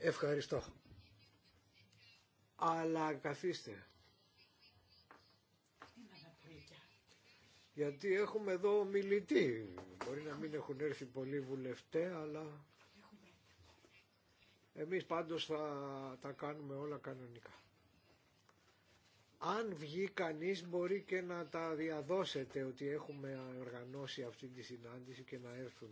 Ευχαριστώ. Αλλά καθίστε. Γιατί έχουμε εδώ μιλητή. Μπορεί να μην έχουν έρθει πολλοί βουλευτέ, αλλά εμείς πάντως θα τα κάνουμε όλα κανονικά αν βγει κανείς μπορεί και να τα διαδώσετε ότι έχουμε οργανώσει αυτή τη συνάντηση και να έρθουν.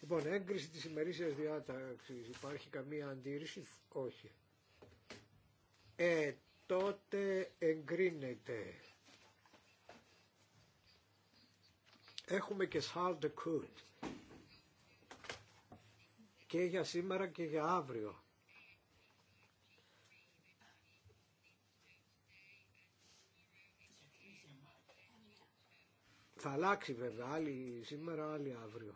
Λοιπόν, έγκριση της ημερήσιας διάταξης. Υπάρχει καμία αντίρρηση. Όχι. Ε, τότε εγκρίνεται. Έχουμε και Charles κουτ Και για σήμερα και για αύριο. Θα αλλάξει βέβαια, άλλη σήμερα, άλλη αύριο.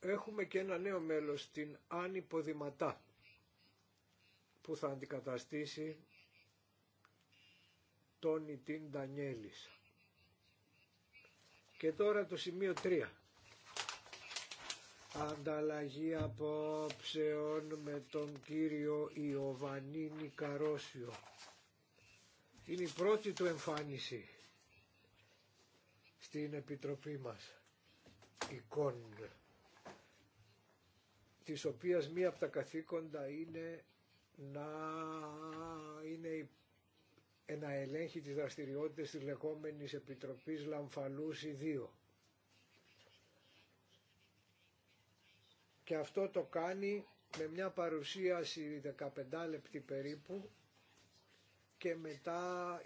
Έχουμε και ένα νέο μέλος, την Άννη Ποδηματά, που θα αντικαταστήσει τον Ιτίν Ντανιέλης. Και τώρα το σημείο 3. Ανταλλαγή απόψεων με τον κύριο Ιωβανίνη Καρόσιο είναι η πρώτη του εμφάνιση στην Επιτροπή μας εικόν της οποίας μία από τα καθήκοντα είναι να είναι ένα ελέγχει τις δραστηριότητες της λεγόμενης Επιτροπής Λαμφαλούς 2. Και αυτό το κάνει με μια παρουσίαση 15 λεπτή περίπου και μετά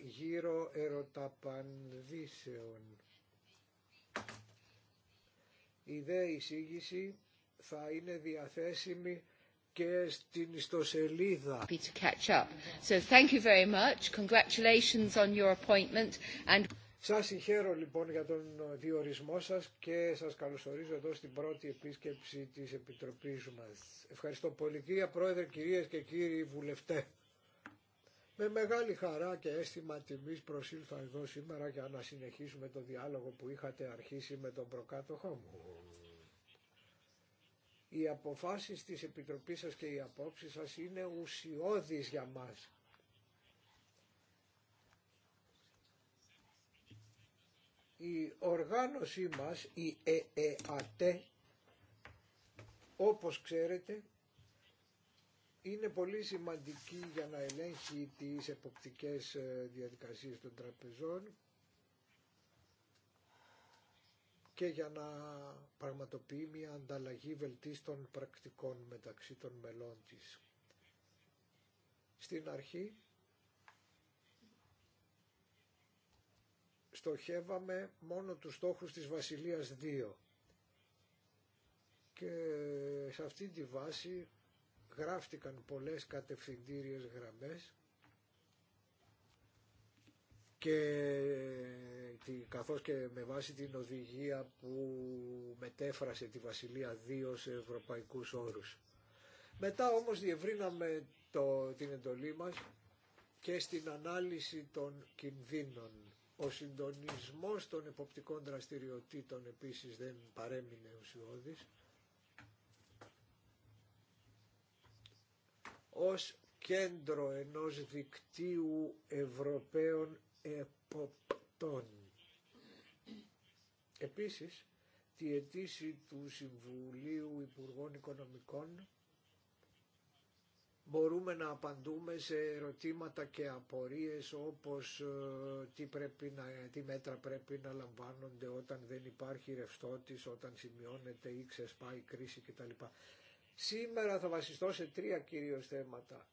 γύρω ερωταπανδύσεων. Η δε εισήγηση θα είναι διαθέσιμη και στην ιστοσελίδα. To So Σας συγχαίρω λοιπόν για τον διορισμό σας και σας καλωσορίζω εδώ στην πρώτη επίσκεψη της Επιτροπής μας. Ευχαριστώ πολύ κυρία Πρόεδρε, κυρίες και κύριοι βουλευτές. Με μεγάλη χαρά και αίσθημα τιμής προσήλθα εδώ σήμερα για να συνεχίσουμε το διάλογο που είχατε αρχίσει με τον προκάτοχό μου. Οι αποφάσεις της Επιτροπής σας και οι απόψεις σας είναι ουσιώδης για μας. Η οργάνωσή μας, η ΕΕΑΤ, όπως ξέρετε, είναι πολύ σημαντική για να ελέγχει τις εποπτικές ε, διαδικασίες των τραπεζών και για να πραγματοποιεί μια ανταλλαγή βελτίστων πρακτικών μεταξύ των μελών της. Στην αρχή στοχεύαμε μόνο τους στόχους της Βασιλείας 2 και σε αυτή τη βάση γράφτηκαν πολλές κατευθυντήριες γραμμές και καθώς και με βάση την οδηγία που μετέφρασε τη Βασιλεία 2 σε ευρωπαϊκούς όρους. Μετά όμως διευρύναμε το, την εντολή μας και στην ανάλυση των κινδύνων. Ο συντονισμός των εποπτικών δραστηριοτήτων επίσης δεν παρέμεινε ουσιώδης ως κέντρο ενός δικτύου Ευρωπαίων εποπτών. Επίσης, τη αιτήση του Συμβουλίου Υπουργών Οικονομικών μπορούμε να απαντούμε σε ερωτήματα και απορίες όπως ε, τι, τι μέτρα πρέπει να λαμβάνονται όταν δεν υπάρχει ρευστότης, όταν σημειώνεται ή ξεσπάει κρίση κτλ. Σήμερα θα βασιστώ σε τρία κυρίω θέματα.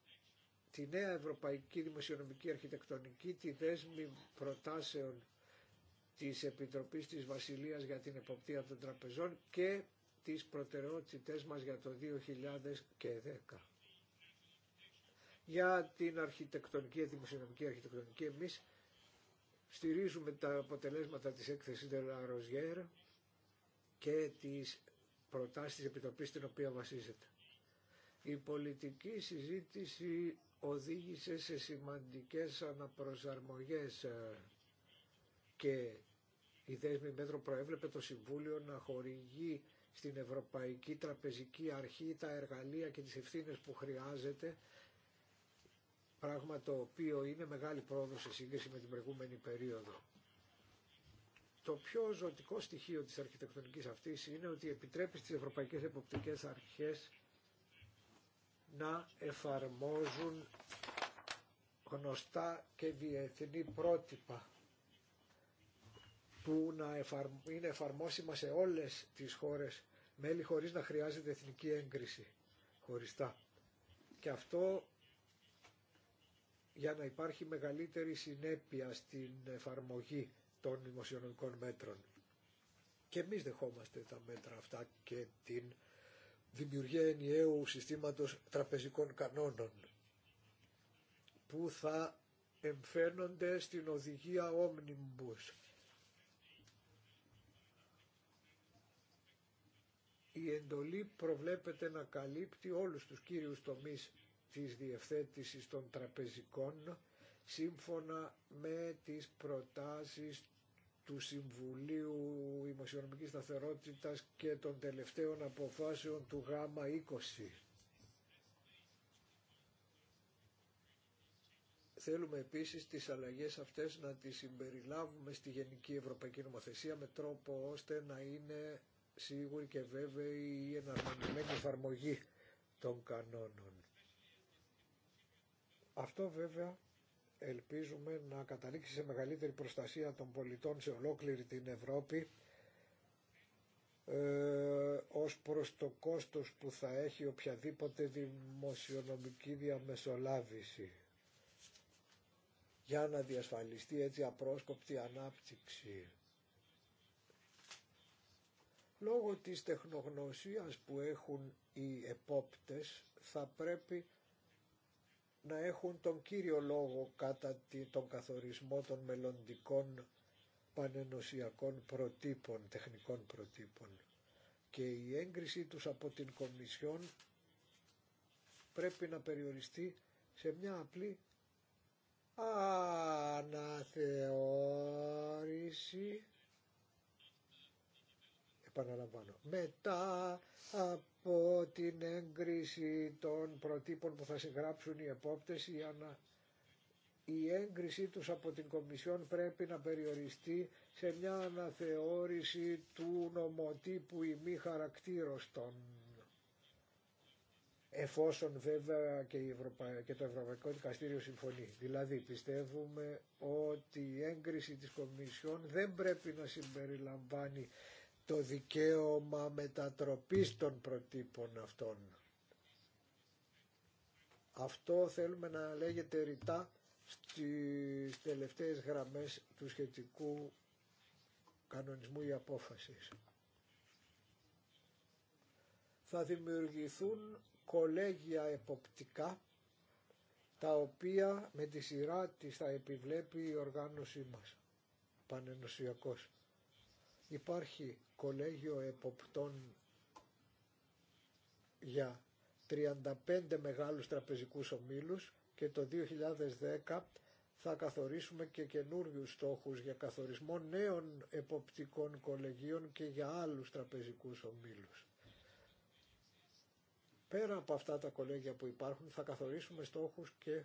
Τη νέα ευρωπαϊκή δημοσιονομική αρχιτεκτονική, τη δέσμη προτάσεων της Επιτροπής της Βασιλείας για την Εποπτεία των Τραπεζών και τις προτεραιότητες μας για το 2010. Για την αρχιτεκτονική, δημοσιονομική αρχιτεκτονική, εμείς στηρίζουμε τα αποτελέσματα της έκθεσης Ντελαροζιέρα και της προτάσεις της Επιτροπής στην οποία βασίζεται. Η πολιτική συζήτηση οδήγησε σε σημαντικές αναπροσαρμογές ε, και η δέσμη μέτρο προέβλεπε το Συμβούλιο να χορηγεί στην Ευρωπαϊκή Τραπεζική Αρχή τα εργαλεία και τις ευθύνες που χρειάζεται πράγμα το οποίο είναι μεγάλη πρόοδος σε σύγκριση με την προηγούμενη περίοδο. Το πιο ζωτικό στοιχείο της αρχιτεκτονικής αυτής είναι ότι επιτρέπει στις ευρωπαϊκές εποπτικές αρχές να εφαρμόζουν γνωστά και διεθνή πρότυπα που να είναι εφαρμόσιμα σε όλες τις χώρες μέλη χωρίς να χρειάζεται εθνική έγκριση χωριστά. Και αυτό για να υπάρχει μεγαλύτερη συνέπεια στην εφαρμογή των δημοσιονομικών μέτρων. Και εμείς δεχόμαστε τα μέτρα αυτά και την δημιουργία ενιαίου συστήματος τραπεζικών κανόνων που θα εμφαίνονται στην οδηγία Omnibus. Η εντολή προβλέπεται να καλύπτει όλους τους κύριους τομείς της διευθέτησης των τραπεζικών σύμφωνα με τις προτάσεις του Συμβουλίου Δημοσιονομικής Σταθερότητας και των τελευταίων αποφάσεων του ΓΑΜΑ 20. Θέλουμε επίσης τις αλλαγές αυτές να τις συμπεριλάβουμε στη Γενική Ευρωπαϊκή Νομοθεσία με τρόπο ώστε να είναι σίγουρη και βέβαιη η εναρμονισμένη εφαρμογή των κανόνων. Αυτό βέβαια ελπίζουμε να καταλήξει σε μεγαλύτερη προστασία των πολιτών σε ολόκληρη την Ευρώπη ε, ως προς το κόστος που θα έχει οποιαδήποτε δημοσιονομική διαμεσολάβηση για να διασφαλιστεί έτσι απρόσκοπτη ανάπτυξη. Λόγω της τεχνογνωσίας που έχουν οι επόπτες θα πρέπει να έχουν τον κύριο λόγο κατά τον καθορισμό των μελλοντικών πανενοσιακών προτύπων, τεχνικών προτύπων. Και η έγκριση τους από την Κομισιόν πρέπει να περιοριστεί σε μια απλή αναθεώρηση μετά από την έγκριση των προτύπων που θα συγγράψουν οι επόπτες, η, ανα... η έγκρισή τους από την Κομισιόν πρέπει να περιοριστεί σε μια αναθεώρηση του νομοτύπου ή μη των εφόσον βέβαια και, η Ευρωπα... και το Ευρωπαϊκό Δικαστήριο συμφωνεί. Δηλαδή πιστεύουμε ότι η έγκριση της Κομισιόν δεν πρέπει να συμπεριλαμβάνει το δικαίωμα μετατροπής των προτύπων αυτών. Αυτό θέλουμε να λέγεται ρητά στις τελευταίες γραμμές του σχετικού κανονισμού ή απόφασης. Θα δημιουργηθούν κολέγια εποπτικά τα οποία με τη σειρά της θα επιβλέπει η οργάνωσή μας πανενοσιακός. Υπάρχει κολέγιο εποπτών για 35 μεγάλους τραπεζικούς ομίλους και το 2010 θα καθορίσουμε και καινούριου στόχους για καθορισμό νέων εποπτικών κολεγίων και για άλλους τραπεζικούς ομίλους. Πέρα από αυτά τα κολέγια που υπάρχουν θα καθορίσουμε στόχους και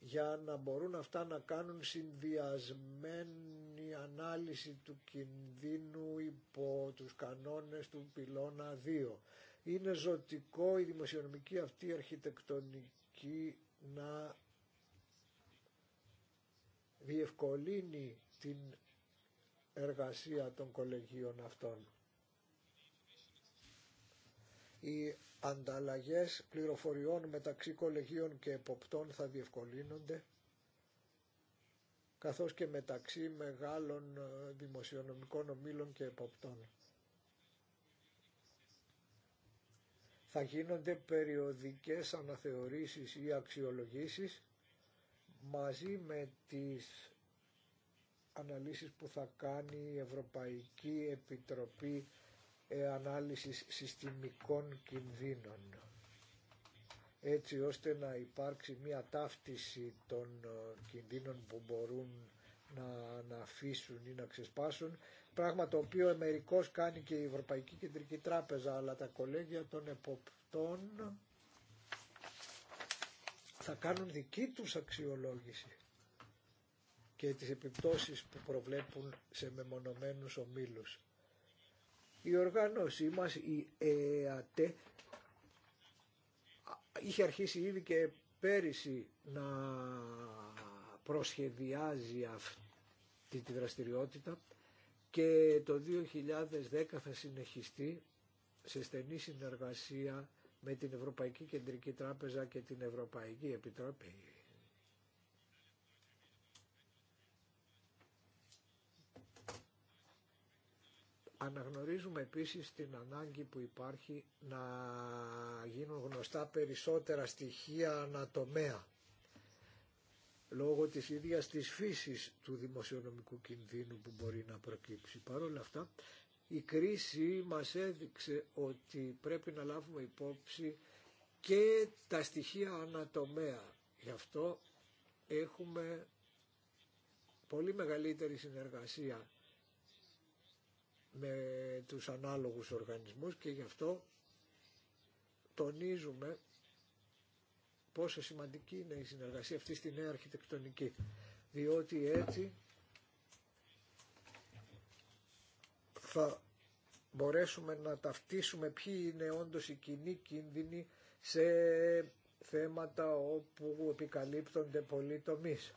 για να μπορούν αυτά να κάνουν συνδυασμένου ανάλυση του κινδύνου υπό τους κανόνες του πυλώνα 2. Είναι ζωτικό η δημοσιονομική αυτή αρχιτεκτονική να διευκολύνει την εργασία των κολεγίων αυτών. Οι ανταλλαγές πληροφοριών μεταξύ κολεγίων και εποπτών θα διευκολύνονται καθώς και μεταξύ μεγάλων ε, δημοσιονομικών ομίλων και εποπτών. Θα γίνονται περιοδικές αναθεωρήσεις ή αξιολογήσεις μαζί με τις αναλύσεις που θα κάνει η Ευρωπαϊκή Επιτροπή ε, Ανάλυσης Συστημικών Κινδύνων έτσι ώστε να υπάρξει μια ταύτιση των ε, κινδύνων που μπορούν να, να αφήσουν ή να ξεσπάσουν, πράγμα το οποίο εμερικώς κάνει και η Ευρωπαϊκή Κεντρική Τράπεζα, αλλά τα κολέγια των εποπτών θα κάνουν δική τους αξιολόγηση και τις επιπτώσεις που προβλέπουν σε μεμονωμένους ομίλους. Η οργάνωσή μας, η ΕΑΤ, είχε αρχίσει ήδη και πέρυσι να προσχεδιάζει αυτή τη δραστηριότητα και το 2010 θα συνεχιστεί σε στενή συνεργασία με την Ευρωπαϊκή Κεντρική Τράπεζα και την Ευρωπαϊκή Επιτροπή. Αναγνωρίζουμε επίσης την ανάγκη που υπάρχει να γίνουν γνωστά περισσότερα στοιχεία ανατομέα λόγω της ίδιας της φύσης του δημοσιονομικού κινδύνου που μπορεί να προκύψει. Παρ' όλα αυτά, η κρίση μας έδειξε ότι πρέπει να λάβουμε υπόψη και τα στοιχεία ανατομέα. Γι' αυτό έχουμε πολύ μεγαλύτερη συνεργασία με τους ανάλογους οργανισμούς και γι' αυτό τονίζουμε πόσο σημαντική είναι η συνεργασία αυτή στη νέα αρχιτεκτονική. Διότι έτσι θα μπορέσουμε να ταυτίσουμε ποιοι είναι όντως οι κοινοί κίνδυνοι σε θέματα όπου επικαλύπτονται πολλοί τομείς.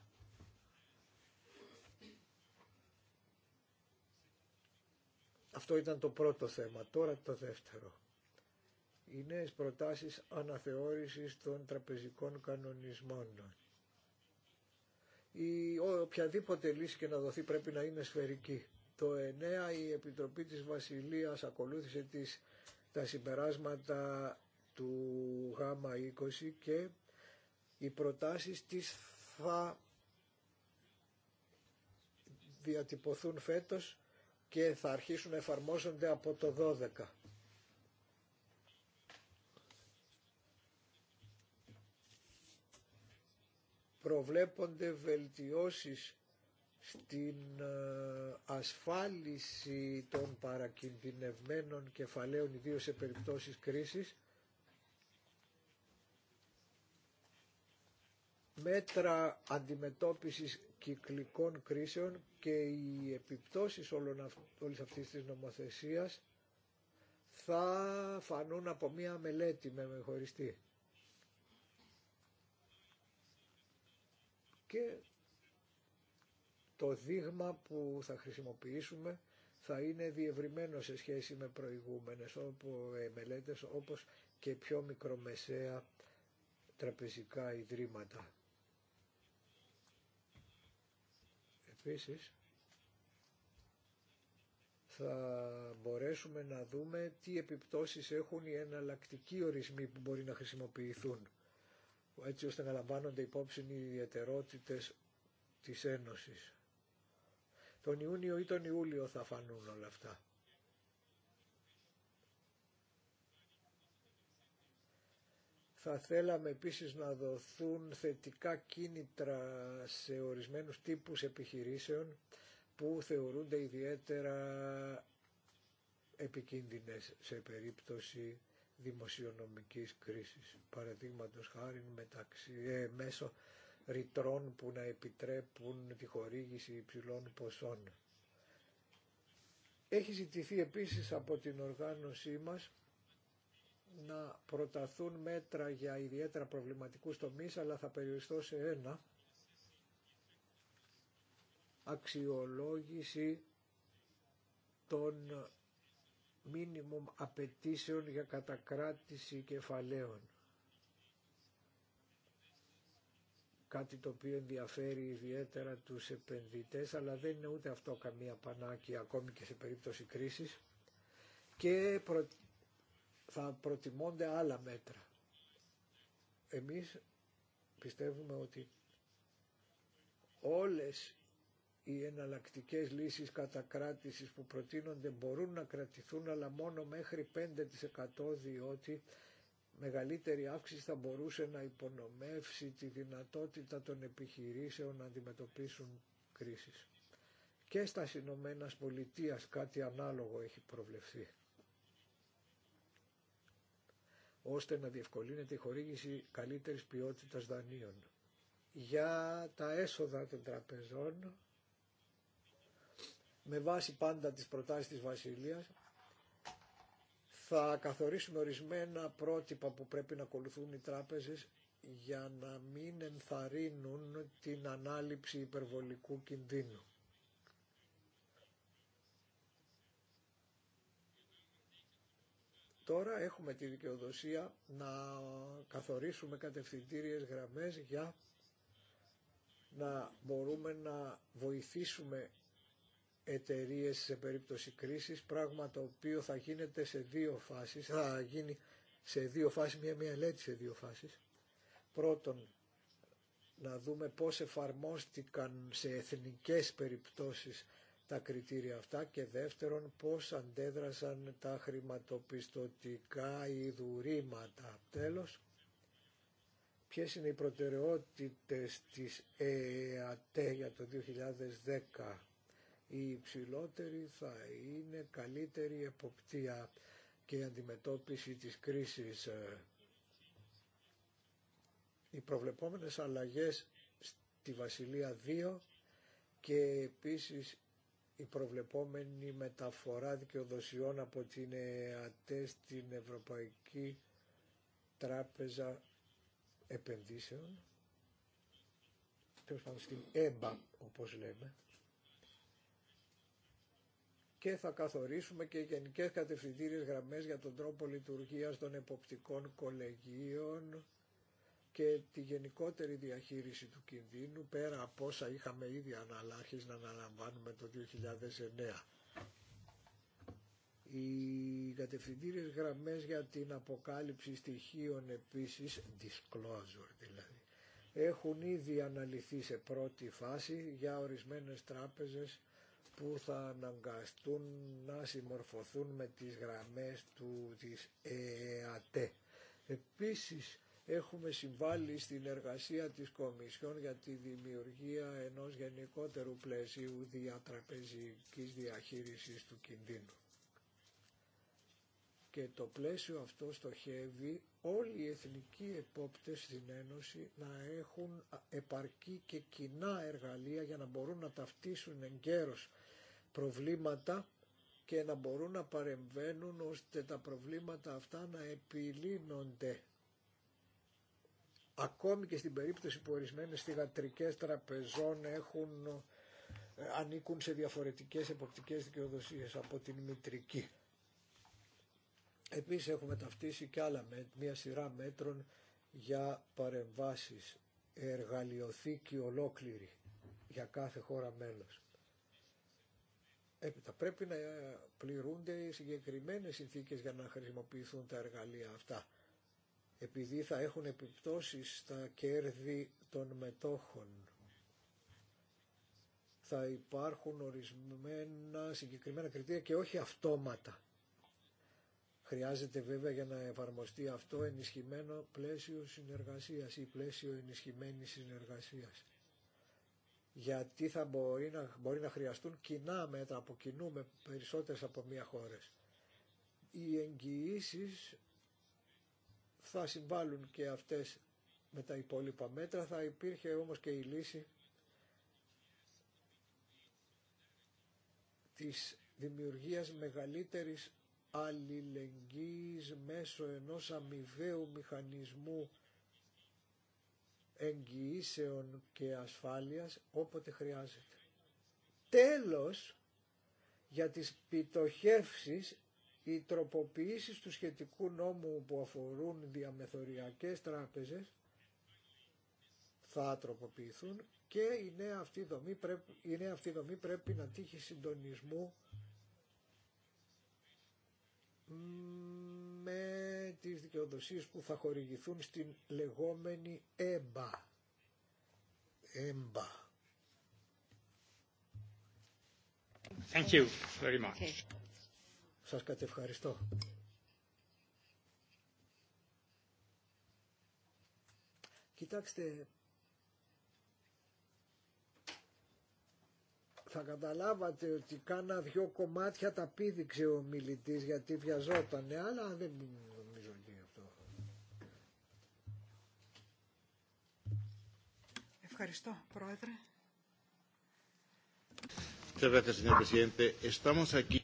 Αυτό ήταν το πρώτο θέμα. Τώρα το δεύτερο. Οι νέες προτάσεις αναθεώρησης των τραπεζικών κανονισμών. Η οποιαδήποτε λύση και να δοθεί πρέπει να είναι σφαιρική. Το 9 η Επιτροπή της Βασιλείας ακολούθησε τις, τα συμπεράσματα του ΓΑΜΑ 20 και οι προτάσεις της θα διατυπωθούν φέτος και θα αρχίσουν να εφαρμόζονται από το 12. Προβλέπονται βελτιώσεις στην ε, ασφάλιση των παρακινδυνευμένων κεφαλαίων, ιδίως σε περιπτώσεις κρίσης, μέτρα αντιμετώπισης κυκλικών κρίσεων και οι επιπτώσεις όλων όλης αυτής της νομοθεσίας θα φανούν από μία μελέτη με χωριστή. Και το δείγμα που θα χρησιμοποιήσουμε θα είναι διευρυμένο σε σχέση με προηγούμενες όπου, ε, μελέτες όπως και πιο μικρομεσαία τραπεζικά ιδρύματα. Επίσης, θα μπορέσουμε να δούμε τι επιπτώσεις έχουν οι εναλλακτικοί ορισμοί που μπορεί να χρησιμοποιηθούν, έτσι ώστε να λαμβάνονται υπόψη οι ιδιαιτερότητες της Ένωσης. Τον Ιούνιο ή τον Ιούλιο θα φανούν όλα αυτά. Θα θέλαμε επίσης να δοθούν θετικά κίνητρα σε ορισμένους τύπους επιχειρήσεων που θεωρούνται ιδιαίτερα επικίνδυνες σε περίπτωση δημοσιονομικής κρίσης. παραδείγματο χάρη μεταξύ, ε, μέσω ρητρών που να επιτρέπουν τη χορήγηση υψηλών ποσών. Έχει ζητηθεί επίσης από την οργάνωσή μας να προταθούν μέτρα για ιδιαίτερα προβληματικούς τομείς, αλλά θα περιοριστώ σε ένα. Αξιολόγηση των μίνιμουμ απαιτήσεων για κατακράτηση κεφαλαίων. Κάτι το οποίο ενδιαφέρει ιδιαίτερα τους επενδυτές, αλλά δεν είναι ούτε αυτό καμία πανάκια, ακόμη και σε περίπτωση κρίσης. Και θα προτιμώνται άλλα μέτρα. Εμείς πιστεύουμε ότι όλες οι εναλλακτικές λύσεις κατακράτησης που προτείνονται μπορούν να κρατηθούν αλλά μόνο μέχρι 5% διότι μεγαλύτερη αύξηση θα μπορούσε να υπονομεύσει τη δυνατότητα των επιχειρήσεων να αντιμετωπίσουν κρίσεις. Και στα Ηνωμένα Πολιτείας κάτι ανάλογο έχει προβλεφθεί. ώστε να διευκολύνεται η χορήγηση καλύτερης ποιότητας δανείων. Για τα έσοδα των τραπεζών, με βάση πάντα τις προτάσεις της Βασιλείας, θα καθορίσουμε ορισμένα πρότυπα που πρέπει να ακολουθούν οι τράπεζες για να μην ενθαρρύνουν την ανάληψη υπερβολικού κινδύνου. Τώρα έχουμε τη δικαιοδοσία να καθορίσουμε κατευθυντήριες γραμμές για να μπορούμε να βοηθήσουμε εταιρείε σε περίπτωση κρίσης, πράγμα το οποίο θα γίνεται σε δύο φάσεις, θα γίνει σε δύο φάσεις, μια μία-μία μελέτη σε δύο φάσεις. Πρώτον, να δούμε πώς εφαρμόστηκαν σε εθνικές περιπτώσεις τα κριτήρια αυτά και δεύτερον πώς αντέδρασαν τα χρηματοπιστωτικά ιδουρήματα. Τέλος, ποιες είναι οι προτεραιότητες της ΕΑΤ για το 2010. Η υψηλότερη θα είναι καλύτερη εποπτεία και αντιμετώπιση της κρίσης. Οι προβλεπόμενες αλλαγές στη Βασιλεία 2 και επίσης η προβλεπόμενη μεταφορά δικαιοδοσιών από την ΕΑΤΕ στην Ευρωπαϊκή Τράπεζα Επενδύσεων, τέλος πάντων στην ΕΜΠΑ όπως λέμε, και θα καθορίσουμε και γενικές κατευθυντήριες γραμμές για τον τρόπο λειτουργίας των εποπτικών κολεγίων και τη γενικότερη διαχείριση του κινδύνου πέρα από όσα είχαμε ήδη αναλάχεις να αναλαμβάνουμε το 2009. Οι κατευθυντήριες γραμμές για την αποκάλυψη στοιχείων επίσης, disclosure δηλαδή, έχουν ήδη αναλυθεί σε πρώτη φάση για ορισμένες τράπεζες που θα αναγκαστούν να συμμορφωθούν με τις γραμμές του, της ΕΑΤ. Επίσης, έχουμε συμβάλει στην εργασία της Κομισιόν για τη δημιουργία ενός γενικότερου πλαισίου διατραπεζικής διαχείρισης του κινδύνου. Και το πλαίσιο αυτό στοχεύει όλοι οι εθνικοί επόπτες στην Ένωση να έχουν επαρκή και κοινά εργαλεία για να μπορούν να ταυτίσουν εγκαίρως προβλήματα και να μπορούν να παρεμβαίνουν ώστε τα προβλήματα αυτά να επιλύνονται ακόμη και στην περίπτωση που ορισμένες θηγατρικές τραπεζών έχουν, ε, ανήκουν σε διαφορετικές εποπτικές δικαιοδοσίες από την μητρική. Επίσης έχουμε ταυτίσει και άλλα μια σειρά μέτρων για παρεμβάσεις, εργαλειοθήκη ολόκληρη για κάθε χώρα μέλος. Έπειτα πρέπει να ε, πληρούνται συγκεκριμένες συνθήκες για να χρησιμοποιηθούν τα εργαλεία αυτά επειδή θα έχουν επιπτώσεις στα κέρδη των μετόχων. Θα υπάρχουν ορισμένα συγκεκριμένα κριτήρια και όχι αυτόματα. Χρειάζεται βέβαια για να εφαρμοστεί αυτό ενισχυμένο πλαίσιο συνεργασίας ή πλαίσιο ενισχυμένης συνεργασίας. Γιατί θα μπορεί να, μπορεί να χρειαστούν κοινά μέτρα από κοινού περισσότερες από μία χώρες. Οι εγγυήσει θα συμβάλλουν και αυτές με τα υπόλοιπα μέτρα. Θα υπήρχε όμως και η λύση της δημιουργίας μεγαλύτερης αλληλεγγύης μέσω ενός αμοιβαίου μηχανισμού εγγυήσεων και ασφάλειας όποτε χρειάζεται. Τέλος, για τις πιτοχεύσεις οι τροποποιήσεις του σχετικού νόμου που αφορούν διαμεθοριακές τράπεζες θα τροποποιηθούν και η νέα αυτή δομή πρέπει, η δομή πρέπει να τύχει συντονισμού με τις δικαιοδοσίες που θα χορηγηθούν στην λεγόμενη ΕΜΠΑ. ΕΜΠΑ. Thank σας κατευχαριστώ. Κοιτάξτε, θα καταλάβατε ότι κάνα δυο κομμάτια τα πήδηξε ο μιλητής γιατί βιαζότανε, αλλά δεν νομίζω ότι αυτό. Ευχαριστώ, Πρόεδρε. Muchas gracias, señor presidente. Estamos aquí.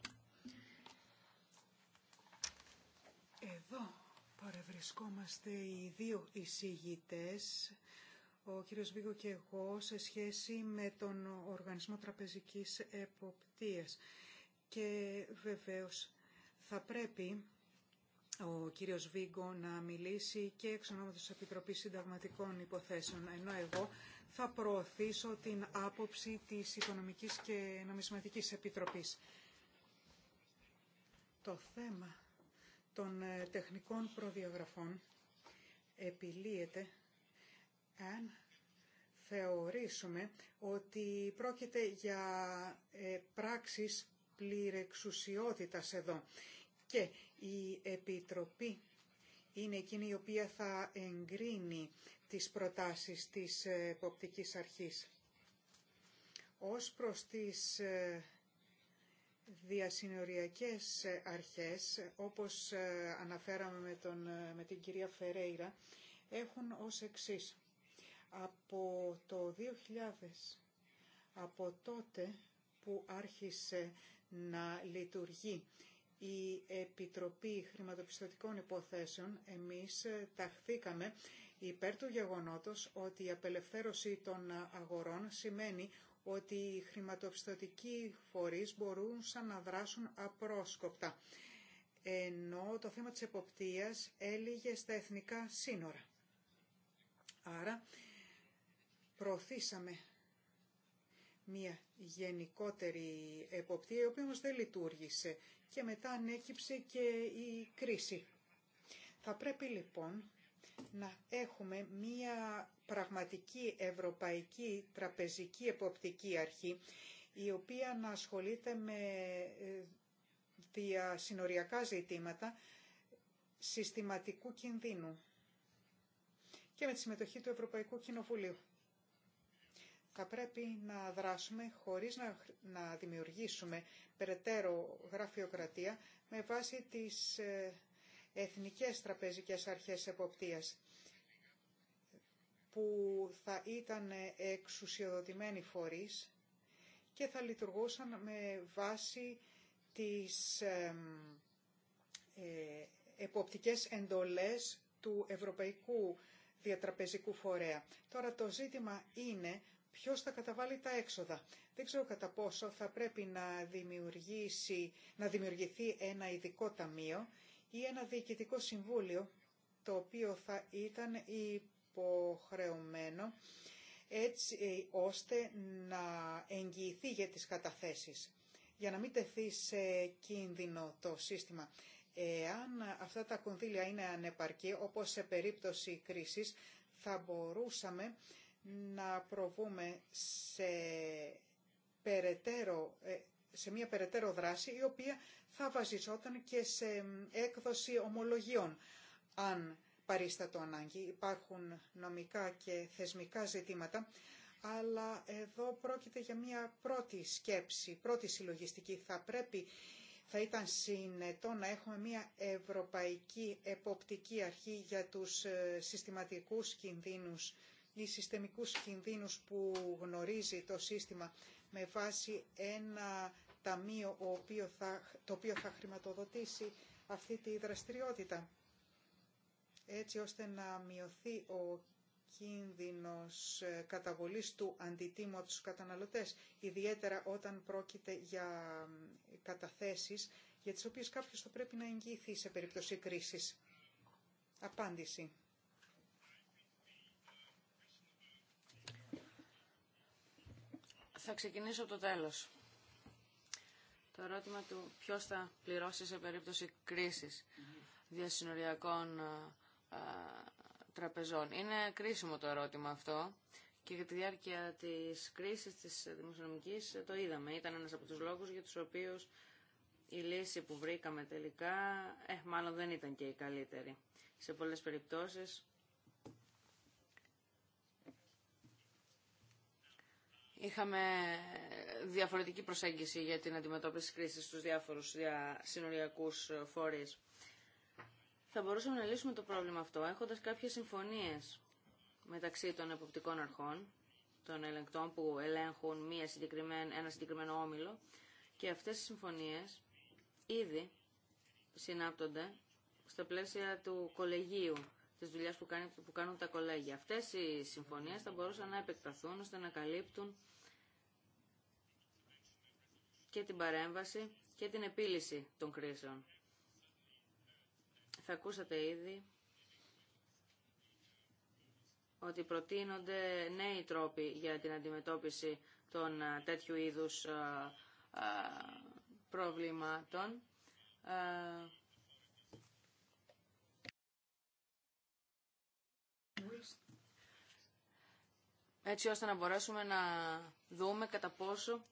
βρισκόμαστε οι δύο εισηγητές, ο κύριος Βίγκο και εγώ, σε σχέση με τον Οργανισμό Τραπεζικής Εποπτείας. Και βεβαίως θα πρέπει ο κύριος Βίγκο να μιλήσει και εξ ονόματος Επιτροπής Συνταγματικών Υποθέσεων, ενώ εγώ θα προωθήσω την άποψη της Οικονομικής και Νομισματικής Επιτροπής. Το θέμα των ε, τεχνικών προδιαγραφών επιλύεται αν θεωρήσουμε ότι πρόκειται για ε, πράξεις πληρεξουσιότητας εδώ και η Επιτροπή είναι εκείνη η οποία θα εγκρίνει τις προτάσεις της ε, Εποπτικής Αρχής. Ως προς τις διασυνοριακές αρχές, όπως ε, αναφέραμε με, τον, ε, με την κυρία Φερέιρα, έχουν ως εξής. Από το 2000, από τότε που άρχισε να λειτουργεί η Επιτροπή Χρηματοπιστωτικών Υποθέσεων, εμείς ε, ταχθήκαμε υπέρ του γεγονότος ότι η απελευθέρωση των αγορών σημαίνει ότι οι χρηματοπιστωτικοί φορείς μπορούν να δράσουν απρόσκοπτα, ενώ το θέμα της εποπτείας έλυγε στα εθνικά σύνορα. Άρα προωθήσαμε μια γενικότερη εποπτεία, η οποία όμως δεν λειτουργήσε και μετά ανέκυψε και η κρίση. Θα πρέπει λοιπόν να έχουμε μία πραγματική ευρωπαϊκή τραπεζική εποπτική αρχή η οποία να ασχολείται με ε, διασυνοριακά ζητήματα συστηματικού κινδύνου και με τη συμμετοχή του Ευρωπαϊκού Κοινοβουλίου. Θα πρέπει να δράσουμε χωρίς να, να δημιουργήσουμε περαιτέρω γραφειοκρατία με βάση τις ε, εθνικές τραπεζικές αρχές εποπτείας που θα ήταν εξουσιοδοτημένοι φορείς και θα λειτουργούσαν με βάση τις ε, εποπτικές εντολές του Ευρωπαϊκού Διατραπεζικού Φορέα. Τώρα το ζήτημα είναι ποιος θα καταβάλει τα έξοδα. Δεν ξέρω κατά πόσο θα πρέπει να, δημιουργήσει, να δημιουργηθεί ένα ειδικό ταμείο ή ένα διοικητικό συμβούλιο το οποίο θα ήταν υποχρεωμένο έτσι ε, ώστε να εγγυηθεί για τις καταθέσεις για να μην τεθεί σε κίνδυνο το σύστημα. Εάν αυτά τα κονδύλια είναι ανεπαρκή, όπως σε περίπτωση κρίσης, θα μπορούσαμε να προβούμε σε περαιτέρω ε, σε μια περαιτέρω δράση η οποία θα βαζιζόταν και σε έκδοση ομολογιών. Αν παρίστατο ανάγκη υπάρχουν νομικά και θεσμικά ζητήματα, αλλά εδώ πρόκειται για μια πρώτη σκέψη, πρώτη συλλογιστική. Θα πρέπει, θα ήταν συνετό να έχουμε μια ευρωπαϊκή εποπτική αρχή για τους ε, συστηματικούς κινδύνους ή συστημικούς κινδύνους που γνωρίζει το σύστημα με βάση ένα ταμείο το οποίο θα χρηματοδοτήσει αυτή τη δραστηριότητα έτσι ώστε να μειωθεί ο κίνδυνος ε, καταβολής του αντιτίμου από τους καταναλωτές, ιδιαίτερα όταν πρόκειται για καταθέσεις για τις οποίες κάποιος θα πρέπει να εγγυηθεί σε περίπτωση κρίσης. Απάντηση. Θα ξεκινήσω το τέλος το ερώτημα του ποιο θα πληρώσει σε περίπτωση κρίσης διασυνοριακών ε, ε, τραπεζών. Είναι κρίσιμο το ερώτημα αυτό και για τη διάρκεια της κρίσης της δημοσιονομικής ε, το είδαμε. Ήταν ένας από τους λόγους για τους οποίους η λύση που βρήκαμε τελικά, μάλλον δεν ήταν και η καλύτερη. Σε πολλές περιπτώσεις Είχαμε διαφορετική προσέγγιση για την αντιμετώπιση της κρίσης στους διάφορους συνοριακούς ε, φορείς. Θα μπορούσαμε να λύσουμε το πρόβλημα αυτό έχοντας κάποιες συμφωνίες μεταξύ των εποπτικών αρχών, των ελεγκτών που ελέγχουν μία συγκεκριμένη, ένα συγκεκριμένο όμιλο και αυτές οι συμφωνίες ήδη συνάπτονται στα πλαίσια του κολεγίου Τη δουλειά που, που κάνουν τα κολέγια. Αυτέ οι συμφωνίε θα μπορούσαν να επεκταθούν ώστε να καλύπτουν και την παρέμβαση και την επίλυση των κρίσεων. Θα ακούσατε ήδη ότι προτείνονται νέοι τρόποι για την αντιμετώπιση των τέτοιου είδους προβλημάτων έτσι ώστε να μπορέσουμε να δούμε κατά πόσο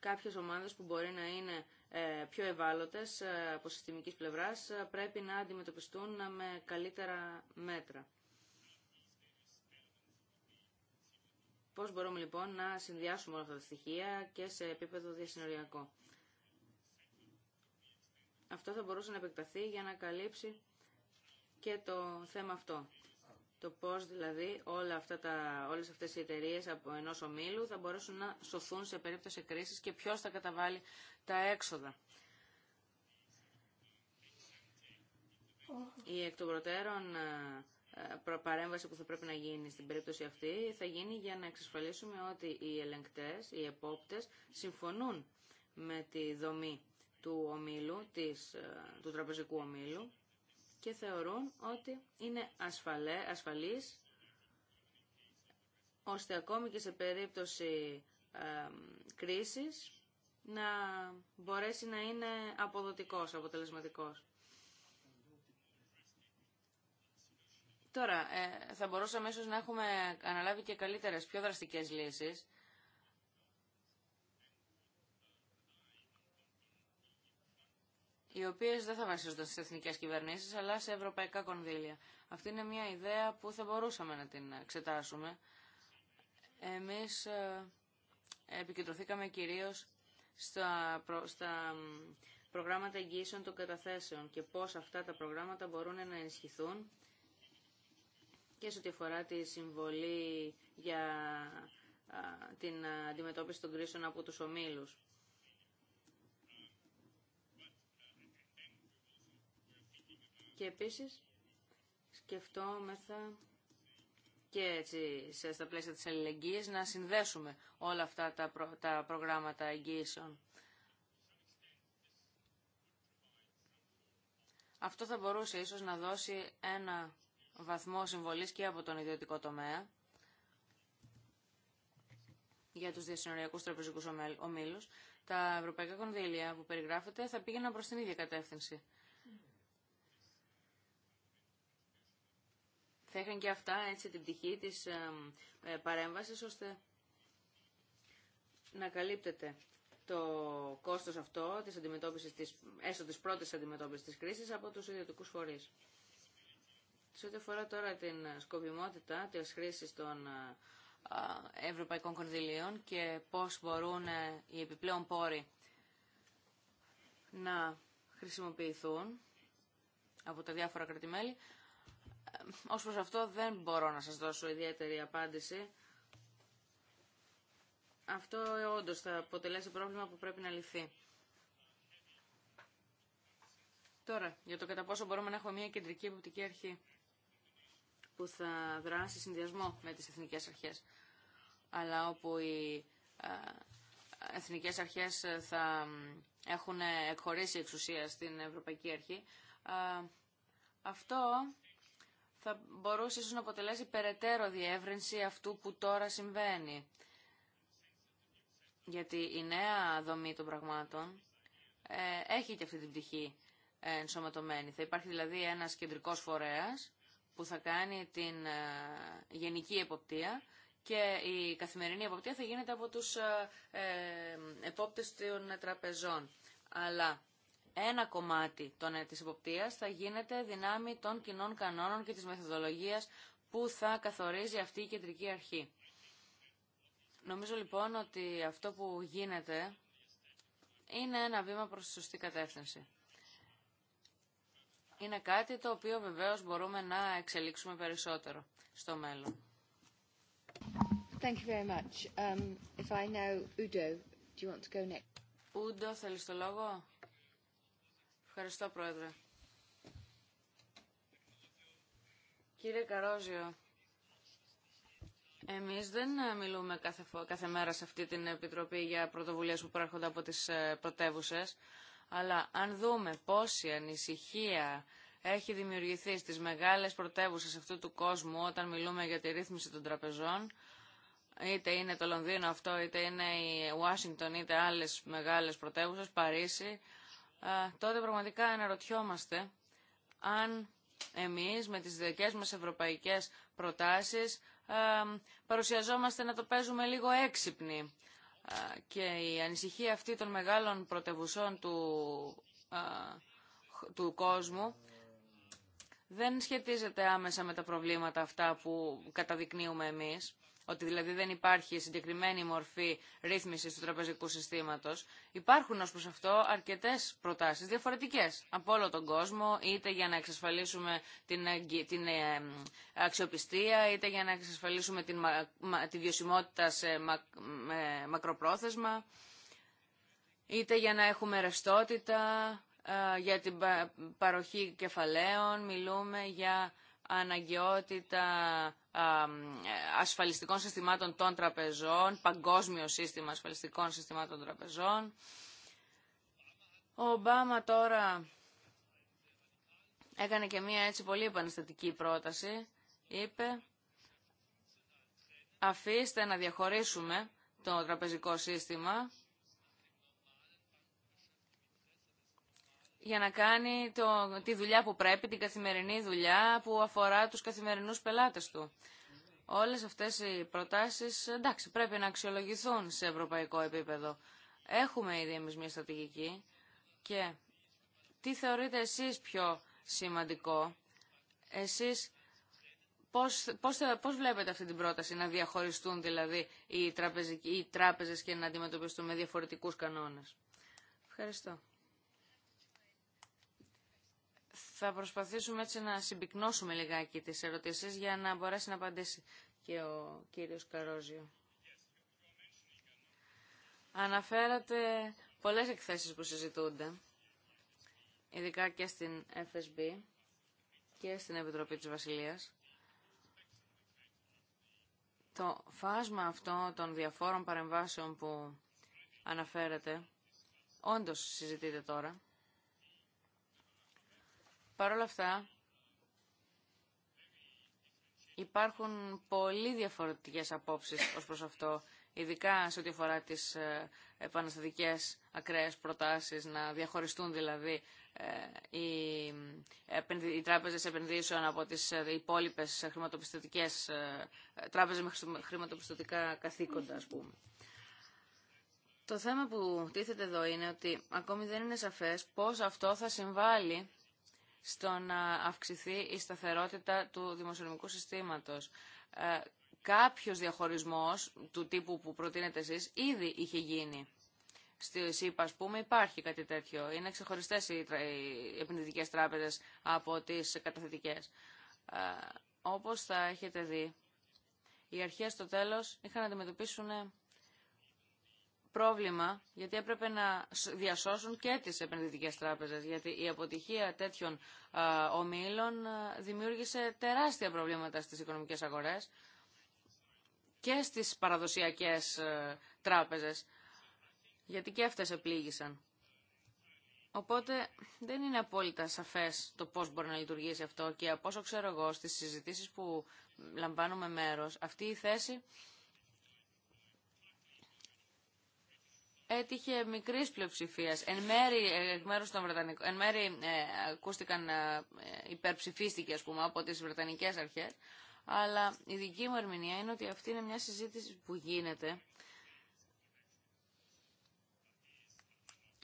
κάποιες ομάδες που μπορεί να είναι ε, πιο ευάλωτες ε, από συστημικής πλευράς ε, πρέπει να αντιμετωπιστούν με καλύτερα μέτρα. Πώς μπορούμε λοιπόν να συνδυάσουμε όλα αυτά τα στοιχεία και σε επίπεδο διασυνοριακό. Αυτό θα μπορούσε να επεκταθεί για να καλύψει και το θέμα αυτό. Το πώς δηλαδή όλα αυτά τα, όλες αυτές οι εταιρείες από ενός ομίλου θα μπορέσουν να σωθούν σε περίπτωση κρίσης και ποιος θα καταβάλει τα έξοδα. Η εκ των προτέρων ε, ε, παρέμβαση που θα πρέπει να γίνει στην περίπτωση αυτή θα γίνει για να εξασφαλίσουμε ότι οι ελεγκτές, οι επόπτες συμφωνούν με τη δομή του ομίλου, της, ε, του τραπεζικού ομίλου και θεωρούν ότι είναι ασφαλέ, ασφαλής ώστε ακόμη και σε περίπτωση ε, κρίσης να μπορέσει να είναι αποδοτικός, αποτελεσματικός. Τώρα, ε, θα μπορούσαμε ίσως να έχουμε αναλάβει και καλύτερες, πιο δραστικές λύσεις οι οποίε δεν θα βασίζονται στι εθνικέ κυβερνήσει, αλλά σε ευρωπαϊκά κονδύλια. Αυτή είναι μια ιδέα που θα μπορούσαμε να την εξετάσουμε. Εμεί ε, επικεντρωθήκαμε κυρίω στα, στα προγράμματα εγγύσεων των καταθέσεων και πώς αυτά τα προγράμματα μπορούν να ενισχυθούν και σε ό,τι αφορά τη συμβολή για την αντιμετώπιση των κρίσεων από τους ομίλους. Και επίσης σκεφτόμεθα και έτσι σε στα πλαίσια της αλληλεγγύης να συνδέσουμε όλα αυτά τα, τα προγράμματα εγγύησεων. Αυτό θα μπορούσε ίσως να δώσει ένα βαθμό συμβολής και από τον ιδιωτικό τομέα για τους διασυνοριακούς τραπεζικούς ομίλους. Τα ευρωπαϊκά κονδύλια που περιγράφεται θα πήγαιναν προς την ίδια κατεύθυνση. θα είχαν και αυτά έτσι, την πτυχή της ε, παρέμβασης ώστε να καλύπτεται το κόστος αυτό της αντιμετώπισης της, έστω της πρώτης αντιμετώπισης της κρίσης από τους ιδιωτικούς φορείς. Σε ό,τι αφορά τώρα την σκοπιμότητα της χρήσης των ε, ε, ευρωπαϊκών κονδυλίων και πώς μπορούν ε, οι επιπλέον πόροι να χρησιμοποιηθούν από τα διάφορα κρατημέλη, ε, ως προς αυτό δεν μπορώ να σας δώσω ιδιαίτερη απάντηση. Αυτό όντω θα αποτελέσει πρόβλημα που πρέπει να λυθεί. Τώρα, για το κατά πόσο μπορούμε να έχουμε μια κεντρική υποπτική αρχή που θα δράσει συνδυασμό με τις εθνικές αρχές, αλλά όπου οι ε, εθνικές αρχές ε, θα έχουν εκχωρήσει εξουσία στην Ευρωπαϊκή Αρχή. Αυτό θα μπορούσε ίσως να αποτελέσει περαιτέρω διεύρυνση αυτού που τώρα συμβαίνει. Γιατί η νέα δομή των πραγμάτων ε, έχει και αυτή την πτυχή ε, ενσωματωμένη. Θα υπάρχει δηλαδή ένας κεντρικός φορέας που θα κάνει την ε, γενική εποπτεία και η καθημερινή εποπτεία θα γίνεται από τους ε, επόπτες των τραπεζών. Αλλά ένα κομμάτι των, ε, της υποπτίας θα γίνεται δυνάμει των κοινών κανόνων και της μεθοδολογίας που θα καθορίζει αυτή η κεντρική αρχή. Νομίζω λοιπόν ότι αυτό που γίνεται είναι ένα βήμα προς τη σωστή κατεύθυνση. Είναι κάτι το οποίο βεβαίως μπορούμε να εξελίξουμε περισσότερο στο μέλλον. Thank you θέλεις το λόγο? Ευχαριστώ, Πρόεδρε. Κύριε Καρόζιο, εμείς δεν μιλούμε κάθε, μέρα σε αυτή την Επιτροπή για πρωτοβουλίες που προέρχονται από τις ε, πρωτεύουσε, αλλά αν δούμε πόση ανησυχία έχει δημιουργηθεί στις μεγάλες πρωτεύουσες αυτού του κόσμου όταν μιλούμε για τη ρύθμιση των τραπεζών, είτε είναι το Λονδίνο αυτό, είτε είναι η Ουάσιγκτον, είτε άλλες μεγάλες πρωτεύουσες, Παρίσι, τότε πραγματικά αναρωτιόμαστε αν εμείς με τις δικές μας ευρωπαϊκές προτάσεις παρουσιαζόμαστε να το παίζουμε λίγο έξυπνοι. Και η ανησυχία αυτή των μεγάλων πρωτευουσών του, του κόσμου δεν σχετίζεται άμεσα με τα προβλήματα αυτά που καταδεικνύουμε εμείς ότι δηλαδή δεν υπάρχει συγκεκριμένη μορφή ρύθμισης του τραπεζικού συστήματος. Υπάρχουν ως προς αυτό αρκετές προτάσεις διαφορετικές από όλο τον κόσμο, είτε για να εξασφαλίσουμε την, την ε, αξιοπιστία, είτε για να εξασφαλίσουμε την, τη βιωσιμότητα σε μακροπρόθεσμα, είτε για να έχουμε ρευστότητα, ε, για την παροχή κεφαλαίων, μιλούμε για αναγκαιότητα ασφαλιστικών συστημάτων των τραπεζών, παγκόσμιο σύστημα ασφαλιστικών συστημάτων τραπεζών. Ο Ομπάμα τώρα έκανε και μία έτσι πολύ επανεστατική πρόταση. Είπε, αφήστε να διαχωρίσουμε το τραπεζικό σύστημα για να κάνει το, τη δουλειά που πρέπει, την καθημερινή δουλειά που αφορά τους καθημερινούς πελάτες του. Όλες αυτές οι προτάσεις, εντάξει, πρέπει να αξιολογηθούν σε ευρωπαϊκό επίπεδο. Έχουμε ήδη εμείς μια στρατηγική και τι θεωρείτε εσείς πιο σημαντικό, εσείς πώς, πώς, βλέπετε αυτή την πρόταση να διαχωριστούν δηλαδή οι, οι τράπεζες και να αντιμετωπιστούν με διαφορετικούς κανόνες. Ευχαριστώ. Θα προσπαθήσουμε έτσι να συμπυκνώσουμε λιγάκι τις ερωτήσεις για να μπορέσει να απαντήσει και ο κύριος Καρόζιο. Αναφέρατε πολλές εκθέσεις που συζητούνται, ειδικά και στην FSB και στην Επιτροπή της Βασιλείας. Το φάσμα αυτό των διαφόρων παρεμβάσεων που αναφέρατε, όντως συζητείτε τώρα, Παρ' όλα αυτά, υπάρχουν πολύ διαφορετικές απόψεις ως προς αυτό, ειδικά σε ό,τι αφορά τις ε, επαναστατικές ακραίες προτάσεις, να διαχωριστούν δηλαδή ε, οι, οι τράπεζες επενδύσεων από τις ε, υπόλοιπες χρηματοπιστωτικές τράπεζες με χρηματοπιστωτικά καθήκοντα, ας πούμε. Το θέμα που τίθεται εδώ είναι ότι ακόμη δεν είναι σαφές πώς αυτό θα συμβάλλει στο να αυξηθεί η σταθερότητα του δημοσιονομικού συστήματος. Ε, κάποιος διαχωρισμός του τύπου που προτείνετε εσείς ήδη είχε γίνει. Στη ΣΥΠΑ, α πούμε, υπάρχει κάτι τέτοιο. Είναι ξεχωριστέ οι επενδυτικέ τράπεζε από τι καταθετικές. Ε, Όπω θα έχετε δει, οι αρχέ στο τέλο είχαν να αντιμετωπίσουν πρόβλημα γιατί έπρεπε να διασώσουν και τις επενδυτικές τράπεζες γιατί η αποτυχία τέτοιων ομίλων δημιούργησε τεράστια προβλήματα στις οικονομικές αγορές και στις παραδοσιακές τράπεζες γιατί και αυτές επλήγησαν. Οπότε δεν είναι απόλυτα σαφές το πώς μπορεί να λειτουργήσει αυτό και από όσο ξέρω εγώ στις συζητήσεις που λαμβάνουμε μέρος αυτή η θέση έτυχε μικρή πλειοψηφία. Εν μέρη, ε, εκ μέρους εν μέρη ε, ακούστηκαν, ε, ε, υπερψηφίστηκε ας πούμε, από τις Βρετανικές αρχές, αλλά η δική μου ερμηνεία είναι ότι αυτή είναι μια συζήτηση που γίνεται,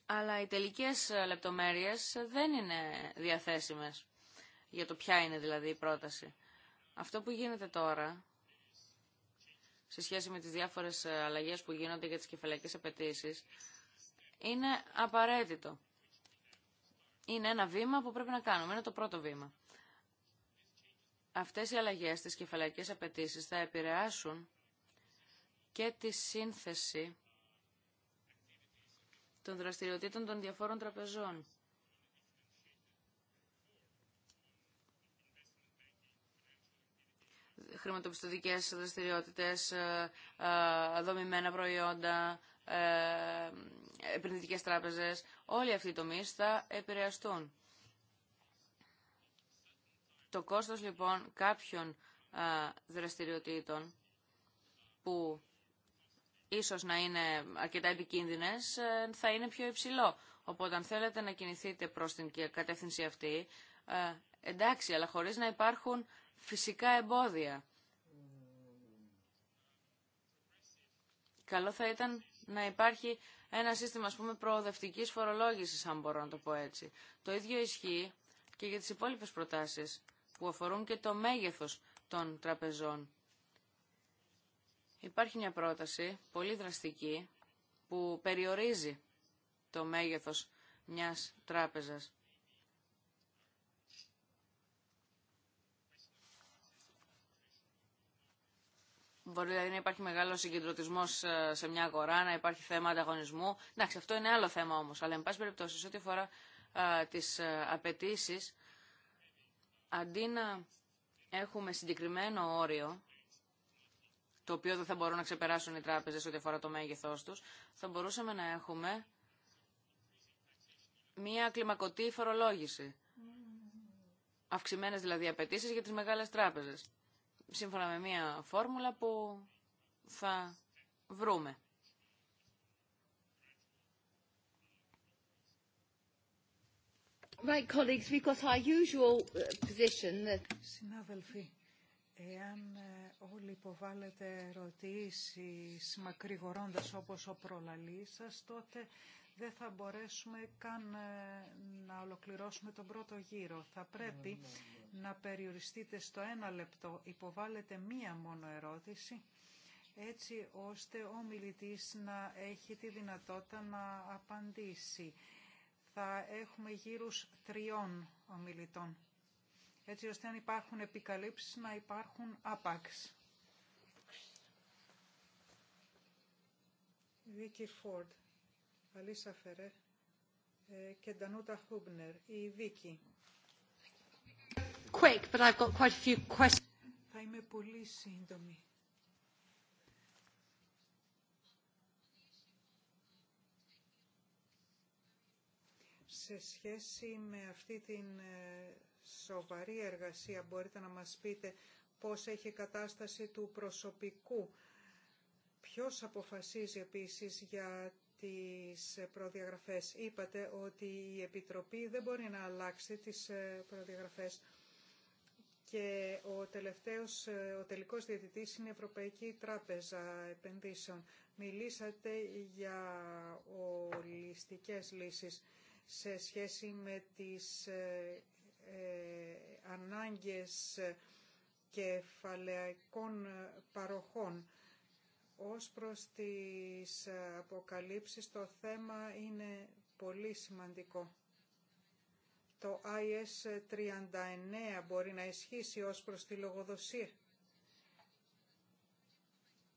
αλλά οι τελικές λεπτομέρειες δεν είναι διαθέσιμες για το ποια είναι δηλαδή η πρόταση. Αυτό που γίνεται τώρα σε σχέση με τις διάφορες ε, αλλαγές που γίνονται για τις κεφαλαϊκές απαιτήσει είναι απαραίτητο. Είναι ένα βήμα που πρέπει να κάνουμε, είναι το πρώτο βήμα. Αυτές οι αλλαγές στις κεφαλαϊκές απαιτήσει θα επηρεάσουν και τη σύνθεση των δραστηριοτήτων των διαφόρων τραπεζών. χρηματοπιστωτικές δραστηριότητες, ε, ε, δομημένα προϊόντα, ε, επενδυτικές τράπεζες, όλοι αυτοί οι τομείς θα επηρεαστούν. Το κόστος λοιπόν κάποιων δραστηριοτήτων που ίσως να είναι αρκετά επικίνδυνες θα είναι πιο υψηλό. Οπότε αν θέλετε να κινηθείτε προς την κατεύθυνση αυτή, εντάξει, αλλά χωρίς να υπάρχουν φυσικά εμπόδια. Καλό θα ήταν να υπάρχει ένα σύστημα, ας πούμε, προοδευτικής φορολόγησης, αν μπορώ να το πω έτσι. Το ίδιο ισχύει και για τις υπόλοιπες προτάσεις που αφορούν και το μέγεθος των τραπεζών. Υπάρχει μια πρόταση πολύ δραστική που περιορίζει το μέγεθος μιας τράπεζας. Μπορεί δηλαδή να υπάρχει μεγάλο συγκεντρωτισμό ε, σε μια αγορά, να υπάρχει θέμα ανταγωνισμού. Εντάξει, αυτό είναι άλλο θέμα όμω. Αλλά, εν πάση περιπτώσει, σε ό,τι αφορά τι ε, απαιτήσει, αντί να έχουμε συγκεκριμένο όριο, το οποίο δεν θα μπορούν να ξεπεράσουν οι τράπεζε ό,τι αφορά το μέγεθό του, θα μπορούσαμε να έχουμε μια κλιμακωτή φορολόγηση. Mm. Αυξημένε δηλαδή απαιτήσει για τι μεγάλε τράπεζε σύμφωνα με μια φόρμουλα που θα βρούμε. Right, colleagues, we've got our usual uh, position that... Συνάδελφοι, εάν ε, όλοι υποβάλλετε ερωτήσεις μακρηγορώντας όπως ο προλαλής σας, τότε δεν θα μπορέσουμε καν ε, να ολοκληρώσουμε τον πρώτο γύρο. Θα πρέπει ναι, ναι, ναι. να περιοριστείτε στο ένα λεπτό. Υποβάλλετε μία μόνο ερώτηση έτσι ώστε ο μιλητής να έχει τη δυνατότητα να απαντήσει. Θα έχουμε γύρους τριών ομιλητών, έτσι ώστε αν υπάρχουν επικαλύψεις να υπάρχουν άπαξ. Vicky Ford. Αλίσσα Φερέ ε, και Ντανούτα Χούμπνερ, η Βίκη. Quick, but I've got quite a few questions. Θα είμαι πολύ σύντομη. Σε σχέση με αυτή την ε, σοβαρή εργασία, μπορείτε να μας πείτε πώς έχει κατάσταση του προσωπικού. Ποιος αποφασίζει επίσης για τις ε, προδιαγραφές. Είπατε ότι η Επιτροπή δεν μπορεί να αλλάξει τις ε, προδιαγραφές και ο, τελευταίος, ε, ο τελικός διαιτητής είναι η Ευρωπαϊκή Τράπεζα Επενδύσεων. Μιλήσατε για ολιστικές λύσεις σε σχέση με τις ε, ε, ανάγκες κεφαλαϊκών παροχών ως προς τις αποκαλύψεις το θέμα είναι πολύ σημαντικό. Το IS 39 μπορεί να ισχύσει ως προς τη λογοδοσία.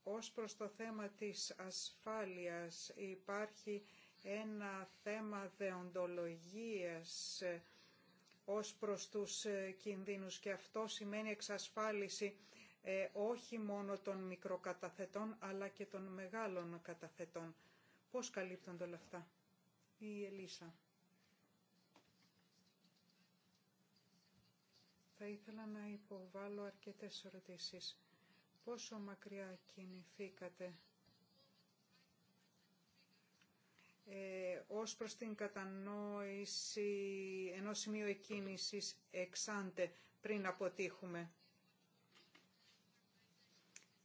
Ως προς το θέμα της ασφάλειας υπάρχει ένα θέμα δεοντολογίας ε, ως προς τους ε, κινδύνους και αυτό σημαίνει εξασφάλιση ε, όχι μόνο των μικροκαταθετών αλλά και των μεγάλων καταθετών. Πώς καλύπτονται όλα αυτά. Η Ελίσσα. Θα ήθελα να υποβάλω αρκετές ερωτήσεις. Πόσο μακριά κινηθήκατε ε, ως προς την κατανόηση ενός σημείου εκκίνησης εξάντε πριν αποτύχουμε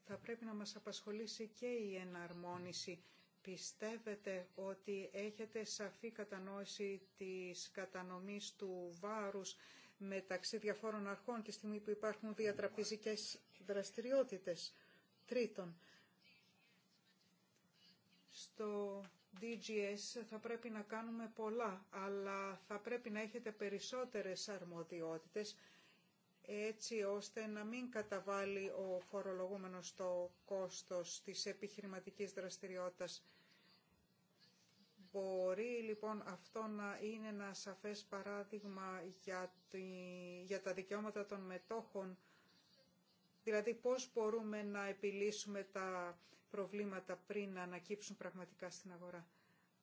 θα πρέπει να μας απασχολήσει και η εναρμόνιση. Πιστεύετε ότι έχετε σαφή κατανόηση της κατανομής του βάρους μεταξύ διαφόρων αρχών τη στιγμή που υπάρχουν διατραπεζικές δραστηριότητες. Τρίτον, στο DGS θα πρέπει να κάνουμε πολλά, αλλά θα πρέπει να έχετε περισσότερες αρμοδιότητες έτσι ώστε να μην καταβάλει ο φορολογούμενος το κόστος της επιχειρηματικής δραστηριότητας. Μπορεί λοιπόν αυτό να είναι ένα σαφές παράδειγμα για, τη, τα δικαιώματα των μετόχων, δηλαδή πώς μπορούμε να επιλύσουμε τα προβλήματα πριν να ανακύψουν πραγματικά στην αγορά.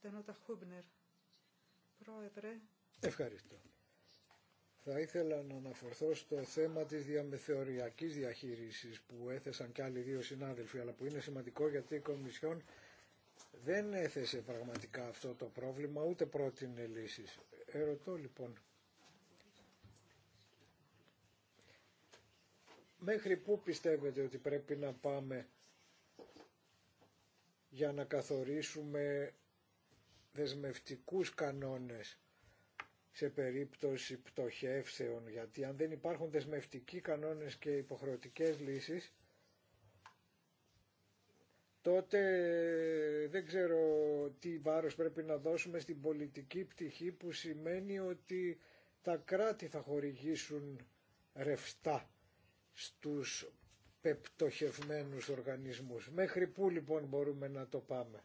Τενότα Χούμπνερ. Πρόεδρε. Ευχαριστώ. Θα ήθελα να αναφερθώ στο θέμα της διαμεθεωριακής διαχείρισης που έθεσαν και άλλοι δύο συνάδελφοι, αλλά που είναι σημαντικό γιατί η Κομισιόν δεν έθεσε πραγματικά αυτό το πρόβλημα, ούτε πρότεινε λύσεις. Ερωτώ λοιπόν, μέχρι πού πιστεύετε ότι πρέπει να πάμε για να καθορίσουμε δεσμευτικούς κανόνες σε περίπτωση πτωχεύσεων, γιατί αν δεν υπάρχουν δεσμευτικοί κανόνες και υποχρεωτικές λύσεις, τότε δεν ξέρω τι βάρος πρέπει να δώσουμε στην πολιτική πτυχή που σημαίνει ότι τα κράτη θα χορηγήσουν ρευστά στους πεπτωχευμένους οργανισμούς. Μέχρι πού λοιπόν μπορούμε να το πάμε.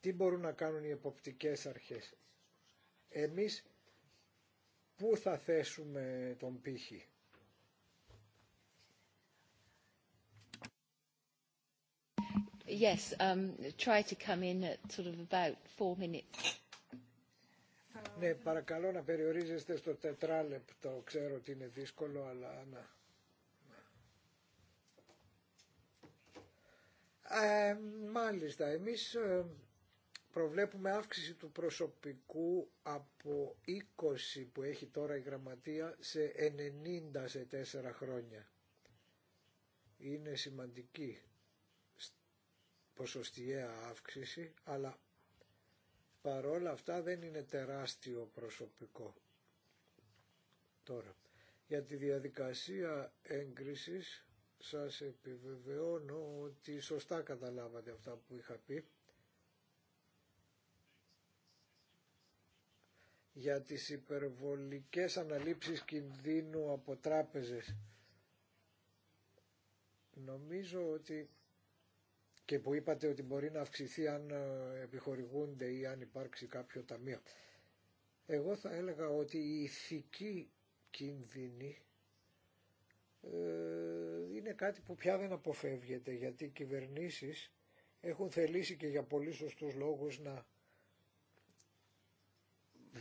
Τι μπορούν να κάνουν οι εποπτικές αρχές. Εμείς πού θα θέσουμε τον πύχη. Yes, um, try to come in at sort of about four minutes. Ναι, παρακαλώ να περιορίζεστε στο τετράλεπτο. Ξέρω ότι είναι δύσκολο, αλλά να. Ε, μάλιστα, εμείς ε, προβλέπουμε αύξηση του προσωπικού από 20 που έχει τώρα η γραμματεία σε 90 σε 4 χρόνια. Είναι σημαντική ποσοστιαία αύξηση, αλλά παρόλα αυτά δεν είναι τεράστιο προσωπικό. Τώρα, για τη διαδικασία έγκρισης σας επιβεβαιώνω ότι σωστά καταλάβατε αυτά που είχα πει για τις υπερβολικές αναλήψεις κινδύνου από τράπεζες. Νομίζω ότι και που είπατε ότι μπορεί να αυξηθεί αν ε, επιχορηγούνται ή αν υπάρξει κάποιο ταμείο. Εγώ θα έλεγα ότι η ηθική κίνδυνη ε, είναι κάτι που πια δεν αποφεύγεται γιατί οι κυβερνήσεις έχουν θελήσει και για πολύ σωστούς λόγους να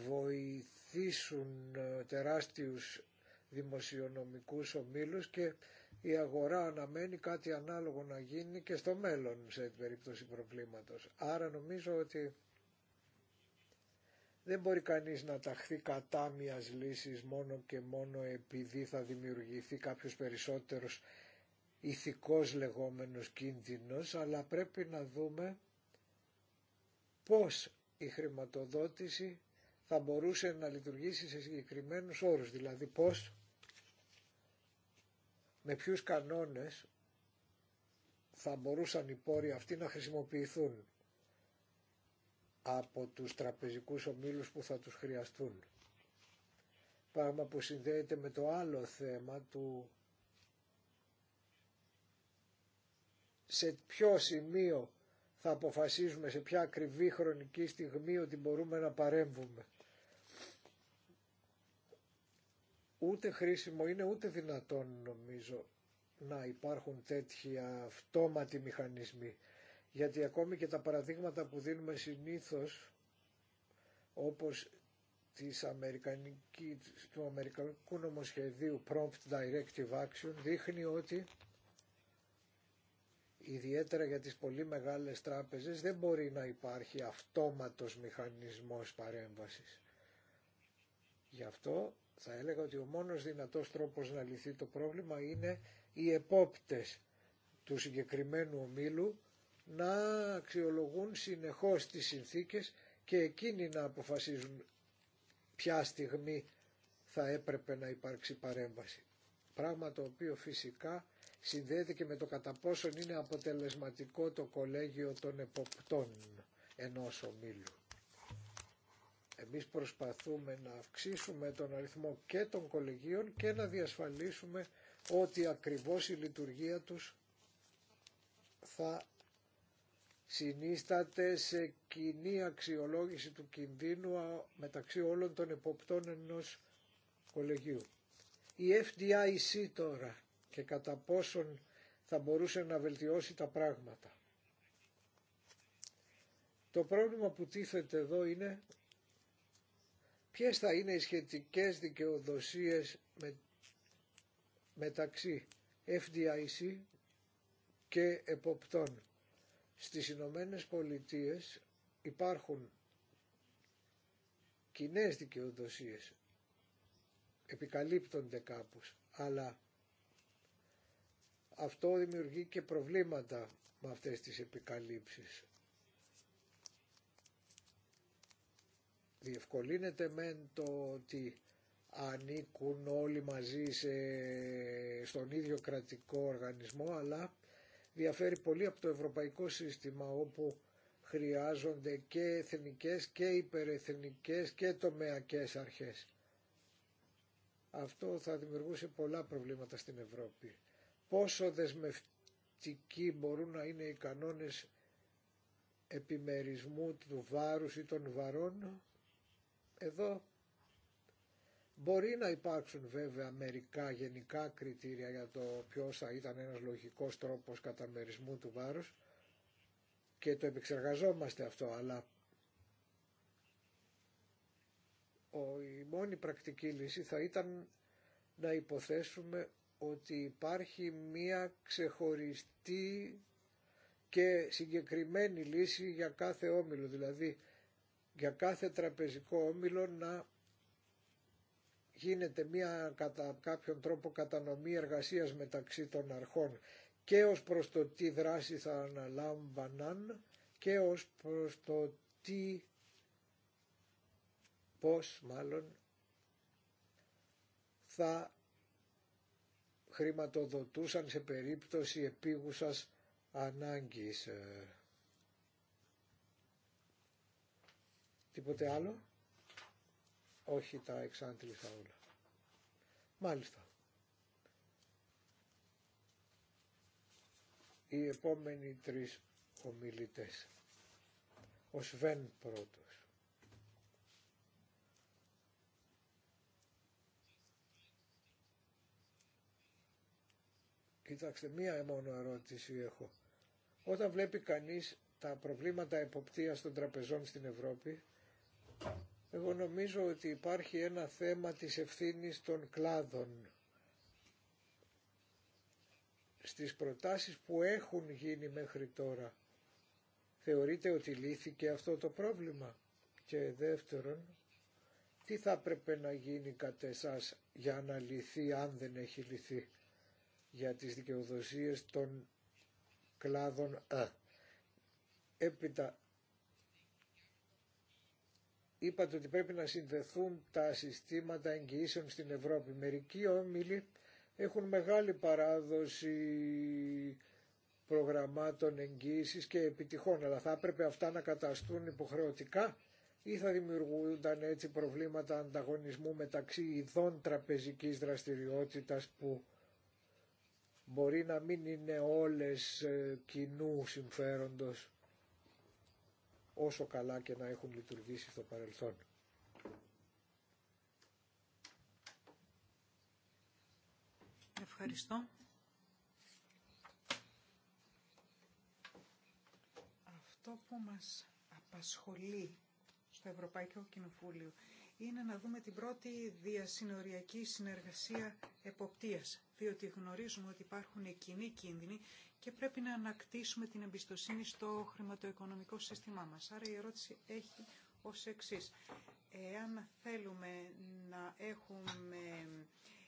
βοηθήσουν ε, τεράστιους δημοσιονομικούς ομίλους και η αγορά αναμένει κάτι ανάλογο να γίνει και στο μέλλον σε περίπτωση προβλήματος. Άρα νομίζω ότι δεν μπορεί κανείς να ταχθεί κατά μιας λύσης μόνο και μόνο επειδή θα δημιουργηθεί κάποιος περισσότερος ηθικός λεγόμενος κίνδυνος, αλλά πρέπει να δούμε πώς η χρηματοδότηση θα μπορούσε να λειτουργήσει σε συγκεκριμένους όρους, δηλαδή πώς, με ποιους κανόνες θα μπορούσαν οι πόροι αυτοί να χρησιμοποιηθούν από τους τραπεζικούς ομίλους που θα τους χρειαστούν. Πράγμα που συνδέεται με το άλλο θέμα του σε ποιο σημείο θα αποφασίζουμε, σε ποια ακριβή χρονική στιγμή ότι μπορούμε να παρέμβουμε. Ούτε χρήσιμο είναι ούτε δυνατόν νομίζω να υπάρχουν τέτοιοι αυτόματοι μηχανισμοί. Γιατί ακόμη και τα παραδείγματα που δίνουμε συνήθως όπως της του Αμερικανικού νομοσχεδίου Prompt Directive Action δείχνει ότι ιδιαίτερα για τις πολύ μεγάλες τράπεζες δεν μπορεί να υπάρχει αυτόματος μηχανισμός παρέμβασης. Γι' αυτό θα έλεγα ότι ο μόνος δυνατός τρόπος να λυθεί το πρόβλημα είναι οι επόπτες του συγκεκριμένου ομίλου να αξιολογούν συνεχώς τις συνθήκες και εκείνοι να αποφασίζουν ποια στιγμή θα έπρεπε να υπάρξει παρέμβαση. Πράγμα το οποίο φυσικά συνδέεται και με το κατά πόσον είναι αποτελεσματικό το κολέγιο των εποπτών ενός ομίλου. Εμείς προσπαθούμε να αυξήσουμε τον αριθμό και των κολεγίων και να διασφαλίσουμε ότι ακριβώς η λειτουργία τους θα συνίσταται σε κοινή αξιολόγηση του κινδύνου μεταξύ όλων των εποπτών ενός κολεγίου. Η FDIC τώρα και κατά πόσον θα μπορούσε να βελτιώσει τα πράγματα. Το πρόβλημα που τίθεται εδώ είναι Ποιες θα είναι οι σχετικές δικαιοδοσίες με, μεταξύ FDIC και εποπτών. Στις Ηνωμένε Πολιτείες υπάρχουν κοινέ δικαιοδοσίες, επικαλύπτονται κάπως, αλλά αυτό δημιουργεί και προβλήματα με αυτές τις επικαλύψεις. Διευκολύνεται μεν το ότι ανήκουν όλοι μαζί σε, στον ίδιο κρατικό οργανισμό, αλλά διαφέρει πολύ από το ευρωπαϊκό σύστημα όπου χρειάζονται και εθνικές και υπερεθνικές και τομεακές αρχές. Αυτό θα δημιουργούσε πολλά προβλήματα στην Ευρώπη. Πόσο δεσμευτικοί μπορούν να είναι οι κανόνες επιμερισμού του βάρους ή των βαρών εδώ μπορεί να υπάρξουν βέβαια μερικά γενικά κριτήρια για το ποιος θα ήταν ένας λογικός τρόπος καταμερισμού του βάρους και το επεξεργαζόμαστε αυτό, αλλά η μόνη πρακτική λύση θα ήταν να υποθέσουμε ότι υπάρχει μία ξεχωριστή και συγκεκριμένη λύση για κάθε όμιλο. Δηλαδή για κάθε τραπεζικό όμιλο να γίνεται μια κατά κάποιον τρόπο κατανομή εργασίας μεταξύ των αρχών και ως προς το τι δράση θα αναλάμβαναν και ως προς το τι πώς μάλλον θα χρηματοδοτούσαν σε περίπτωση επίγουσας ανάγκης. Τίποτε άλλο. Όχι τα εξάντλησα όλα. Μάλιστα. Οι επόμενοι τρεις ομιλητές. Ο Σβέν πρώτος. Κοιτάξτε, μία μόνο ερώτηση έχω. Όταν βλέπει κανείς τα προβλήματα εποπτείας των τραπεζών στην Ευρώπη, εγώ νομίζω ότι υπάρχει ένα θέμα της ευθύνης των κλάδων. Στις προτάσεις που έχουν γίνει μέχρι τώρα, θεωρείτε ότι λύθηκε αυτό το πρόβλημα. Και δεύτερον, τι θα έπρεπε να γίνει κατ' για να λυθεί, αν δεν έχει λυθεί, για τις δικαιοδοσίες των κλάδων Α. Έπειτα, είπατε ότι πρέπει να συνδεθούν τα συστήματα εγγυήσεων στην Ευρώπη. Μερικοί όμιλοι έχουν μεγάλη παράδοση προγραμμάτων εγγύησης και επιτυχών, αλλά θα έπρεπε αυτά να καταστούν υποχρεωτικά ή θα δημιουργούνταν έτσι προβλήματα ανταγωνισμού μεταξύ ειδών τραπεζικής δραστηριότητας που μπορεί να μην είναι όλες ε, κοινού συμφέροντος όσο καλά και να έχουν λειτουργήσει στο παρελθόν. Ευχαριστώ. Αυτό που μας απασχολεί στο Ευρωπαϊκό Κοινοβούλιο είναι να δούμε την πρώτη διασυνοριακή συνεργασία εποπτείας, διότι γνωρίζουμε ότι υπάρχουν κοινοί κίνδυνοι και πρέπει να ανακτήσουμε την εμπιστοσύνη στο χρηματοοικονομικό σύστημά μας. Άρα η ερώτηση έχει ως εξή. Εάν θέλουμε να έχουμε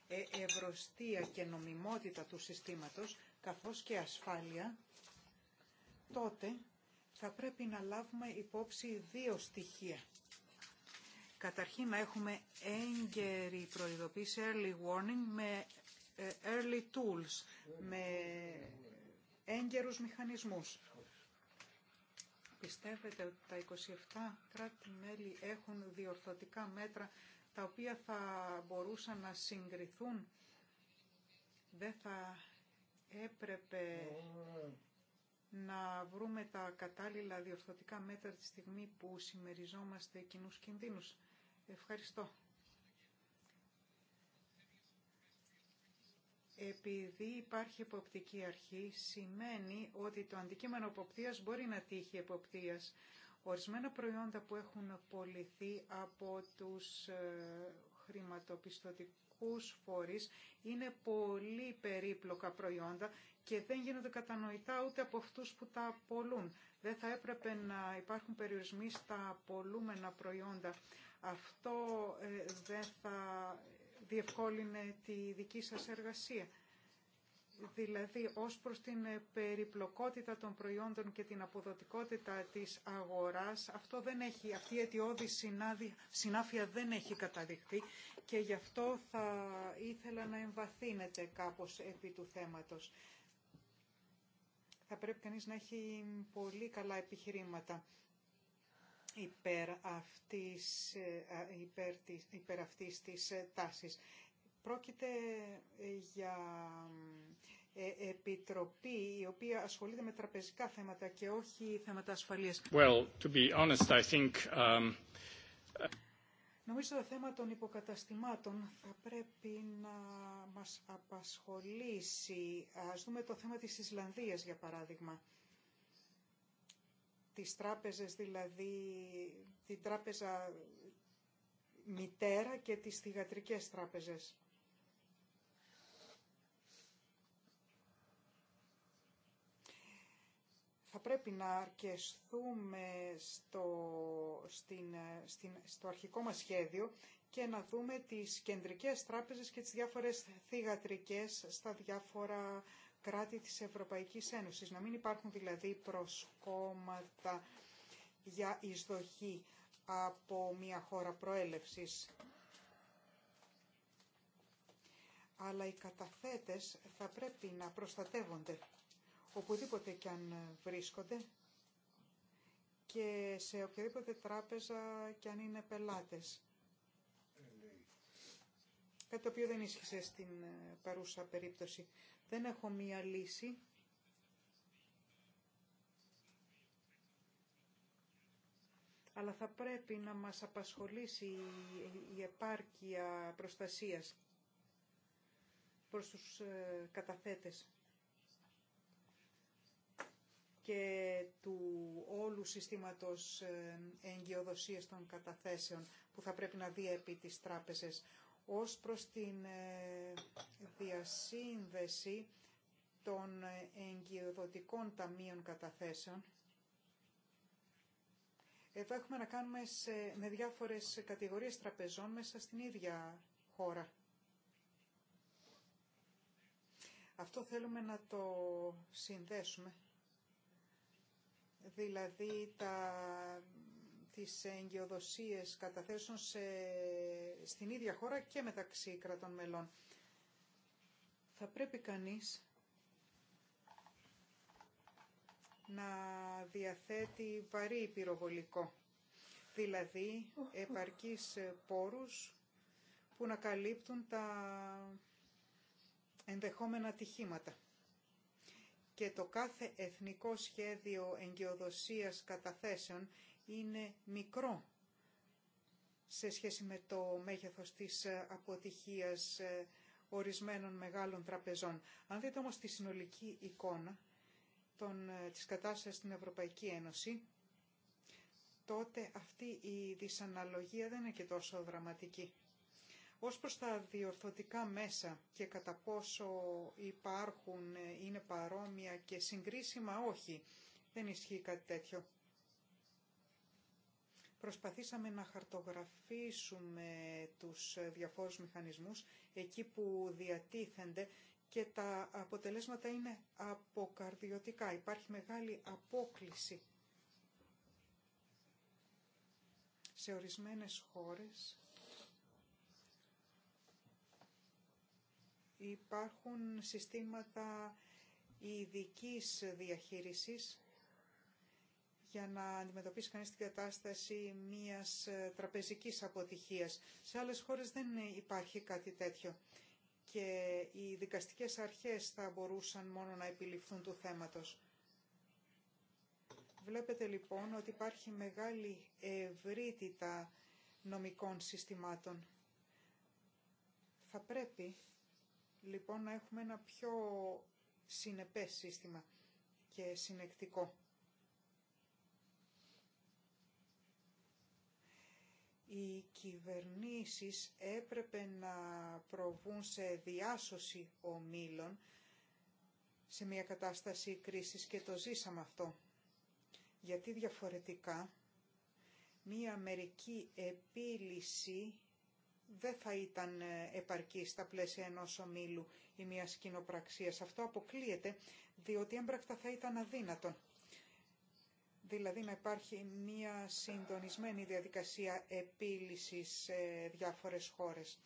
ε, ευρωστία και νομιμότητα του συστήματος, καθώς και ασφάλεια, τότε θα πρέπει να λάβουμε υπόψη δύο στοιχεία Καταρχήν να έχουμε έγκαιρη προειδοποίηση, early warning, με ε, early tools, με έγκαιρους μηχανισμούς. Πιστεύετε ότι τα 27 κράτη-μέλη έχουν διορθωτικά μέτρα τα οποία θα μπορούσαν να συγκριθούν. Δεν θα έπρεπε να βρούμε τα κατάλληλα διορθωτικά μέτρα τη στιγμή που συμμεριζόμαστε κοινού κινδύνους. Ευχαριστώ. Επειδή υπάρχει εποπτική αρχή, σημαίνει ότι το αντικείμενο εποπτείας μπορεί να τύχει εποπτείας. Ορισμένα προϊόντα που έχουν πολιθεί από τους ε, χρηματοπιστωτικούς φορείς είναι πολύ περίπλοκα προϊόντα και δεν γίνονται κατανοητά ούτε από αυτούς που τα πωλούν. Δεν θα έπρεπε να υπάρχουν περιορισμοί στα πολλούμενα προϊόντα. Αυτό ε, δεν θα διευκόλυνε τη δική σας εργασία. Δηλαδή, ως προς την ε, περιπλοκότητα των προϊόντων και την αποδοτικότητα της αγοράς, αυτό δεν έχει, αυτή η αιτιώδη συνάφεια δεν έχει καταδειχθεί και γι' αυτό θα ήθελα να εμβαθύνετε κάπως επί του θέματος θα πρέπει κανείς να έχει πολύ καλά επιχειρήματα υπέρ αυτής, ε, υπέρ της, υπέρ της ε, τάσης. Πρόκειται για ε, επιτροπή η οποία ασχολείται με τραπεζικά θέματα και όχι θέματα ασφαλείας. Well, to be honest, I think, um, Νομίζω το θέμα των υποκαταστημάτων θα πρέπει να μας απασχολήσει. Ας δούμε το θέμα της Ισλανδίας, για παράδειγμα. Τις τράπεζες, δηλαδή, την τράπεζα μητέρα και τις θηγατρικές τράπεζες. θα πρέπει να αρκεστούμε στο, στην, στο αρχικό μας σχέδιο και να δούμε τις κεντρικές τράπεζες και τις διάφορες θηγατρικές στα διάφορα κράτη της Ευρωπαϊκής Ένωσης. Να μην υπάρχουν δηλαδή προσκόμματα για εισδοχή από μια χώρα προέλευσης. Αλλά οι καταθέτες θα πρέπει να προστατεύονται οπουδήποτε κι αν βρίσκονται και σε οποιαδήποτε τράπεζα κι αν είναι πελάτες. Κάτι το οποίο δεν ίσχυσε στην ε, παρούσα περίπτωση. Δεν έχω μία λύση. Αλλά θα πρέπει να μας απασχολήσει η επάρκεια προστασίας προς τους ε, καταθέτες και του όλου συστήματος ε, εγκυοδοσίας των καταθέσεων που θα πρέπει να διέπει τις τράπεζες. Ως προς την ε, διασύνδεση των εγκυοδοτικών ταμείων καταθέσεων, εδώ έχουμε να κάνουμε σε, με διάφορες κατηγορίες τραπεζών μέσα στην ίδια χώρα. Αυτό θέλουμε να το συνδέσουμε δηλαδή τα, τις εγκαιοδοσίες καταθέσεων σε, στην ίδια χώρα και μεταξύ κρατών μελών. Θα πρέπει κανείς να διαθέτει βαρύ πυροβολικό, δηλαδή επαρκείς πόρους που να καλύπτουν τα ενδεχόμενα ατυχήματα και το κάθε εθνικό σχέδιο εγκαιοδοσίας καταθέσεων είναι μικρό σε σχέση με το μέγεθος της ε, αποτυχίας ε, ορισμένων μεγάλων τραπεζών. Αν δείτε όμως τη συνολική εικόνα των, ε, της κατάστασης στην Ευρωπαϊκή Ένωση, τότε αυτή η δυσαναλογία δεν είναι και τόσο δραματική. Ως προς τα διορθωτικά μέσα και κατά πόσο υπάρχουν, ε, είναι παρόμοια και συγκρίσιμα, όχι. Δεν ισχύει κάτι τέτοιο. Προσπαθήσαμε να χαρτογραφήσουμε τους ε, διαφόρους μηχανισμούς εκεί που διατίθενται και τα αποτελέσματα είναι αποκαρδιωτικά. Υπάρχει μεγάλη απόκληση σε ορισμένες χώρες Υπάρχουν συστήματα ειδική διαχείρισης για να αντιμετωπίσει κανείς την κατάσταση μιας ε, τραπεζικής αποτυχίας. Σε άλλες χώρες δεν υπάρχει κάτι τέτοιο και οι δικαστικές αρχές θα μπορούσαν μόνο να επιληφθούν του θέματος. Βλέπετε λοιπόν ότι υπάρχει μεγάλη ευρύτητα νομικών συστημάτων. Θα πρέπει λοιπόν να έχουμε ένα πιο συνεπές σύστημα και συνεκτικό. οι κυβερνήσεις έπρεπε να προβούν σε διάσωση ομίλων σε μια κατάσταση κρίσης και το ζήσαμε αυτό. Γιατί διαφορετικά μια μερική επίλυση δεν θα ήταν ε, επαρκή στα πλαίσια ενός ομίλου ή μιας κοινοπραξίας. Αυτό αποκλείεται διότι έμπρακτα θα ήταν αδύνατον. Δηλαδή να υπάρχει μια συντονισμένη διαδικασία επίλυσης σε διάφορες χώρες.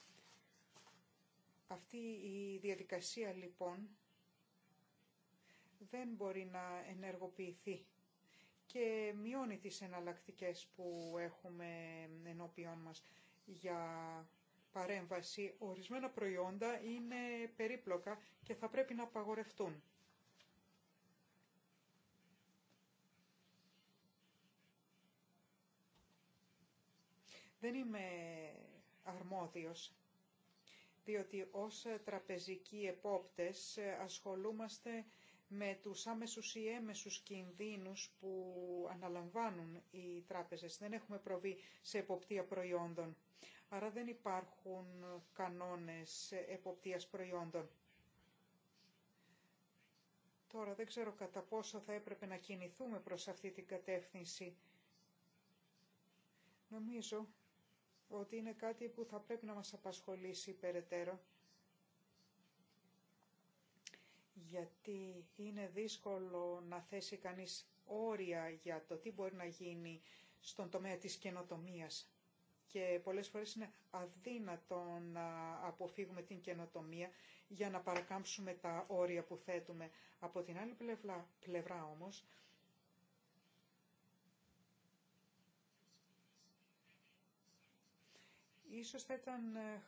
Αυτή η διαδικασία λοιπόν δεν αδυνατο δηλαδη να ενεργοποιηθεί και μειώνει τις εναλλακτικές που έχουμε ενώπιόν μας για παρέμβαση, ορισμένα προϊόντα είναι περίπλοκα και θα πρέπει να απαγορευτούν. Δεν είμαι αρμόδιος, διότι ως τραπεζικοί επόπτες ασχολούμαστε με τους άμεσους ή έμεσους κινδύνους που αναλαμβάνουν οι τράπεζες. Δεν έχουμε προβεί σε εποπτεία προϊόντων άρα δεν υπάρχουν κανόνες εποπτείας προϊόντων. Τώρα δεν ξέρω κατά πόσο θα έπρεπε να κινηθούμε προς αυτή την κατεύθυνση. Νομίζω ότι είναι κάτι που θα πρέπει να μας απασχολήσει περαιτέρω. Γιατί είναι δύσκολο να θέσει κανείς όρια για το τι μπορεί να γίνει στον τομέα της καινοτομίας και πολλές φορές είναι αδύνατο να αποφύγουμε την καινοτομία για να παρακάμψουμε τα όρια που θέτουμε. Από την άλλη πλευρά, πλευρά όμως, ίσως θα ήταν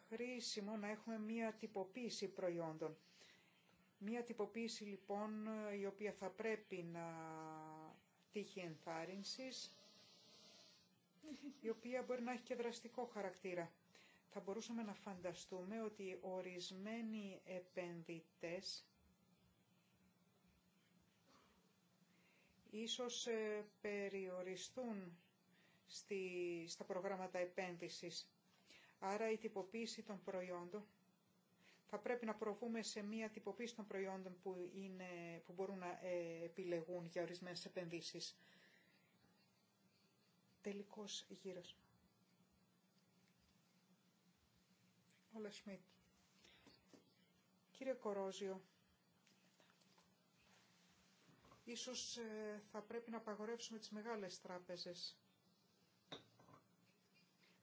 χρήσιμο να έχουμε μία τυποποίηση προϊόντων. Μία τυποποίηση λοιπόν η οποία θα πρέπει να τύχει ενθάρρυνσης η οποία μπορεί να έχει και δραστικό χαρακτήρα. Θα μπορούσαμε να φανταστούμε ότι ορισμένοι επενδυτές ίσως ε, περιοριστούν στη, στα προγράμματα επένδυσης. Άρα η τυποποίηση των προϊόντων θα πρέπει να προβούμε σε μία τυποποίηση των προϊόντων που, είναι, που μπορούν να ε, επιλεγούν για ορισμένες επενδύσεις τελικός γύρος. Όλα Σμιτ. Κύριε Κορόζιο, ίσως ε, θα πρέπει να απαγορεύσουμε τις μεγάλες τράπεζες.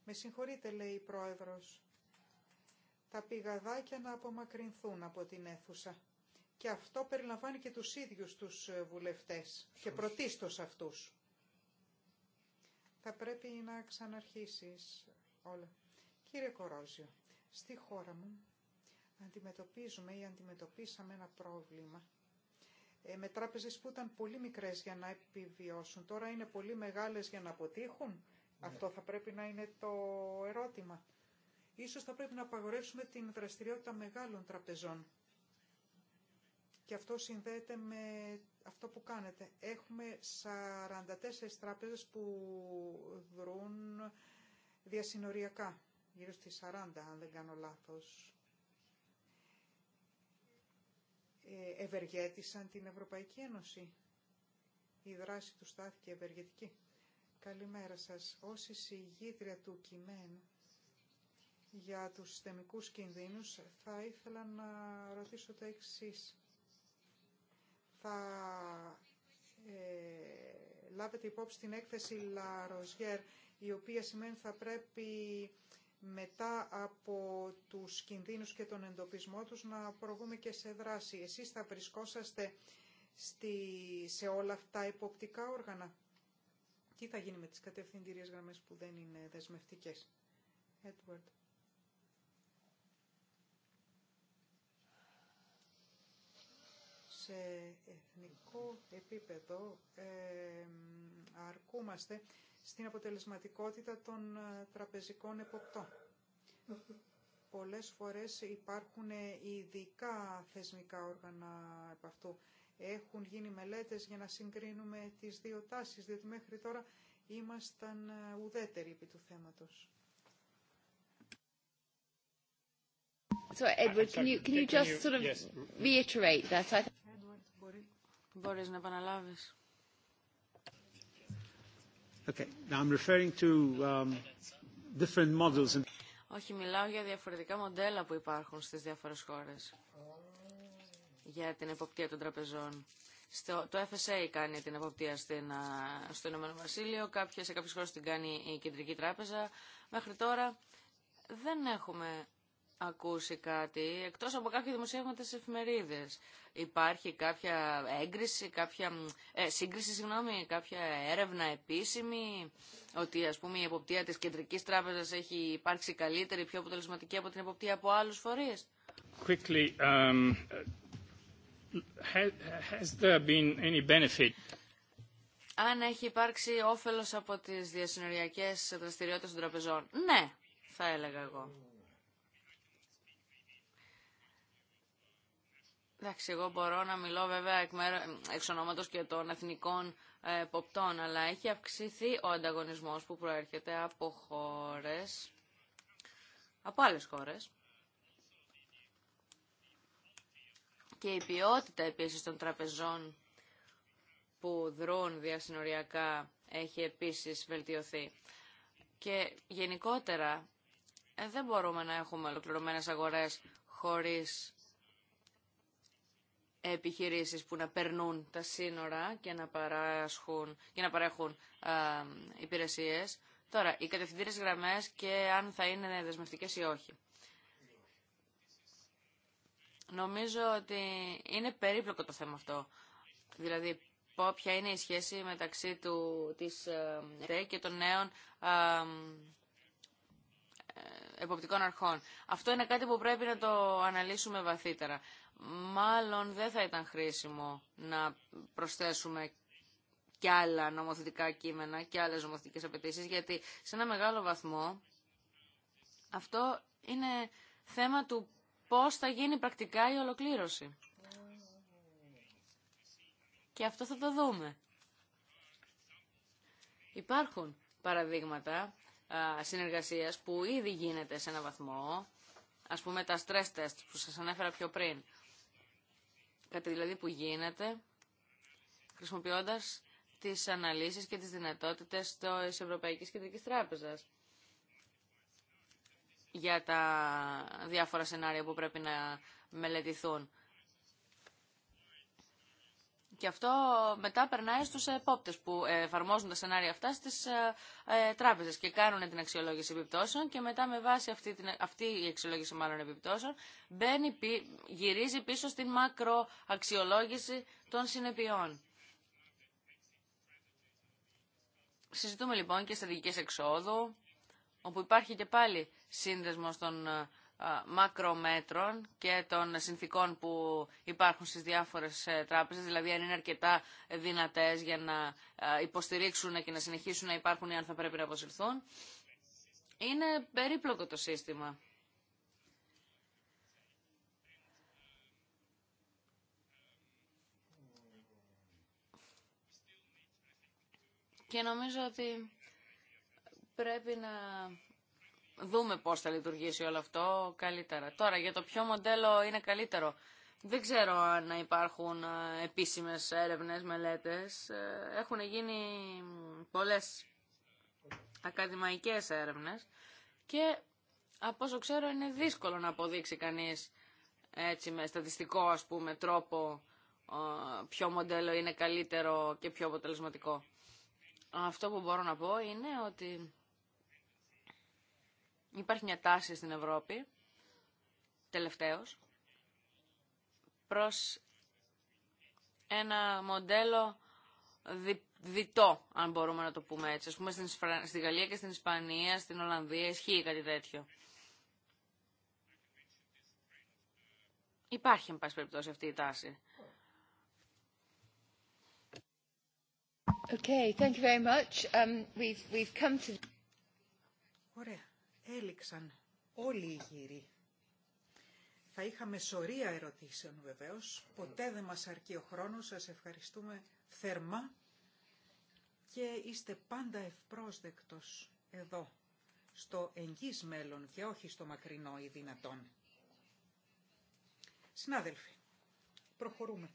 Με συγχωρείτε, λέει η πρόεδρος. Τα πηγαδάκια να απομακρυνθούν από την αίθουσα. Και αυτό περιλαμβάνει και τους ίδιους τους ε, βουλευτές και πρωτίστως αυτούς θα πρέπει να ξαναρχίσεις όλα. Κύριε Κορόζιο, στη χώρα μου αντιμετωπίζουμε ή αντιμετωπίσαμε ένα πρόβλημα ε, με τράπεζες που ήταν πολύ μικρές για να επιβιώσουν. Τώρα είναι πολύ μεγάλες για να αποτύχουν. Ναι. Αυτό θα πρέπει να είναι το ερώτημα. Ίσως θα πρέπει να απαγορεύσουμε την δραστηριότητα μεγάλων τραπεζών. Και αυτό συνδέεται με αυτό που κάνετε. Έχουμε 44 τράπεζες που δρούν διασυνοριακά, γύρω στις 40 αν δεν κάνω λάθος. Ε, ευεργέτησαν την Ευρωπαϊκή Ένωση. Η δράση του στάθηκε ευεργετική. Καλημέρα σας. Όσοι εισηγήτρια του κιμέν για τους συστημικούς κινδύνους θα ήθελα να ρωτήσω τα εξής θα ε, λάβετε υπόψη την έκθεση Rosière η οποία σημαίνει θα πρέπει μετά από τους κινδύνους και τον εντοπισμό τους να προβούμε και σε δράση. Εσείς θα βρισκόσαστε στη, σε όλα αυτά υποπτικά όργανα. Τι θα γίνει με τις κατευθυντήριες γραμμές που δεν είναι δεσμευτικές. Edward. σε εθνικό επίπεδο αρκούμαστε στην αποτελεσματικότητα των ε, τραπεζικών εποπτών. Πολλές φορές υπάρχουν ε, ειδικά θεσμικά όργανα από αυτού. Έχουν γίνει μελέτες για να συγκρίνουμε τις δύο τάσεις, διότι μέχρι τώρα ήμασταν ε, ουδέτεροι επί του θέματος. So Edward, can you, can you just sort of reiterate that? Μπορείς να επαναλάβεις. Um, Όχι, μιλάω για διαφορετικά μοντέλα που υπάρχουν στις διάφορες χώρες για την εποπτεία των τραπεζών. Στο, το FSA κάνει την εποπτεία στην, στο Ηνωμένο Βασίλειο, κάποια, σε κάποιες χώρες την κάνει η Κεντρική Τράπεζα. Μέχρι τώρα δεν έχουμε ακούσει κάτι, εκτός από κάποια δημοσιεύματα σε εφημερίδες. Υπάρχει κάποια έγκριση, κάποια ε, σύγκριση, συγγνώμη, κάποια έρευνα επίσημη, ότι ας πούμε η εποπτεία της Κεντρικής Τράπεζας έχει υπάρξει καλύτερη, πιο αποτελεσματική από την εποπτεία από άλλους φορείς. Quickly, um, has there been any benefit? Αν έχει υπάρξει όφελος από τις διασυνοριακές δραστηριότητες των τραπεζών. Ναι, θα έλεγα εγώ. Εντάξει, εγώ μπορώ να μιλώ βέβαια εκ, εξ ονόματος και των εθνικών ε, ποπτών, αλλά έχει αυξηθεί ο ανταγωνισμός που προέρχεται από χώρες, από άλλες χώρες. Και η ποιότητα επίσης των τραπεζών που δρούν διασυνοριακά έχει επίσης βελτιωθεί. Και γενικότερα ε, δεν μπορούμε να έχουμε ολοκληρωμένες αγορές χωρίς επιχειρήσεις που να περνούν τα σύνορα και να, παράσχουν, και να παρέχουν α, υπηρεσίες. Τώρα, οι κατευθυντήρες γραμμές και αν θα είναι δεσμευτικές ή όχι. Νομίζω ότι είναι περίπλοκο το θέμα αυτό. Δηλαδή, ποια είναι η σχέση μεταξύ του, της ΕΤΕ και των νέων ε, εποπτικών αρχών. Αυτό είναι κάτι που πρέπει να το αναλύσουμε βαθύτερα μάλλον δεν θα ήταν χρήσιμο να προσθέσουμε και άλλα νομοθετικά κείμενα και άλλες νομοθετικές απαιτήσεις, γιατί σε ένα μεγάλο βαθμό αυτό είναι θέμα του πώς θα γίνει πρακτικά η ολοκλήρωση. Και αυτό θα το δούμε. Υπάρχουν παραδείγματα συνεργασίας που ήδη γίνεται σε ένα βαθμό, ας πούμε τα stress test που σας ανέφερα πιο πριν κάτι δηλαδή που γίνεται χρησιμοποιώντας τις αναλύσεις και τις δυνατότητες της Ευρωπαϊκής Κεντρικής Τράπεζας για τα διάφορα σενάρια που πρέπει να μελετηθούν. Και αυτό μετά περνάει στους επόπτες που εφαρμόζουν τα σενάρια αυτά στις ε, ε, τράπεζες και κάνουν την αξιολόγηση επιπτώσεων και μετά με βάση αυτή, την, αυτή η αξιολόγηση μάλλον επιπτώσεων μπαίνει, γυρίζει πίσω στην μακροαξιολόγηση των συνεπειών. Συζητούμε λοιπόν και στρατηγικές εξόδου, όπου υπάρχει και πάλι σύνδεσμος των ε, μακρομέτρων και των συνθήκων που υπάρχουν στις διάφορες ε, τράπεζες, δηλαδή αν είναι αρκετά δυνατές για να υποστηρίξουν και να συνεχίσουν να υπάρχουν ή αν θα πρέπει να αποσυρθούν. Είναι περίπλοκο το σύστημα. Και νομίζω ότι πρέπει να δούμε πώς θα λειτουργήσει όλο αυτό καλύτερα. Τώρα, για το ποιο μοντέλο είναι καλύτερο. Δεν ξέρω αν υπάρχουν ε, επίσημες έρευνες, μελέτες. Ε, έχουν γίνει πολλές ακαδημαϊκές έρευνες και από όσο ξέρω είναι δύσκολο να αποδείξει κανείς έτσι με στατιστικό ας πούμε τρόπο ε, ποιο μοντέλο είναι καλύτερο και πιο αποτελεσματικό. Αυτό που μπορώ να πω είναι ότι Υπάρχει μια τάση στην Ευρώπη, τελευταίος, προς ένα μοντέλο δι, διτό, αν μπορούμε να το πούμε έτσι. Ας πούμε στην, στη Γαλλία και στην Ισπανία, στην Ολλανδία ισχύει κάτι τέτοιο. Υπάρχει, εν πάση περιπτώσει, αυτή η τάση. Okay, thank you very much. Um, we've, we've come to... Ωραία έληξαν όλοι οι γύροι. Θα είχαμε σωρία ερωτήσεων βεβαίως. Ποτέ δεν μας αρκεί ο χρόνος. Σας ευχαριστούμε θερμά και είστε πάντα ευπρόσδεκτος εδώ, στο εγγύς μέλλον και όχι στο μακρινό ή δυνατόν. Συνάδελφοι, προχωρούμε.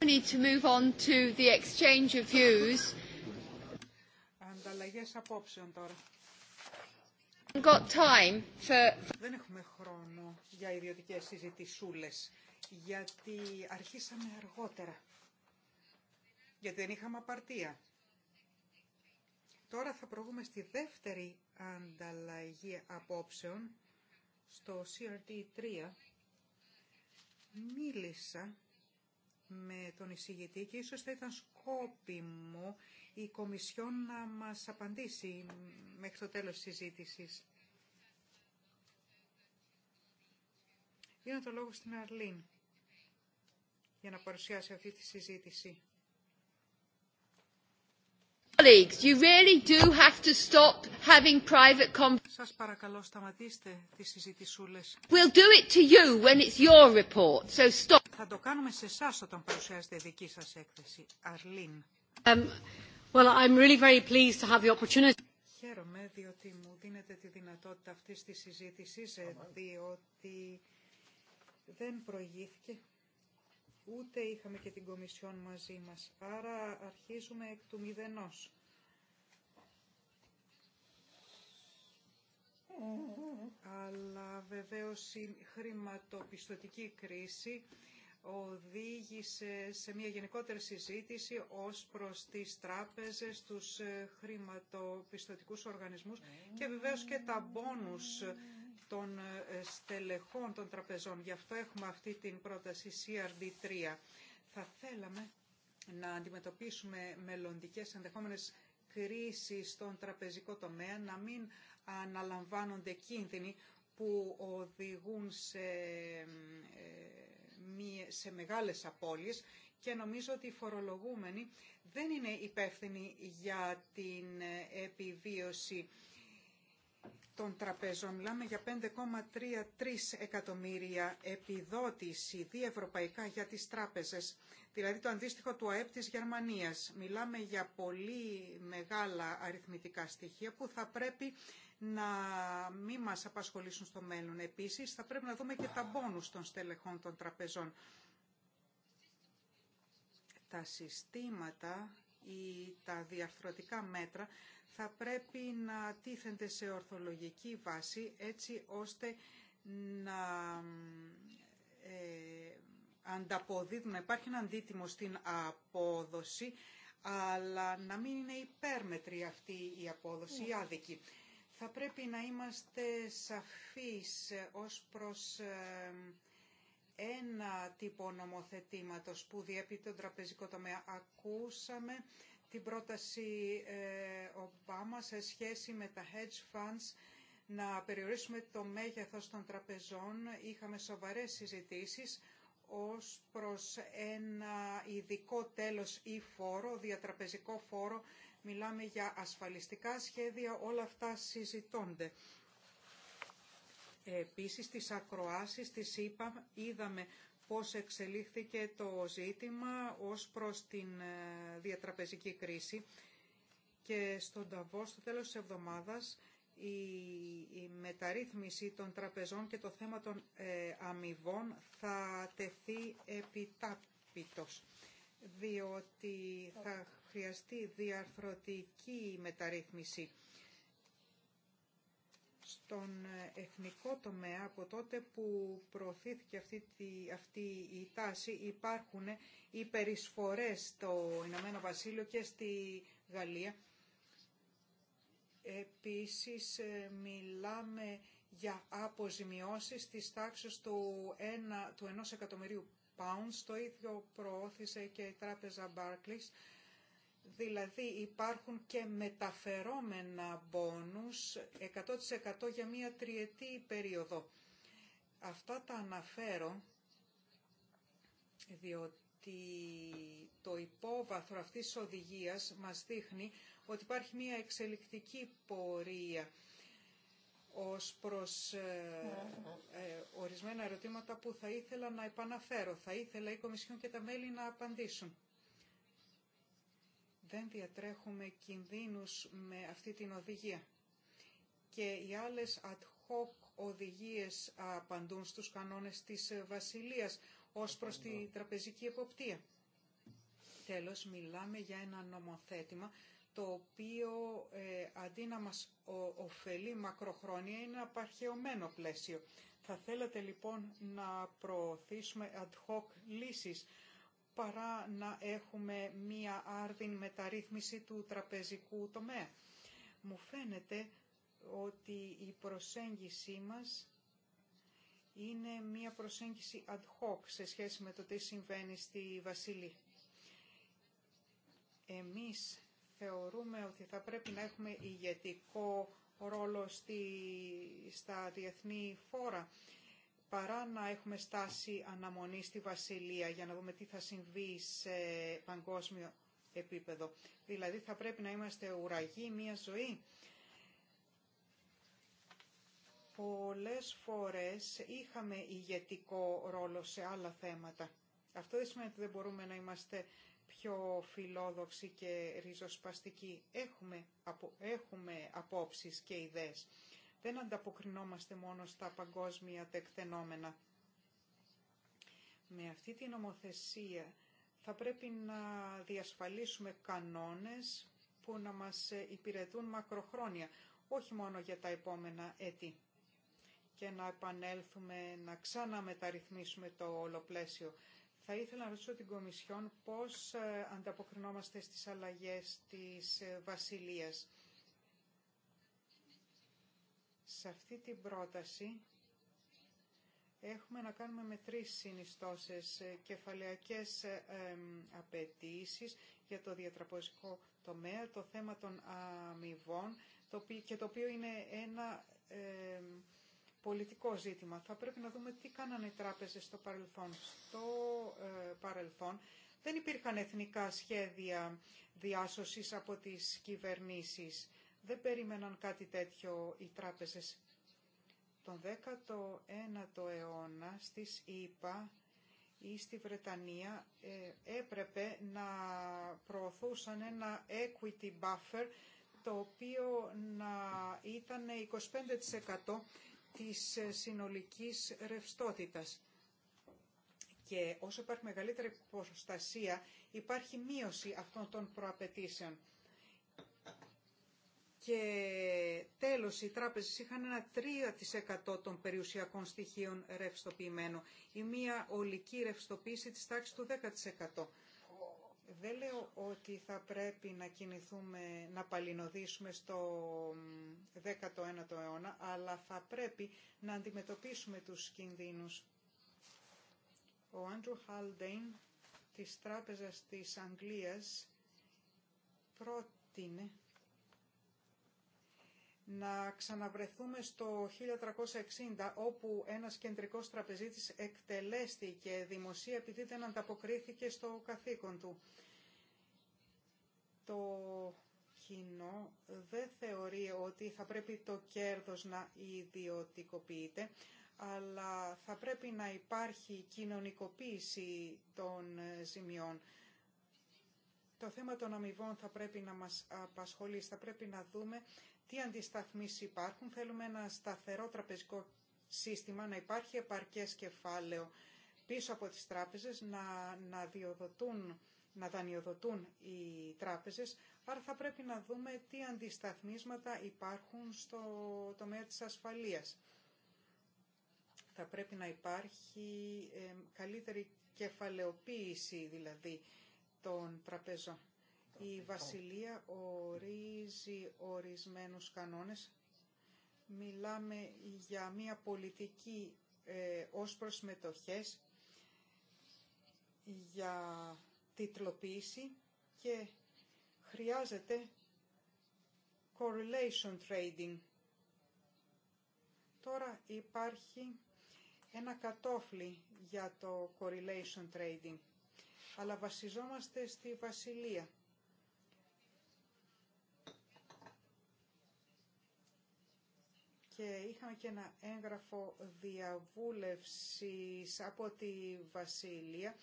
We need move on to the exchange of απόψεων τώρα. Δεν έχουμε χρόνο για ιδιωτικές συζητησούλες, γιατί αρχίσαμε αργότερα. Γιατί δεν είχαμε απαρτία. Τώρα θα προβούμε στη δεύτερη ανταλλαγή απόψεων, στο CRT3. Μίλησα με τον εισηγητή και ίσως θα ήταν σκόπιμο η Κομισιόν να μας απαντήσει μέχρι το τέλος της συζήτησης. Δίνω το λόγο στην Αρλίν για να παρουσιάσει αυτή τη συζήτηση. Σας παρακαλώ σταματήστε τις συζητησούλες. We'll do it to you when it's your report, so stop. Θα το κάνουμε σε σας όταν παρουσιάζετε δική σας έκθεση, Αρλίν. Um, Χαίρομαι διότι μου δίνετε τη δυνατότητα αυτής της συζήτησης, ε, διότι δεν προηγήθηκε, ούτε είχαμε και την Κομισιόν μαζί μας. Άρα αρχίζουμε εκ του μηδενός. Αλλά βεβαίως η χρηματοπιστωτική κρίση οδήγησε σε μια γενικότερη συζήτηση ως προς τις τράπεζες, τους ε, χρηματοπιστωτικούς οργανισμούς και βεβαίως και τα μπόνους των ε, στελεχών των τραπεζών. Γι' αυτό έχουμε αυτή την πρόταση CRD3. Θα θέλαμε να αντιμετωπίσουμε μελλοντικές ενδεχόμενες κρίσεις στον τραπεζικό τομέα, να μην αναλαμβάνονται κίνδυνοι που οδηγούν σε ε, σε μεγάλες απώλειες και νομίζω ότι οι φορολογούμενοι δεν είναι υπεύθυνοι για την ε, επιβίωση των τραπέζων. Μιλάμε για 5,33 εκατομμύρια επιδότηση διευρωπαϊκά για τις τράπεζες, δηλαδή το αντίστοιχο του ΑΕΠ της Γερμανίας. Μιλάμε για πολύ μεγάλα αριθμητικά στοιχεία που θα πρέπει να μην μας απασχολήσουν στο μέλλον. Επίσης, θα πρέπει να δούμε και τα μπόνους των στελεχών των τραπεζών. Τα συστήματα ή τα διαρθρωτικά μέτρα θα πρέπει να τίθενται σε ορθολογική βάση έτσι ώστε να ε, να υπάρχει ένα αντίτιμο στην απόδοση αλλά να μην είναι υπέρμετρη αυτή η απόδοση, η άδικη. Θα πρέπει να είμαστε σαφείς ως προς ε, ένα τύπο νομοθετήματος που διέπει τον τραπεζικό τομέα. Ακούσαμε την πρόταση ε, Ομπάμα σε σχέση με τα hedge funds να περιορίσουμε το μέγεθος των τραπεζών. Είχαμε σοβαρές συζητήσεις ως προς ένα ειδικό τέλος ή φόρο, διατραπεζικό φόρο μιλάμε για ασφαλιστικά σχέδια, όλα αυτά συζητώνται. Επίσης, στις ακροάσεις της είπαμε, είδαμε πώς εξελίχθηκε το ζήτημα ως προς την ε, διατραπεζική κρίση και στον Ταβό στο τέλος της εβδομάδας η μεταρρύθμιση των τραπεζών και το θέμα των ε, αμοιβών θα τεθεί επιτάπητος διότι θα χρειαστεί διαρθρωτική μεταρρύθμιση στον εθνικό τομέα από τότε που προωθήθηκε αυτή, τη, αυτή η τάση υπάρχουν υπερισφορές στο Ηνωμένο Βασίλειο και στη Γαλλία. Επίσης ε, μιλάμε για αποζημιώσεις της τάξης του, 1, του 1 εκατομμυρίου pounds. Το ίδιο προώθησε και η τράπεζα Barclays Δηλαδή υπάρχουν και μεταφερόμενα μπόνους 100% για μία τριετή περίοδο. Αυτά τα αναφέρω διότι το υπόβαθρο αυτής της οδηγίας μας δείχνει ότι υπάρχει μία εξελικτική πορεία ως προς ε, ε, ορισμένα ερωτήματα που θα ήθελα να επαναφέρω. Θα ήθελα η Κομισιόν και τα μέλη να απαντήσουν δεν διατρέχουμε κινδύνους με αυτή την οδηγία. Και οι άλλες ad hoc οδηγίες απαντούν στους κανόνες της Βασιλείας ως προς τη τραπεζική εποπτεία. Τέλος, μιλάμε για ένα νομοθέτημα το οποίο ε, αντί να μας ωφελεί μακροχρόνια είναι απαρχαιωμένο πλαίσιο. Θα θέλατε λοιπόν να προωθήσουμε ad hoc λύσεις παρά να έχουμε μία άρδιν μεταρρύθμιση του τραπεζικού τομέα. Μου φαίνεται ότι η προσέγγιση μας είναι μία προσέγγιση ad hoc σε σχέση με το τι συμβαίνει στη Βασίλη. Εμείς θεωρούμε ότι θα πρέπει να έχουμε ηγετικό ρόλο στη, στα διεθνή φόρα παρά να έχουμε στάση αναμονή στη Βασιλεία για να δούμε τι θα συμβεί σε παγκόσμιο επίπεδο. Δηλαδή θα πρέπει να είμαστε ουραγοί μια ζωή. Πολλές φορές είχαμε ηγετικό ρόλο σε άλλα θέματα. Αυτό δεν σημαίνει ότι δεν μπορούμε να είμαστε πιο φιλόδοξοι και ριζοσπαστικοί. Έχουμε, απο, έχουμε απόψεις και ιδέες δεν ανταποκρινόμαστε μόνο στα παγκόσμια τεκτενόμενα. Με αυτή την νομοθεσία θα πρέπει να διασφαλίσουμε κανόνες που να μας υπηρετούν μακροχρόνια, όχι μόνο για τα επόμενα έτη και να επανέλθουμε, να ξαναμεταρρυθμίσουμε το όλο Θα ήθελα να ρωτήσω την Κομισιόν πώς ε, ανταποκρινόμαστε στις αλλαγές της ε, Βασιλείας. Σε αυτή την πρόταση έχουμε να κάνουμε με τρεις συνιστώσεις ε, κεφαλαιακές ε, απαιτήσει για το διατραπεζικό τομέα, το θέμα των αμοιβών και το οποίο είναι ένα πολιτικό ζήτημα. Θα πρέπει να δούμε τι κάνανε οι τράπεζες στο παρελθόν. Στο ε, παρελθόν δεν υπήρχαν εθνικά σχέδια διάσωσης από τις κυβερνήσεις. Δεν περίμεναν κάτι τέτοιο οι τράπεζες. Τον 19ο αιώνα στις ΗΠΑ ή στη Βρετανία ε, έπρεπε να προωθούσαν ένα equity buffer το οποίο να ήταν 25% της ε, συνολικής ρευστότητας. Και όσο υπάρχει μεγαλύτερη προστασία, υπάρχει μείωση αυτών των προαπαιτήσεων. Και τέλος, οι τράπεζες είχαν ένα 3% των περιουσιακών στοιχείων ρευστοποιημένο ή μία ολική ρευστοποίηση της τάξης του 10%. Δεν λέω ότι θα πρέπει να κινηθούμε, να παλινοδίσουμε στο 19ο αιώνα, αλλά θα πρέπει να αντιμετωπίσουμε τους κινδύνους. Ο Άντρου Χάλντεϊν της Τράπεζας της Αγγλίας πρότεινε να ξαναβρεθούμε στο 1360 όπου ένας κεντρικός τραπεζίτης εκτελέστηκε δημοσία επειδή δεν ανταποκρίθηκε στο καθήκον του. Το κοινό δεν θεωρεί ότι θα πρέπει το κέρδος να ιδιωτικοποιείται, αλλά θα πρέπει να υπάρχει κοινωνικοποίηση των ζημιών. Το θέμα των αμοιβών θα πρέπει να μας απασχολεί, θα πρέπει να δούμε τι αντισταθμίσεις υπάρχουν. Θέλουμε ένα σταθερό τραπεζικό σύστημα, να υπάρχει επαρκές κεφάλαιο πίσω από τις τράπεζες, να, να, διοδοτούν, να δανειοδοτούν οι τράπεζες. Άρα θα πρέπει να δούμε τι αντισταθμίσματα υπάρχουν στο τομέα της ασφαλείας. Θα πρέπει να υπάρχει ε, καλύτερη κεφαλαιοποίηση δηλαδή των τραπεζών. Η Βασιλεία ορίζει ορισμένους κανόνες. Μιλάμε για μια πολιτική ε, ως προς μετοχές, για τιτλοποίηση και χρειάζεται correlation trading. Τώρα υπάρχει ένα κατόφλι για το correlation trading, αλλά βασιζόμαστε στη βασιλεία. και είχαμε και ένα έγγραφο διαβούλευσης από τη Βασίλεια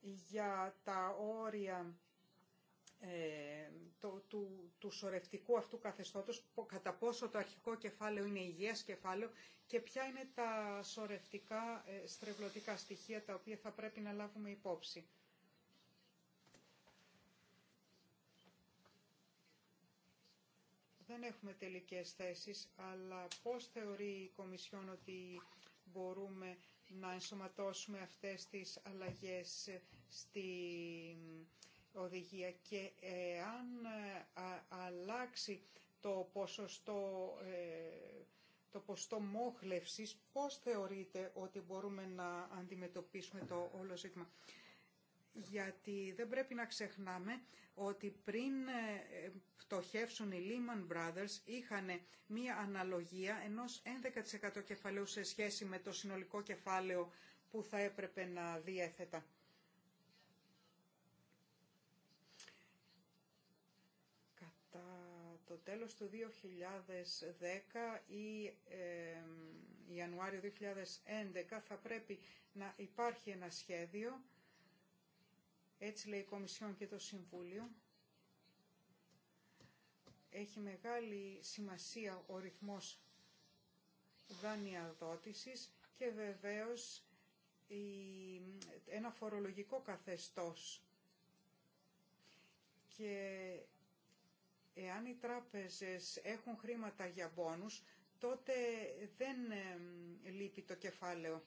για τα όρια ε, το, του, του σορευτικού αυτού καθεστώτος, κατά πόσο το αρχικό κεφάλαιο είναι υγιές κεφάλαιο και ποια είναι τα σορευτικά ε, στρεβλωτικά στοιχεία τα οποία θα πρέπει να λάβουμε υπόψη. Δεν έχουμε τελικές θέσεις, αλλά πώς θεωρεί η Κομισιόν ότι μπορούμε να ενσωματώσουμε αυτές τις αλλαγές στη οδηγία και ε, αν ε, αλλάξει το ποσοστό, ε, το ποστό μόχλευσης, πώς θεωρείτε ότι μπορούμε να αντιμετωπίσουμε το όλο ζήτημα γιατί δεν πρέπει να ξεχνάμε ότι πριν ε, φτωχεύσουν οι Lehman Brothers είχαν μία αναλογία ενός 11% κεφαλαίου σε σχέση με το συνολικό κεφάλαιο που θα έπρεπε να διέθετα. Κατά το τέλος του 2010 ή ε, Ιανουάριο 2011 θα πρέπει να υπάρχει ένα σχέδιο έτσι λέει η Κομισιόν και το Συμβούλιο, έχει μεγάλη σημασία ο ρυθμός δανειοδότησης και βεβαίως ένα φορολογικό καθεστώς. Και εάν οι τράπεζες έχουν χρήματα για πόνους, τότε δεν λείπει το κεφάλαιο.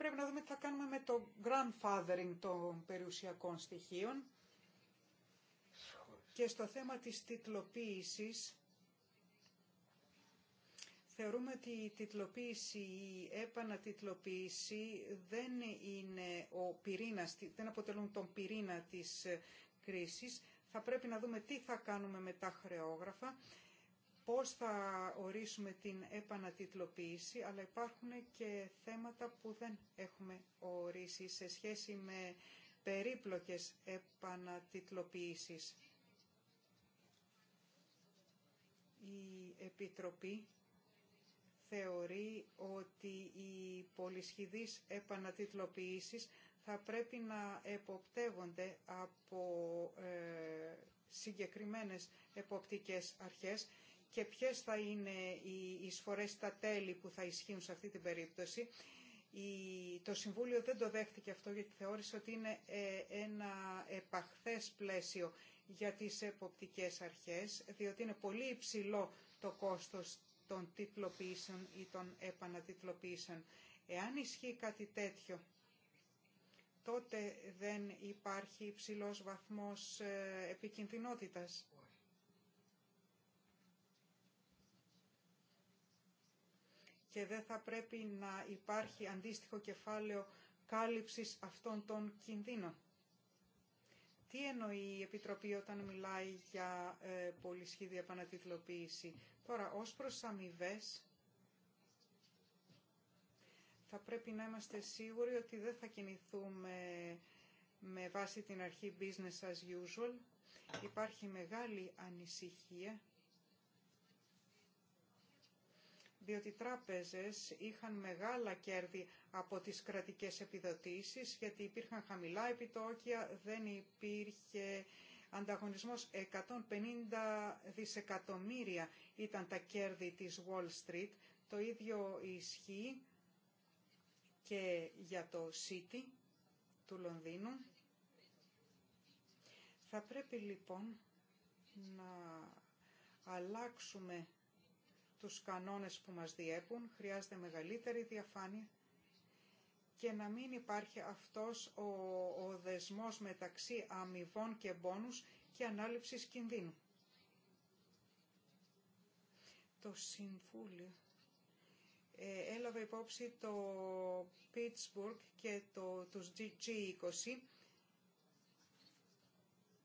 πρέπει να δούμε τι θα κάνουμε με το grandfathering των περιουσιακών στοιχείων και στο θέμα της τιτλοποίησης θεωρούμε ότι η τιτλοποίηση, η επανατιτλοποίηση δεν είναι ο πυρήνας, δεν αποτελούν τον πυρήνα της κρίσης. Θα πρέπει να δούμε τι θα κάνουμε με τα χρεόγραφα πώς θα ορίσουμε την επανατιτλοποίηση, αλλά υπάρχουν και θέματα που δεν έχουμε ορίσει σε σχέση με περίπλοκες επανατιτλοποίησεις. Η Επιτροπή θεωρεί ότι οι πολυσχηδείς επανατιτλοποιήσεις θα πρέπει να εποπτεύονται από ε, συγκεκριμένες εποπτικές αρχές και ποιες θα είναι οι εισφορές στα τέλη που θα ισχύουν σε αυτή την περίπτωση. Το Συμβούλιο δεν το δέχτηκε αυτό γιατί θεώρησε ότι είναι ε, ένα επαχθές πλαίσιο για τις εποπτικές αρχές, διότι είναι πολύ υψηλό το κόστος των τίτλοποιήσεων ή των επανατίτλοποιήσεων. Εάν ισχύει κάτι τέτοιο, τότε δεν υπάρχει υψηλός βαθμός ε, επικινδυνότητας. και δεν θα πρέπει να υπάρχει αντίστοιχο κεφάλαιο κάλυψης αυτών των κινδύνων. Τι εννοεί η Επιτροπή όταν μιλάει για ε, πολυσχήδη επανατιτλοποίηση. Τώρα, ως προς αμοιβέ, θα πρέπει να είμαστε σίγουροι ότι δεν θα κινηθούμε με βάση την αρχή business as usual. Υπάρχει μεγάλη ανησυχία διότι οι τράπεζες είχαν μεγάλα κέρδη από τις κρατικές επιδοτήσεις, γιατί υπήρχαν χαμηλά επιτόκια, δεν υπήρχε ανταγωνισμός 150 δισεκατομμύρια ήταν τα κέρδη της Wall Street. Το ίδιο ισχύει και για το City του Λονδίνου. Θα πρέπει λοιπόν να αλλάξουμε τους κανόνες που μας διέπουν, χρειάζεται μεγαλύτερη διαφάνεια και να μην υπάρχει αυτός ο, ο δεσμός μεταξύ αμοιβών και μπόνους και ανάληψης κινδύνου. Το Συμβούλιο ε, έλαβε υπόψη το Pittsburgh και το, τους G20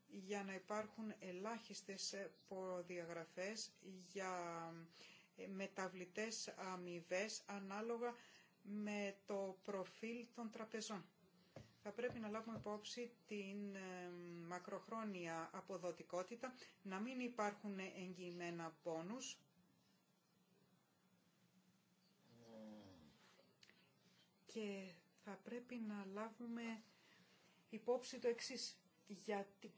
για να υπάρχουν ελάχιστες ε, προδιαγραφές για μεταβλητές αμοιβέ ανάλογα με το προφίλ των τραπεζών. Θα πρέπει να λάβουμε υπόψη την ε, μακροχρόνια αποδοτικότητα, να μην υπάρχουν εγγυημένα πόνους, και θα πρέπει να λάβουμε υπόψη το εξής. Γιατί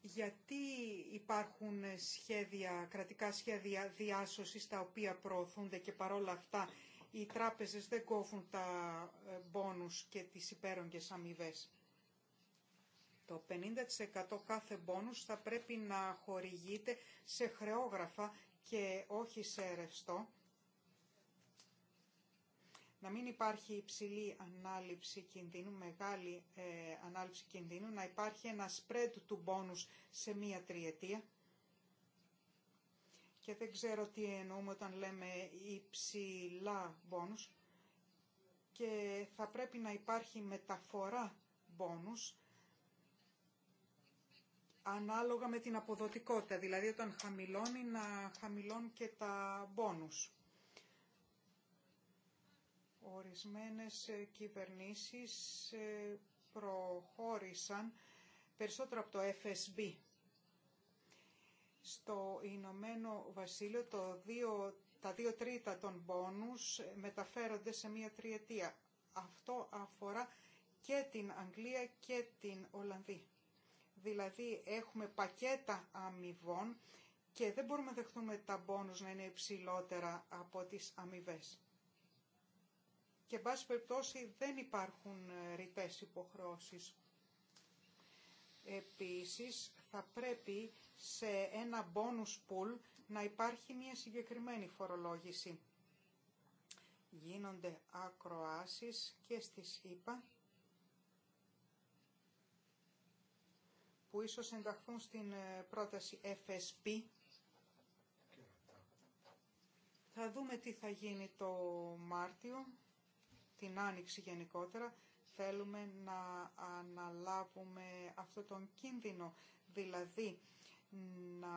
γιατί υπάρχουν σχέδια, κρατικά σχέδια διάσωσης τα οποία προωθούνται και παρόλα αυτά οι τράπεζες δεν κόβουν τα ε, μπόνους και τις υπέρογγες αμοιβέ. Το 50% κάθε μπόνους θα πρέπει να χορηγείται σε χρεόγραφα και όχι σε ρευστό να μην υπάρχει υψηλή ανάληψη κινδύνου, μεγάλη ε, ανάληψη κινδύνου, να υπάρχει ένα spread του bonus σε μία τριετία. Και δεν ξέρω τι εννοούμε όταν λέμε υψηλά bonus. Και θα πρέπει να υπάρχει μεταφορά bonus ανάλογα με την αποδοτικότητα. Δηλαδή όταν χαμηλώνει να χαμηλώνουν και τα bonus. Ορισμένες ε, κυβερνήσεις ε, προχώρησαν περισσότερο από το FSB. Στο Ηνωμένο Βασίλειο το δύο, τα δύο τρίτα των πόνους ε, μεταφέρονται σε μία τριετία. Αυτό αφορά και την Αγγλία και την Ολλανδία. Δηλαδή έχουμε πακέτα αμοιβών και δεν μπορούμε να δεχτούμε τα πόνους να είναι υψηλότερα από τις αμοιβέ και εν περιπτώσει δεν υπάρχουν ε, ρητές υποχρώσεις. Επίσης θα πρέπει σε ένα bonus pool να υπάρχει μια συγκεκριμένη φορολόγηση. Γίνονται ακροάσεις και στις ΕΠΑ που ίσως ενταχθούν στην ε, πρόταση FSP. Θα δούμε τι θα γίνει το Μάρτιο την Άνοιξη γενικότερα, θέλουμε να αναλάβουμε αυτό τον κίνδυνο, δηλαδή να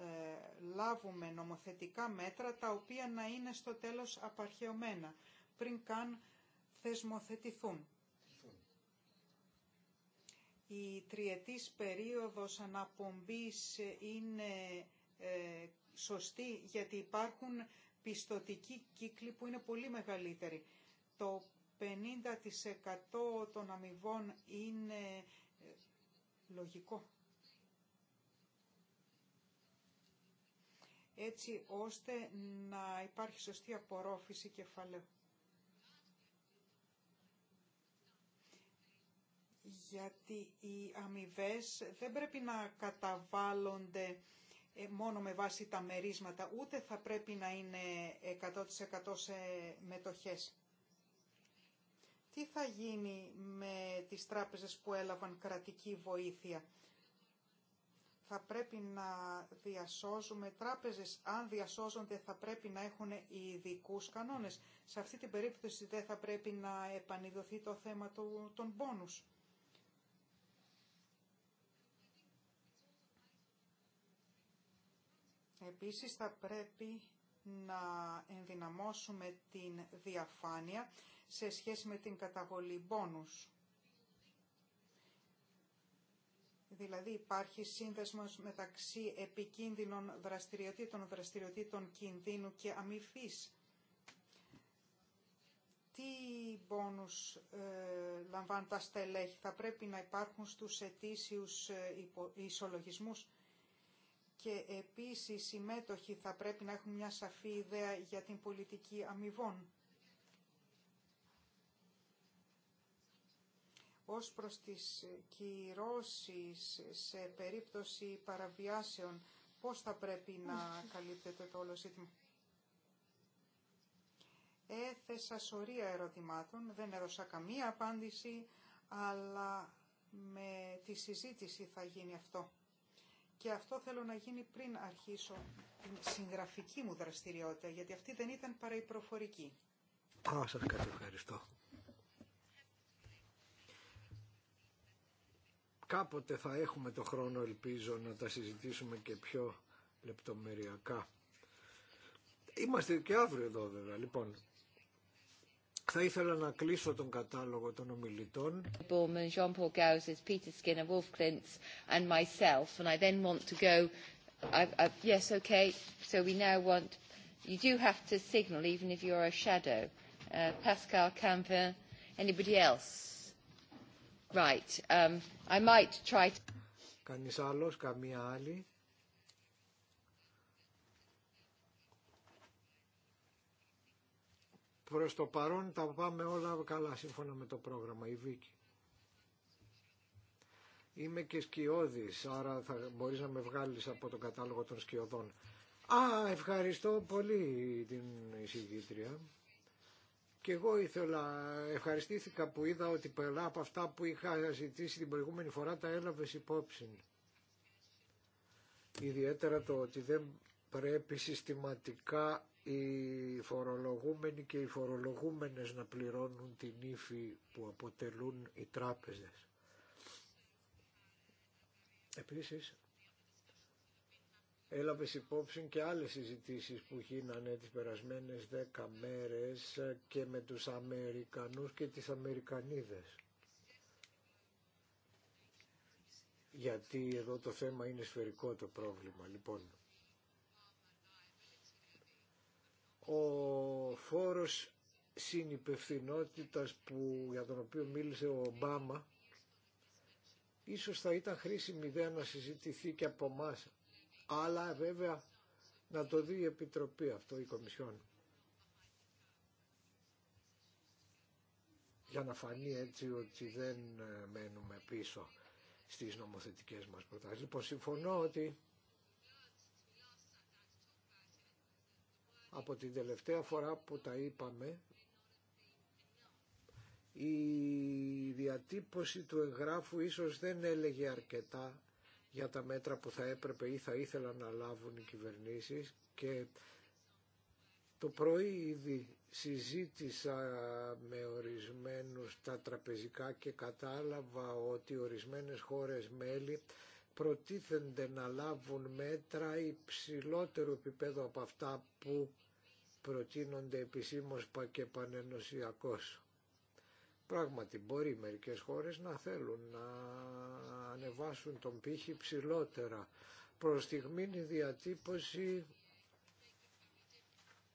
ε, λάβουμε νομοθετικά μέτρα τα οποία να είναι στο τέλος απαρχαιωμένα, πριν καν θεσμοθετηθούν. Η τριετής περίοδος αναπομπής είναι ε, σωστή γιατί υπάρχουν πιστοτικοί κύκλοι που είναι πολύ μεγαλύτεροι το 50% των αμοιβών είναι ε, λογικό. έτσι ώστε να υπάρχει σωστή απορρόφηση κεφαλαίου. Γιατί οι αμοιβέ δεν πρέπει να καταβάλλονται ε, μόνο με βάση τα μερίσματα, ούτε θα πρέπει να είναι 100% σε μετοχές τι θα γίνει με τις τράπεζες που έλαβαν κρατική βοήθεια. Θα πρέπει να διασώζουμε τράπεζες. Αν διασώζονται θα πρέπει να έχουν ειδικού κανόνες. Σε αυτή την περίπτωση δεν θα πρέπει να επανειδωθεί το θέμα του, των πόνους. Επίσης θα πρέπει να ενδυναμώσουμε την διαφάνεια σε σχέση με την καταβολή μπόνους. Δηλαδή υπάρχει σύνδεσμος μεταξύ επικίνδυνων δραστηριοτήτων, δραστηριοτήτων κινδύνου και αμυφής. Τι μπόνους ε, λαμβάνουν τα στελέχη, θα πρέπει να υπάρχουν στους ετήσιους ε, ισολογισμούς και επίσης οι μέτοχοι θα πρέπει να έχουν μια σαφή ιδέα για την πολιτική αμοιβών. Ως προς τις κυρώσεις σε περίπτωση παραβιάσεων, πώς θα πρέπει να καλύπτεται το όλο ζήτημα. Έθεσα σωρία ερωτημάτων, δεν έδωσα καμία απάντηση, αλλά με τη συζήτηση θα γίνει αυτό. Και αυτό θέλω να γίνει πριν αρχίσω την συγγραφική μου δραστηριότητα, γιατί αυτή δεν ήταν παρά η προφορική. Α, σας ευχαριστώ. Κάποτε θα έχουμε το χρόνο, ελπίζω, να τα συζητήσουμε και πιο λεπτομεριακά. Είμαστε και αύριο εδώ βέβαια. Λοιπόν, θα ήθελα να κλείσω τον κατάλογο των ομιλητών. Jean-Paul Gauzes, Peter Skinner, Wolf Klintz and myself. And I then want to go... I, I, yes, okay. So we now want... You do have to signal even if you're a shadow. Uh, Pascal Canvin, anybody else? Right. Um, I might try to... Κανείς άλλος, καμία άλλη. προς το παρόν τα πάμε όλα καλά σύμφωνα με το πρόγραμμα, η Βίκη. Είμαι και σκιώδης, άρα θα μπορείς να με βγάλεις από τον κατάλογο των σκιωδών. Α, ευχαριστώ πολύ την εισηγήτρια. Και εγώ ήθελα, ευχαριστήθηκα που είδα ότι πολλά από αυτά που είχα ζητήσει την προηγούμενη φορά τα έλαβε υπόψη. Ιδιαίτερα το ότι δεν πρέπει συστηματικά οι φορολογούμενοι και οι φορολογούμενες να πληρώνουν την ύφη που αποτελούν οι τράπεζες. Επίσης, έλαβε υπόψη και άλλες συζητήσεις που γίνανε τις περασμένες δέκα μέρες και με τους Αμερικανούς και τις Αμερικανίδες. Γιατί εδώ το θέμα είναι σφαιρικό το πρόβλημα. Λοιπόν, Ο φόρος συνυπευθυνότητας που, για τον οποίο μίλησε ο Ομπάμα ίσως θα ήταν χρήσιμη ιδέα να συζητηθεί και από εμά, αλλά βέβαια να το δει η Επιτροπή αυτό η Κομισιόν. για να φανεί έτσι ότι δεν ε, μένουμε πίσω στις νομοθετικές μας προτάσεις. Λοιπόν, συμφωνώ ότι Από την τελευταία φορά που τα είπαμε, η διατύπωση του εγγράφου ίσως δεν έλεγε αρκετά για τα μέτρα που θα έπρεπε ή θα ήθελαν να λάβουν οι κυβερνήσεις και το πρωί ήδη συζήτησα με ορισμένους τα τραπεζικά και κατάλαβα ότι ορισμένες χώρες μέλη προτίθενται να λάβουν μέτρα υψηλότερου επίπεδου από αυτά που προτείνονται επισήμως και πανενωσιακώς. Πράγματι μπορεί μερικές χώρες να θέλουν να ανεβάσουν τον πύχη ψηλότερα. Προς στιγμήν η διατύπωση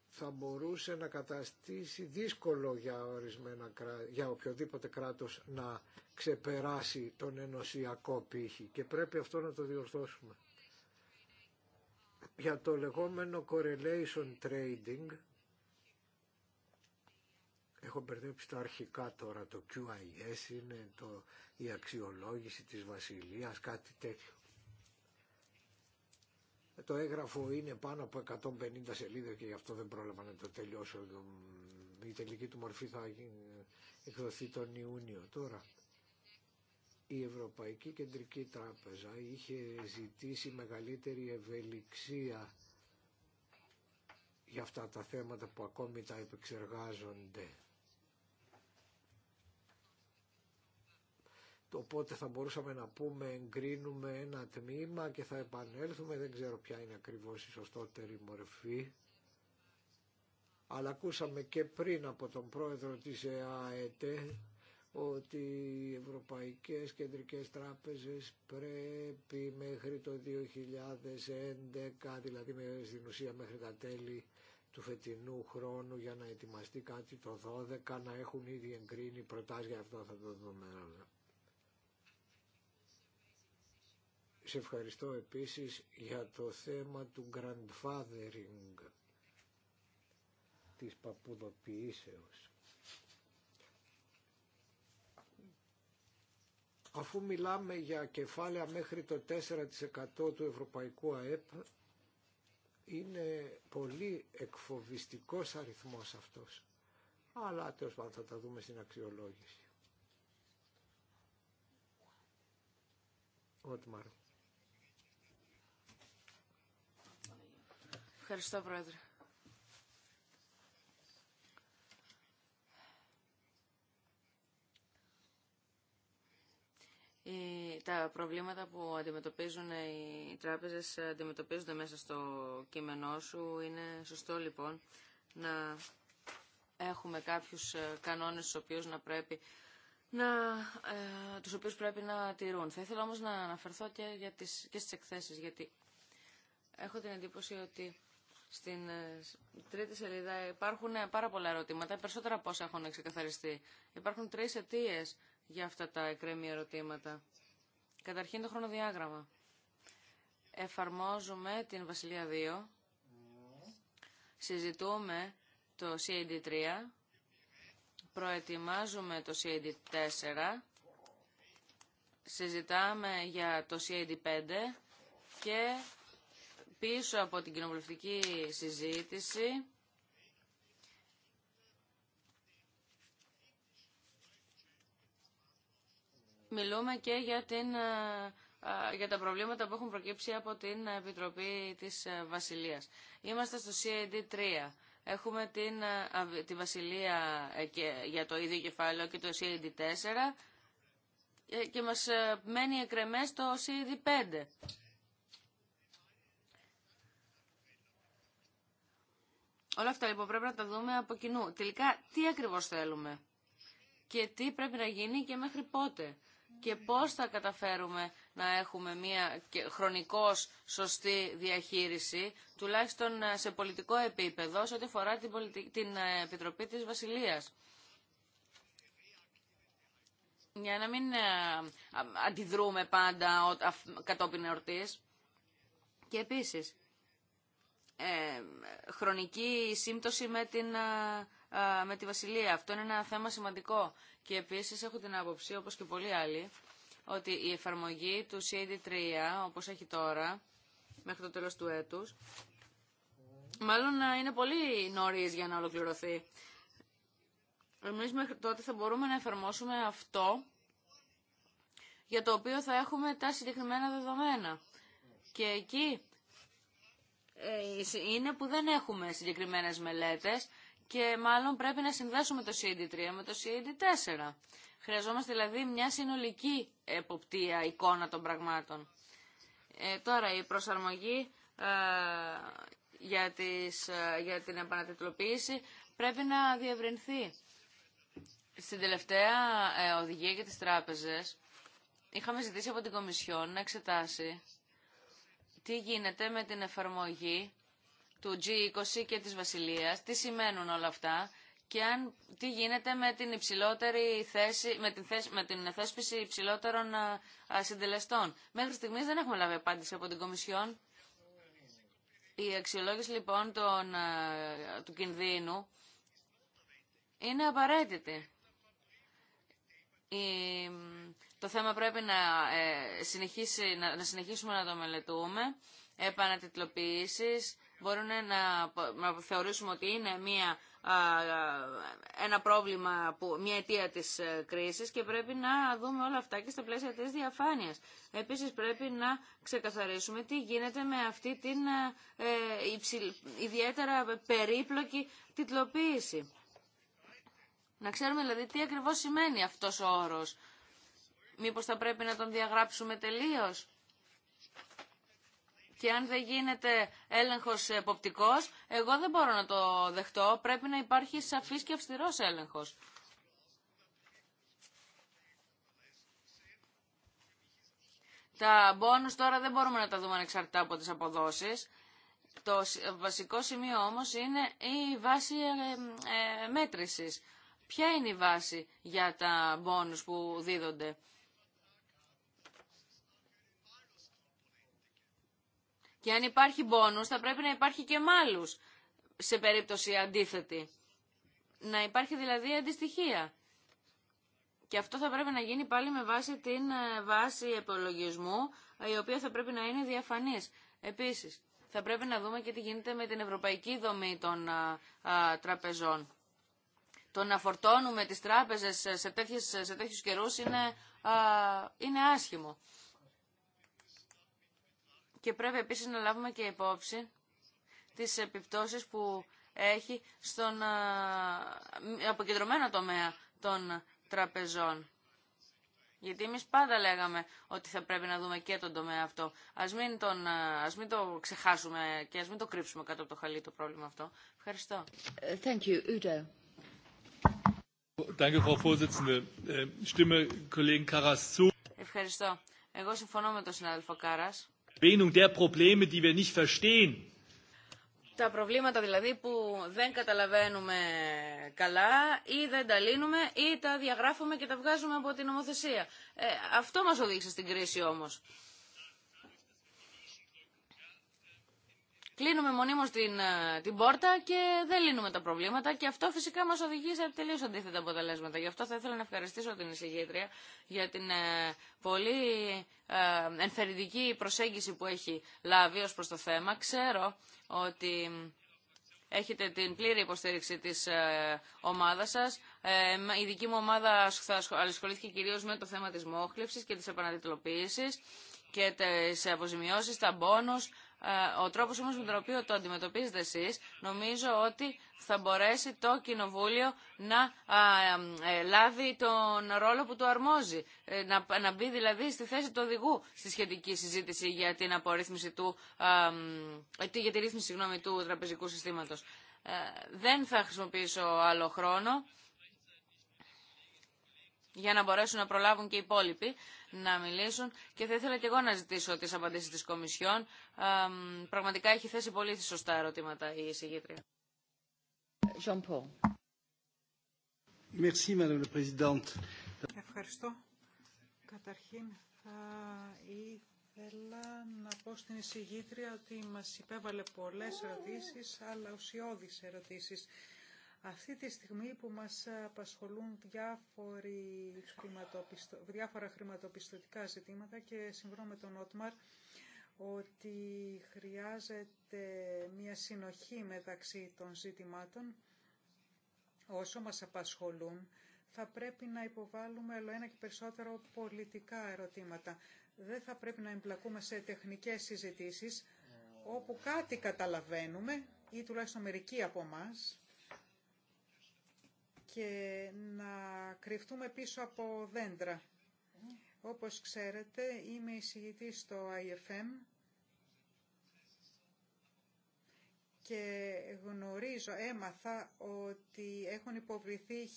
θα μπορούσε να καταστήσει δύσκολο για, ορισμένα, για οποιοδήποτε κράτος να ξεπεράσει τον ενωσιακό πύχη και πρέπει αυτό να το διορθώσουμε για το λεγόμενο correlation trading έχω μπερδέψει τα αρχικά τώρα το QIS είναι το, η αξιολόγηση της βασιλείας κάτι τέτοιο το έγγραφο είναι πάνω από 150 σελίδες και γι' αυτό δεν πρόλαβα να το τελειώσω η τελική του μορφή θα εκδοθεί τον Ιούνιο τώρα η Ευρωπαϊκή Κεντρική Τράπεζα είχε ζητήσει μεγαλύτερη ευελιξία για αυτά τα θέματα που ακόμη τα επεξεργάζονται. Οπότε θα μπορούσαμε να πούμε εγκρίνουμε ένα τμήμα και θα επανέλθουμε, δεν ξέρω ποια είναι ακριβώς η σωστότερη μορφή. Αλλά ακούσαμε και πριν από τον πρόεδρο της ΕΑΕΤΕ ότι οι Ευρωπαϊκές Κεντρικές Τράπεζες πρέπει μέχρι το 2011, δηλαδή στην ουσία μέχρι τα τέλη του φετινού χρόνου για να ετοιμαστεί κάτι το 12 να έχουν ήδη εγκρίνει προτάσεις για αυτό θα το δούμε Σε ευχαριστώ επίσης για το θέμα του grandfathering της παππουδοποιήσεως. Αφού μιλάμε για κεφάλαια μέχρι το 4% του Ευρωπαϊκού ΑΕΠ, είναι πολύ εκφοβιστικός αριθμός αυτός. Αλλά τέλος πάντων θα τα δούμε στην αξιολόγηση. Ευχαριστώ Πρόεδρε. Ε, τα προβλήματα που αντιμετωπίζουν οι τράπεζες αντιμετωπίζονται μέσα στο κείμενό σου. Είναι σωστό λοιπόν να έχουμε κάποιους ε, κανόνες στους οποίους να πρέπει να, ε, τους οποίους πρέπει να τηρούν. Θα ήθελα όμως να αναφερθώ και, για τις, και στις εκθέσεις, γιατί έχω την εντύπωση ότι στην τρίτη σελίδα υπάρχουν πάρα πολλά ερωτήματα, περισσότερα από έχουν ξεκαθαριστεί. Υπάρχουν τρεις αιτίε για αυτά τα εκρέμη ερωτήματα. Καταρχήν το χρονοδιάγραμμα. Εφαρμόζουμε την Βασιλεία 2, συζητούμε το CAD3, προετοιμάζουμε το CAD4, συζητάμε για το CAD5 και πίσω από την κοινοβουλευτική συζήτηση μιλούμε και για, την, ε, ε, για τα προβλήματα που έχουν προκύψει από την Επιτροπή της ε, Βασιλείας. Είμαστε στο CAD3. Έχουμε την, τη Βασιλεία και, για το ίδιο κεφάλαιο και το CID 4 και μας μένει εκρεμές το CID 5 Όλα αυτά λοιπόν πρέπει να τα δούμε από κοινού. Τελικά τι ακριβώς θέλουμε και τι πρέπει να γίνει και μέχρι πότε και πώς θα καταφέρουμε να έχουμε μια χρονικώς σωστή διαχείριση, τουλάχιστον ε, σε πολιτικό επίπεδο, σε ό,τι αφορά την, την ε, Επιτροπή της Βασιλείας. Για να μην ε, αντιδρούμε πάντα κατόπιν εορτής. Και επίσης, χρονική σύμπτωση με την με τη Βασιλεία. Αυτό είναι ένα θέμα σημαντικό. Και επίσης έχω την άποψη, όπως και πολλοί άλλοι, ότι η εφαρμογή του CD3, όπως έχει τώρα, μέχρι το τέλος του έτους, μάλλον είναι πολύ νωρίς για να ολοκληρωθεί. Εμείς μέχρι τότε θα μπορούμε να εφαρμόσουμε αυτό για το οποίο θα έχουμε τα συγκεκριμένα δεδομένα. Και εκεί ε, είναι που δεν έχουμε συγκεκριμένες μελέτες και μάλλον πρέπει να συνδέσουμε το CD3 με το CD4. Χρειαζόμαστε δηλαδή μια συνολική εποπτεία εικόνα των πραγμάτων. Ε, τώρα η προσαρμογή ε, για, ε, την επανατιτλοποίηση πρέπει να διευρυνθεί. Στην τελευταία ε, οδηγία για τις τράπεζες είχαμε ζητήσει από την Κομισιόν να εξετάσει τι γίνεται με την εφαρμογή του G20 και της Βασιλείας, τι σημαίνουν όλα αυτά και αν, τι γίνεται με την, υψηλότερη θέση, με την, θέση, με την θέσπιση υψηλότερων α, συντελεστών. Μέχρι στιγμής δεν έχουμε λάβει απάντηση από την Κομισιόν. Η αξιολόγηση λοιπόν του κινδύνου είναι απαραίτητη. το θέμα πρέπει να, ε, συνεχίσει, να, συνεχίσουμε να το μελετούμε. Επανατιτλοποιήσεις, μπορούν να θεωρήσουμε ότι είναι μια, ένα πρόβλημα, που, μια αιτία της ε, κρίσης και πρέπει να δούμε όλα αυτά και στα πλαίσια της διαφάνειας. Επίσης πρέπει να ξεκαθαρίσουμε τι γίνεται με αυτή την ε, ε, ιδιαίτερα περίπλοκη τιτλοποίηση. Να ξέρουμε δηλαδή τι ακριβώς σημαίνει αυτός ο όρος. Μήπως θα πρέπει να τον διαγράψουμε τελείως και αν δεν γίνεται έλεγχο εποπτικός, εγώ δεν μπορώ να το δεχτώ. Πρέπει να υπάρχει σαφή και αυστηρός έλεγχο. Τα μπόνους τώρα δεν μπορούμε να τα δούμε ανεξαρτητά από τις αποδόσεις. Το βασικό σημείο όμως είναι η βάση ε, ε, μέτρησης. Ποια είναι η βάση για τα μπόνους που δίδονται. Και αν υπάρχει μπόνους θα πρέπει να υπάρχει και μάλους σε περίπτωση αντίθετη. Να υπάρχει δηλαδή αντιστοιχεία. Και αυτό θα πρέπει να γίνει πάλι με βάση την ε, βάση επιλογισμού, η οποία θα πρέπει να είναι διαφανής. Επίσης, θα πρέπει να δούμε και τι γίνεται με την ευρωπαϊκή δομή των ε, ε, τραπεζών. Το να φορτώνουμε τις τράπεζες σε, τέτοιους, σε τέτοιους καιρούς α, είναι άσχημο και πρέπει επίσης να λάβουμε και υπόψη τις επιπτώσεις που έχει στον αποκεντρωμένο τομέα των τραπεζών. Γιατί εμεί πάντα λέγαμε ότι θα πρέπει να δούμε και τον τομέα αυτό. Α μην, τον, ας μην το ξεχάσουμε και ας μην το κρύψουμε κάτω από το χαλί το πρόβλημα αυτό. Ευχαριστώ. Thank you, Udo. Danke, Frau Vorsitzende. Äh, stimme Kollegen Karas zu. Ευχαριστώ. Εγώ συμφωνώ με τον συνάδελφο Κάρας der die wir nicht verstehen. Τα προβλήματα δηλαδή που δεν καταλαβαίνουμε καλά ή δεν τα λύνουμε ή τα διαγράφουμε και τα βγάζουμε από την νομοθεσία. Ε, αυτό μας οδήγησε στην κρίση όμως. Κλείνουμε μονίμως την, ε, την πόρτα και δεν λύνουμε τα προβλήματα και αυτό φυσικά μας οδηγεί σε τελείως αντίθετα αποτελέσματα. Γι' αυτό θα ήθελα να ευχαριστήσω την εισηγήτρια για την ε, πολύ ε, ενθαρρυντική προσέγγιση που έχει λάβει ως προς το θέμα. Ξέρω ότι έχετε την πλήρη υποστήριξη της ομάδας σας. Η δική μου ομάδα θα ασχολήθηκε κυρίως με το θέμα της μόχλευσης και της επαναδιτλοποίησης και τις αποζημιώσεις, τα μπόνους, ε, ο τρόπος όμως με τον οποίο το αντιμετωπίζετε εσείς, νομίζω ότι θα μπορέσει το Κοινοβούλιο να ε, λάβει τον ρόλο που του αρμόζει. Ε, να, να μπει δηλαδή στη θέση του οδηγού στη σχετική συζήτηση για την του, για τη ρύθμιση συγγνώμη, του τραπεζικού συστήματος. δεν θα χρησιμοποιήσω άλλο χρόνο για να μπορέσουν να προλάβουν και οι υπόλοιποι να μιλήσουν. Και θα ήθελα και εγώ να ζητήσω τις απαντήσεις της Κομισιόν. πραγματικά έχει θέσει πολύ σωστά ερωτήματα η εισηγήτρια. Ευχαριστώ. Καταρχήν θα ήθελα να πω στην εισηγήτρια ότι μας υπέβαλε πολλές ερωτήσεις, αλλά ουσιώδεις ερωτήσεις. Αυτή τη στιγμή που μας απασχολούν διάφορα χρηματοπιστωτικά ζητήματα και συμφωνώ με τον Ότμαρ ότι χρειάζεται μια συνοχή μεταξύ των ζητημάτων όσο μας απασχολούν θα πρέπει να υποβάλουμε όλο ένα και περισσότερο πολιτικά ερωτήματα. Δεν θα πρέπει να εμπλακούμε σε τεχνικές συζητήσεις όπου κάτι καταλαβαίνουμε ή τουλάχιστον μερικοί από εμά και να κρυφτούμε πίσω από δέντρα. Όπως ξέρετε, είμαι εισηγητής στο IFM και γνωρίζω, έμαθα ότι έχουν υποβληθεί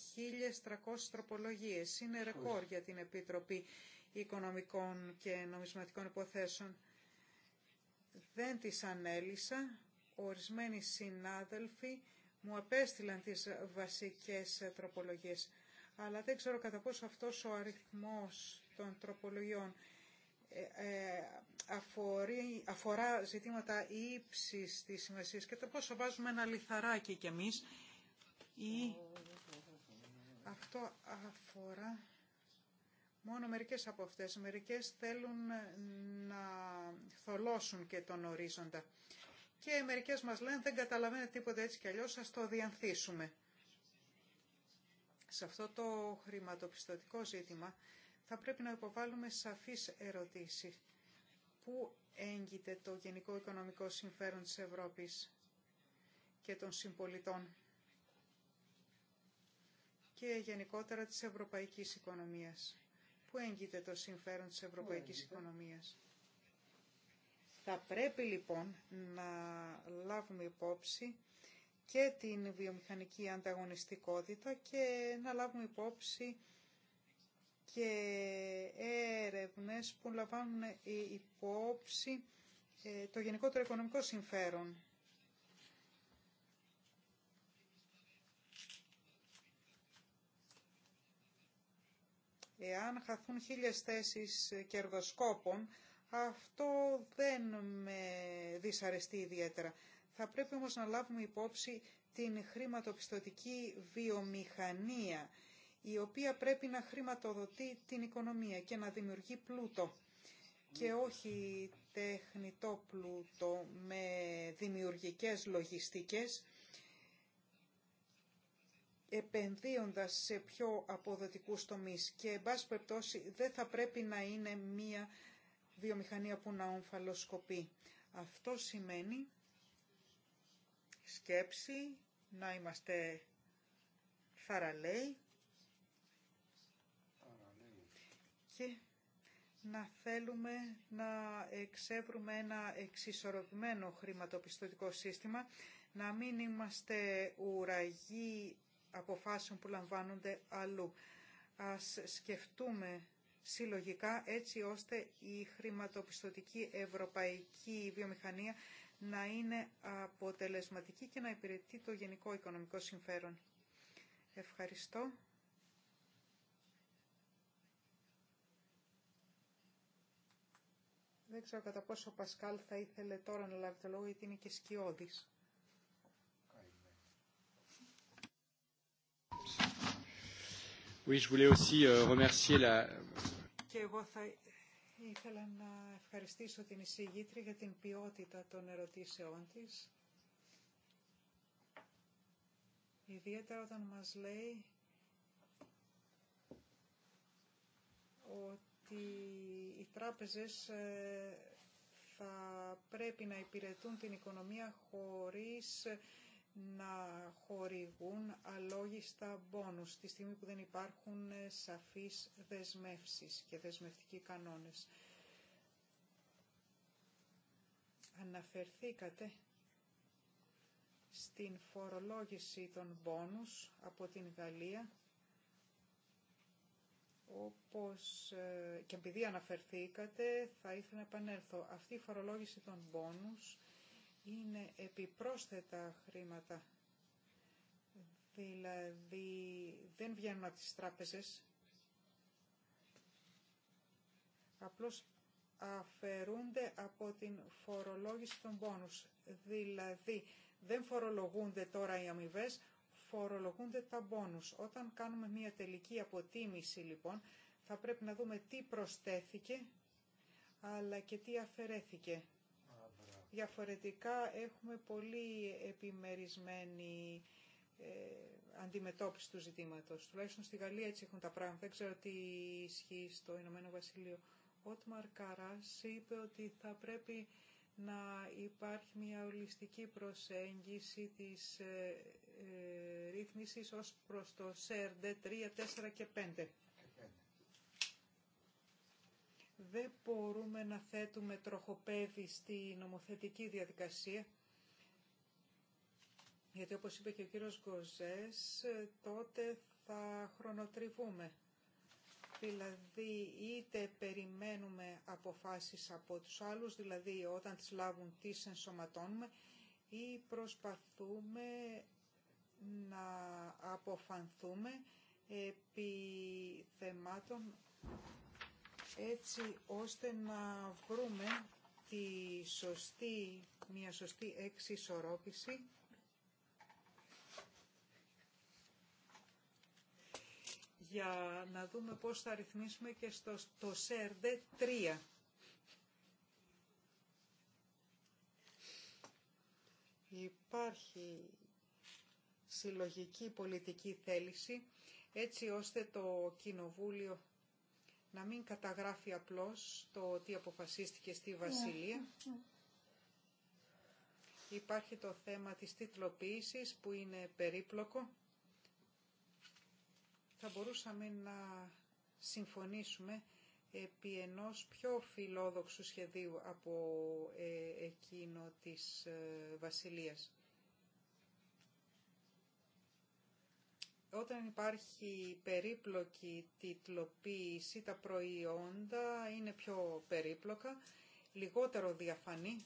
1.300 τροπολογίες. Είναι ρεκόρ για την Επίτροπη Οικονομικών και Νομισματικών Υποθέσεων. Δεν τις ανέλησα. Ορισμένοι συνάδελφοι μου απέστειλαν τις βασικές τροπολογίες. Αλλά δεν ξέρω κατά πόσο αυτός ο αριθμός των τροπολογιών ε, ε, αφορά ζητήματα ύψης της σημασίας και το πόσο βάζουμε ένα λιθαράκι κι εμείς ή αυτό αφορά μόνο μερικές από αυτές. Μερικές θέλουν να θολώσουν και τον ορίζοντα. Και μερικέ μας λένε δεν καταλαβαίνετε τίποτα έτσι κι αλλιώ σα το διανθίσουμε. Σε αυτό το χρηματοπιστωτικό ζήτημα θα πρέπει να υποβάλουμε σαφείς ερωτήσεις. Πού έγκυται το γενικό οικονομικό συμφέρον της Ευρώπης και των συμπολιτών και γενικότερα της ευρωπαϊκής οικονομίας. Πού έγκυται το συμφέρον της ευρωπαϊκής οικονομίας. Θα πρέπει λοιπόν να λάβουμε υπόψη και την βιομηχανική ανταγωνιστικότητα και να λάβουμε υπόψη και έρευνες που λαμβάνουν ε, υπόψη ε, το γενικότερο οικονομικό συμφέρον. Εάν χαθούν χίλιες θέσεις κερδοσκόπων, αυτό δεν με δυσαρεστεί ιδιαίτερα. Θα πρέπει όμως να λάβουμε υπόψη την χρηματοπιστωτική βιομηχανία, η οποία πρέπει να χρηματοδοτεί την οικονομία και να δημιουργεί πλούτο και όχι τεχνητό πλούτο με δημιουργικές λογιστικές, επενδύοντας σε πιο αποδοτικούς τομείς και, εν περιπτώσει, δεν θα πρέπει να είναι μία βιομηχανία που να ομφαλοσκοπεί. Αυτό σημαίνει σκέψη, να είμαστε θαραλέοι και να θέλουμε να εξεύρουμε ένα εξισορροπημένο χρηματοπιστωτικό σύστημα, να μην είμαστε ουραγοί αποφάσεων που λαμβάνονται αλλού. Ας σκεφτούμε συλλογικά έτσι ώστε η χρηματοπιστωτική ευρωπαϊκή βιομηχανία να είναι αποτελεσματική και να υπηρετεί το γενικό οικονομικό συμφέρον. Ευχαριστώ. Δεν ξέρω κατά πόσο ο Πασκάλ θα ήθελε τώρα να λάβει το λόγο γιατί είναι και σκιώδης. Euh, Και εγώ θα ήθελα να ευχαριστήσω την εισηγήτρη για την ποιότητα των ερωτήσεών της. Ιδιαίτερα όταν μας λέει ότι οι τράπεζες ε, θα πρέπει να υπηρετούν την οικονομία χωρίς να χορηγούν αλόγιστα μπόνους τη στιγμή που δεν υπάρχουν ε, σαφείς δεσμεύσεις και δεσμευτικοί κανόνες. Αναφερθήκατε στην φορολόγηση των μπόνους από την Γαλλία όπως ε, και επειδή αναφερθήκατε θα ήθελα να επανέλθω αυτή η φορολόγηση των μπόνους είναι επιπρόσθετα χρήματα. Δηλαδή δεν βγαίνουν από τις τράπεζες. Απλώς αφαιρούνται από την φορολόγηση των πόνους. Δηλαδή δεν φορολογούνται τώρα οι αμοιβέ, φορολογούνται τα πόνους. Όταν κάνουμε μια τελική αποτίμηση λοιπόν θα πρέπει να δούμε τι προσθέθηκε αλλά και τι αφαιρέθηκε. Διαφορετικά έχουμε πολύ επιμερισμένη ε, αντιμετώπιση του ζητήματος. Τουλάχιστον στη Γαλλία έτσι έχουν τα πράγματα. Δεν ξέρω τι ισχύει στο Ηνωμένο Βασίλειο. Ο Τμαρ Καράς είπε ότι θα πρέπει να υπάρχει μια ολιστική προσέγγιση της ε, ε, ρύθμισης ως προς το ΣΕΡΔΕ 3, 4 και 5 δεν μπορούμε να θέτουμε τροχοπέδι στη νομοθετική διαδικασία, γιατί όπως είπε και ο κύριος Γκοζές, τότε θα χρονοτριβούμε. Δηλαδή, είτε περιμένουμε αποφάσεις από τους άλλους, δηλαδή όταν τις λάβουν τις ενσωματώνουμε, ή προσπαθούμε να αποφανθούμε επί θεμάτων έτσι ώστε να βρούμε τη σωστή, μια σωστή εξισορρόπηση για να δούμε πώς θα ρυθμίσουμε και στο, το ΣΕΡΔΕ 3. Υπάρχει συλλογική πολιτική θέληση έτσι ώστε το Κοινοβούλιο να μην καταγράφει απλώς το ότι αποφασίστηκε στη ναι, Βασιλεία. Ναι, ναι. Υπάρχει το θέμα της τίτλοποίησης που είναι περίπλοκο. Θα μπορούσαμε να συμφωνήσουμε επί ενός πιο φιλόδοξου σχεδίου από ε, εκείνο της ε, Βασιλείας. Όταν υπάρχει περίπλοκη τυπλοποίηση, τα προϊόντα είναι πιο περίπλοκα, λιγότερο διαφανή,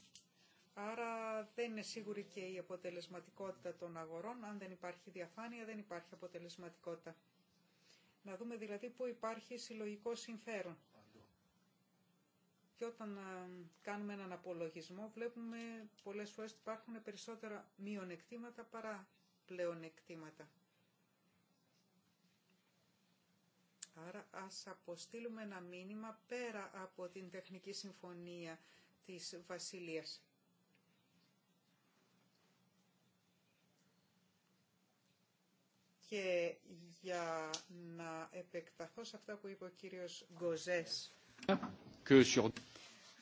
άρα δεν είναι σίγουρη και η αποτελεσματικότητα των αγορών. Αν δεν υπάρχει διαφάνεια, δεν υπάρχει αποτελεσματικότητα. Να δούμε δηλαδή πού υπάρχει συλλογικό συμφέρον. Και όταν ε, κάνουμε έναν απολογισμό βλέπουμε πολλές φορές ότι υπάρχουν περισσότερα μειονεκτήματα παρά πλεονεκτήματα. Άρα ας αποστείλουμε ένα μήνυμα πέρα από την τεχνική συμφωνία της Βασιλείας. Και για να επεκταθώ σε αυτά που είπε ο κύριος Γκοζές,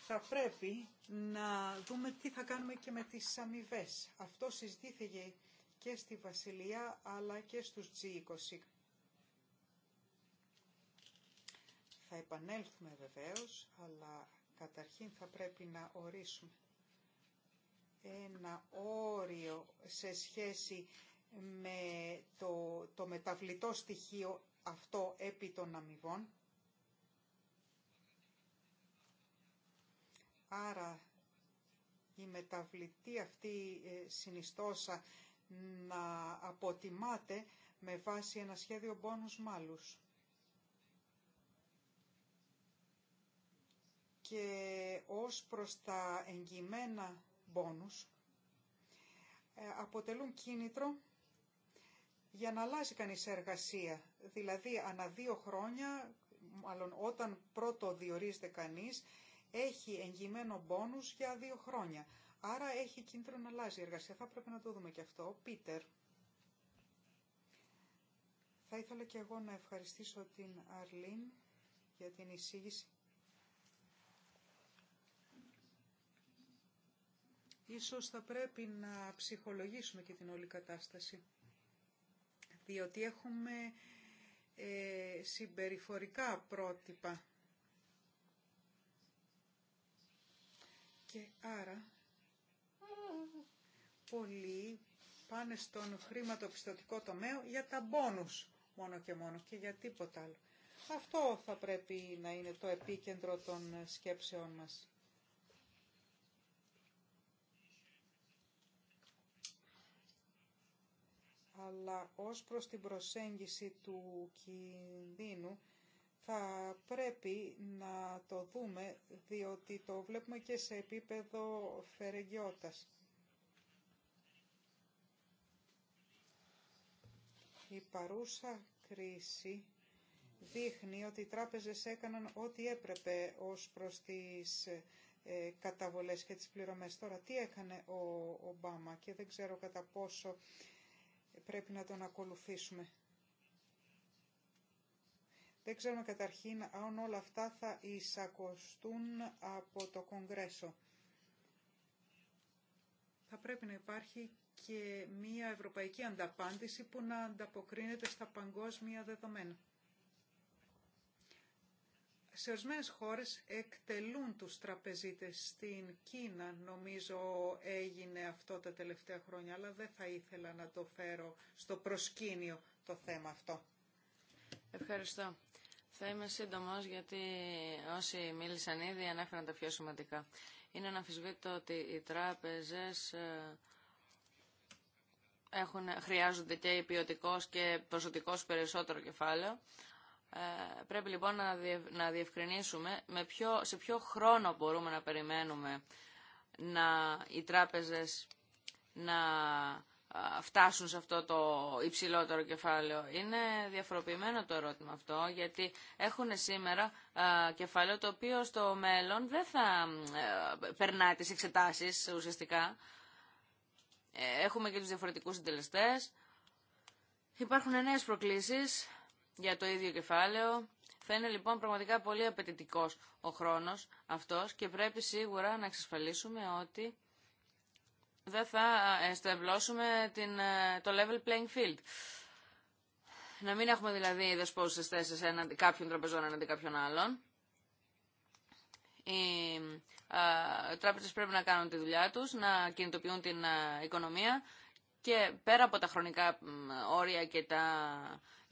θα πρέπει να δούμε τι θα κάνουμε και με τις αμοιβέ. Αυτό συζητήθηκε και στη Βασιλεία αλλά και στους G20. Θα επανέλθουμε βεβαίως, αλλά καταρχήν θα πρέπει να ορίσουμε ένα όριο σε σχέση με το, το μεταβλητό στοιχείο αυτό επί των αμοιβών. Άρα η μεταβλητή αυτή ε, συνιστόσα να αποτιμάται με βάση ένα σχέδιο μπόνους μάλους. και ως προς τα εγγυημένα μπόνους ε, αποτελούν κίνητρο για να αλλάζει κανείς εργασία. Δηλαδή, ανά δύο χρόνια, μάλλον όταν πρώτο διορίζεται κανείς, έχει εγγυημένο μπόνους για δύο χρόνια. Άρα έχει κίνητρο να αλλάζει εργασία. Θα πρέπει να το δούμε και αυτό. Πίτερ. Θα ήθελα και εγώ να ευχαριστήσω την Αρλίν για την εισήγηση Ίσως θα πρέπει να ψυχολογήσουμε και την όλη κατάσταση, διότι έχουμε ε, συμπεριφορικά πρότυπα. Και άρα πολλοί πάνε στον χρηματοπιστωτικό τομέα για τα μπόνους μόνο και μόνο και για τίποτα άλλο. Αυτό θα πρέπει να είναι το επίκεντρο των σκέψεών μας. αλλά ως προς την προσέγγιση του κινδύνου θα πρέπει να το δούμε, διότι το βλέπουμε και σε επίπεδο φερεγγιότητας. Η παρούσα κρίση δείχνει ότι οι τράπεζες έκαναν ό,τι έπρεπε ως προς τις ε, καταβολές και τις πληρωμές. Τώρα, τι έκανε ο Ομπάμα και δεν ξέρω κατά πόσο πρέπει να τον ακολουθήσουμε. Δεν ξέρουμε καταρχήν αν όλα αυτά θα εισακωστούν από το Κογκρέσο. Θα πρέπει να υπάρχει και μία ευρωπαϊκή ανταπάντηση που να ανταποκρίνεται στα παγκόσμια δεδομένα σε ορισμένες χώρες εκτελούν τους τραπεζίτες. Στην Κίνα νομίζω έγινε αυτό τα τελευταία χρόνια, αλλά δεν θα ήθελα να το φέρω στο προσκήνιο το θέμα αυτό. Ευχαριστώ. Θα είμαι σύντομο γιατί όσοι μίλησαν ήδη ανέφεραν τα πιο σημαντικά. Είναι αναφυσβήτητο ότι οι τράπεζες ε, έχουν, χρειάζονται και ποιοτικό και προσωπικό περισσότερο κεφάλαιο. Ε, πρέπει λοιπόν να, διευκρινίσουμε με ποιο, σε ποιο χρόνο μπορούμε να περιμένουμε να, οι τράπεζες να φτάσουν σε αυτό το υψηλότερο κεφάλαιο. Είναι διαφοροποιημένο το ερώτημα αυτό, γιατί έχουν σήμερα κεφάλαιο το οποίο στο μέλλον δεν θα ε, περνά τις εξετάσεις ουσιαστικά. Ε, έχουμε και τους διαφορετικούς συντελεστές. Υπάρχουν νέες προκλήσεις για το ίδιο κεφάλαιο. Θα είναι λοιπόν πραγματικά πολύ απαιτητικό ο χρόνος αυτός και πρέπει σίγουρα να εξασφαλίσουμε ότι δεν θα εστευλώσουμε την, ε, το level playing field. Να μην έχουμε δηλαδή δεσπόζουσες θέσεις έναντι κάποιων τραπεζών έναντι κάποιων άλλων. Οι ε, τράπεζες πρέπει να κάνουν τη δουλειά τους, να κινητοποιούν την ε, οικονομία και πέρα από τα χρονικά όρια και τα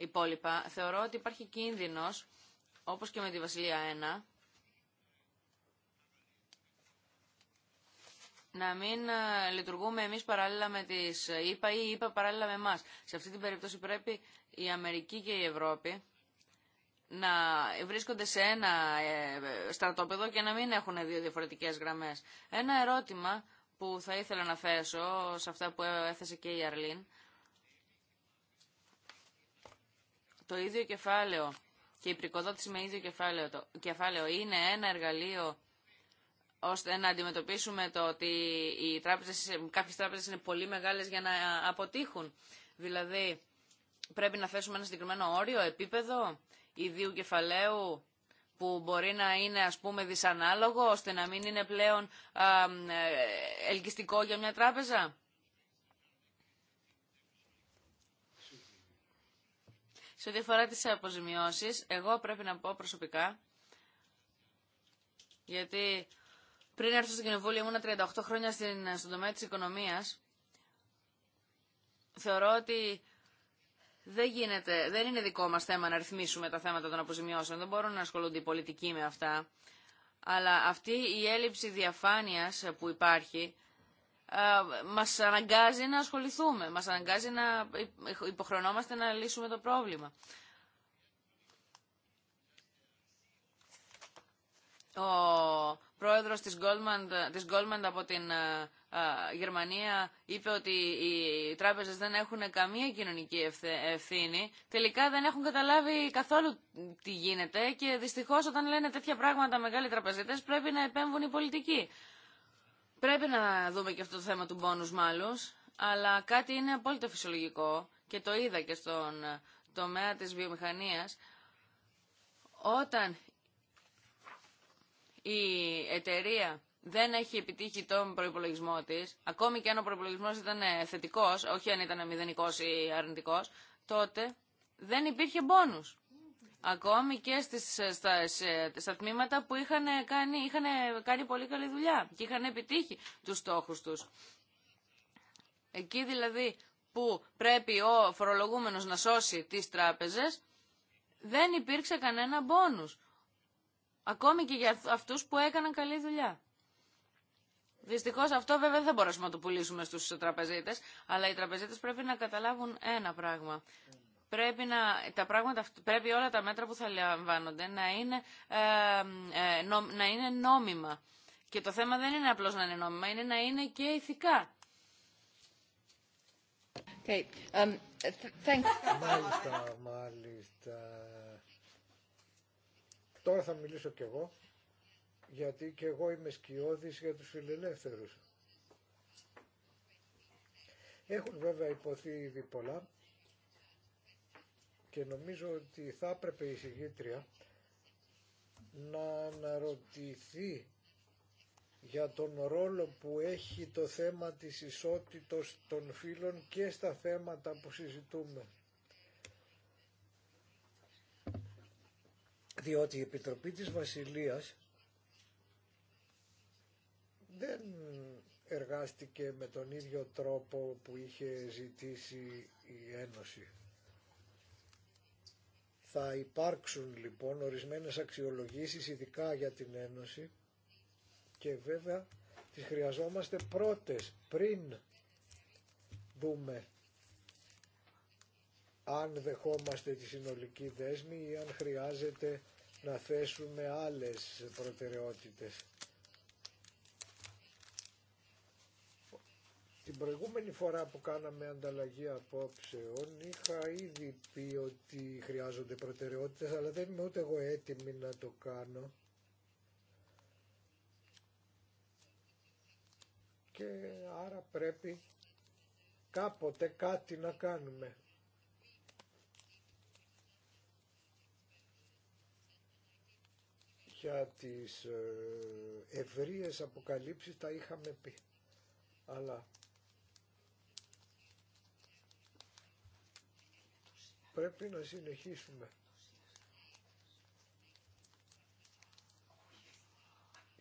υπόλοιπα, θεωρώ ότι υπάρχει κίνδυνος, όπως και με τη Βασιλεία 1, να μην ε, λειτουργούμε εμείς παράλληλα με τις ΗΠΑ ε, ή ΗΠΑ παράλληλα με εμάς. Σε αυτή την περίπτωση πρέπει η Αμερική και η Ευρώπη να βρίσκονται σε ένα ε, στρατόπεδο και να μην έχουν δύο διαφορετικές γραμμές. Ένα ερώτημα που θα ήθελα να θέσω σε αυτά που έθεσε και η Αρλίν το ίδιο κεφάλαιο και η πρικοδότηση με ίδιο κεφάλαιο, το κεφάλαιο είναι ένα εργαλείο ώστε να αντιμετωπίσουμε το ότι οι τράπεζες, κάποιες τράπεζες είναι πολύ μεγάλες για να αποτύχουν. Δηλαδή, πρέπει να θέσουμε ένα συγκεκριμένο όριο, επίπεδο ιδίου κεφαλαίου που μπορεί να είναι ας πούμε δυσανάλογο ώστε να μην είναι πλέον ε, ελκυστικό για μια τράπεζα. Σε ό,τι αφορά τις εγώ πρέπει να πω προσωπικά, γιατί πριν έρθω στο κοινοβούλιο ήμουν 38 χρόνια στην, στον τομέα της οικονομίας, θεωρώ ότι δεν, γίνεται, δεν είναι δικό μας θέμα να ρυθμίσουμε τα θέματα των αποζημιώσεων. Δεν μπορούν να ασχολούνται οι πολιτικοί με αυτά. Αλλά αυτή η έλλειψη διαφάνειας που υπάρχει μας αναγκάζει να ασχοληθούμε, μας αναγκάζει να υποχρονόμαστε να λύσουμε το πρόβλημα. Ο πρόεδρος της Goldman, της Goldman από την Γερμανία είπε ότι οι τράπεζες δεν έχουν καμία κοινωνική ευθύνη. Τελικά δεν έχουν καταλάβει καθόλου τι γίνεται και δυστυχώς όταν λένε τέτοια πράγματα μεγάλοι τραπεζίτες πρέπει να επέμβουν οι πολιτικοί. Πρέπει να δούμε και αυτό το θέμα του μπόνους μάλλον, αλλά κάτι είναι απόλυτα φυσιολογικό και το είδα και στον τομέα της βιομηχανίας. Όταν η εταιρεία δεν έχει επιτύχει τον προϋπολογισμό της, ακόμη και αν ο προϋπολογισμός ήταν θετικός, όχι αν ήταν μηδενικός ή αρνητικός, τότε δεν υπήρχε μπόνους ακόμη και στις, στα, τμήματα που είχαν κάνει, είχαν κάνει πολύ καλή δουλειά και είχαν επιτύχει τους στόχους τους. Εκεί δηλαδή που πρέπει ο φορολογούμενος να σώσει τις τράπεζες, δεν υπήρξε κανένα μπόνους. Ακόμη και για αυτούς που έκαναν καλή δουλειά. Δυστυχώς αυτό βέβαια δεν θα μπορέσουμε να το πουλήσουμε στους τραπεζίτες, αλλά οι τραπεζίτες πρέπει να καταλάβουν ένα πράγμα πρέπει, να, τα πράγματα, πρέπει όλα τα μέτρα που θα λαμβάνονται να είναι, ε, να είναι νόμιμα. Και το θέμα δεν είναι απλώς να είναι νόμιμα, είναι να είναι και ηθικά. Okay. Um, thanks. μάλιστα, μάλιστα. Τώρα θα μιλήσω κι εγώ, γιατί κι εγώ είμαι σκιώδης για τους φιλελεύθερους. Έχουν βέβαια υποθεί ήδη πολλά, και νομίζω ότι θα έπρεπε η συγγήτρια να αναρωτηθεί για τον ρόλο που έχει το θέμα της ισότητος των φίλων και στα θέματα που συζητούμε. Διότι η Επιτροπή της Βασιλείας δεν εργάστηκε με τον ίδιο τρόπο που είχε ζητήσει η Ένωση. Θα υπάρξουν λοιπόν ορισμένες αξιολογήσεις ειδικά για την Ένωση και βέβαια τις χρειαζόμαστε πρώτες πριν δούμε αν δεχόμαστε τη συνολική δέσμη ή αν χρειάζεται να θέσουμε άλλες προτεραιότητες. Την προηγούμενη φορά που κάναμε ανταλλαγή απόψεων είχα ήδη πει ότι χρειάζονται προτεραιότητες αλλά δεν είμαι ούτε εγώ έτοιμη να το κάνω. Και άρα πρέπει κάποτε κάτι να κάνουμε. για τις ε, ευρείες αποκαλύψεις τα είχαμε πει. Αλλά πρέπει να συνεχίσουμε.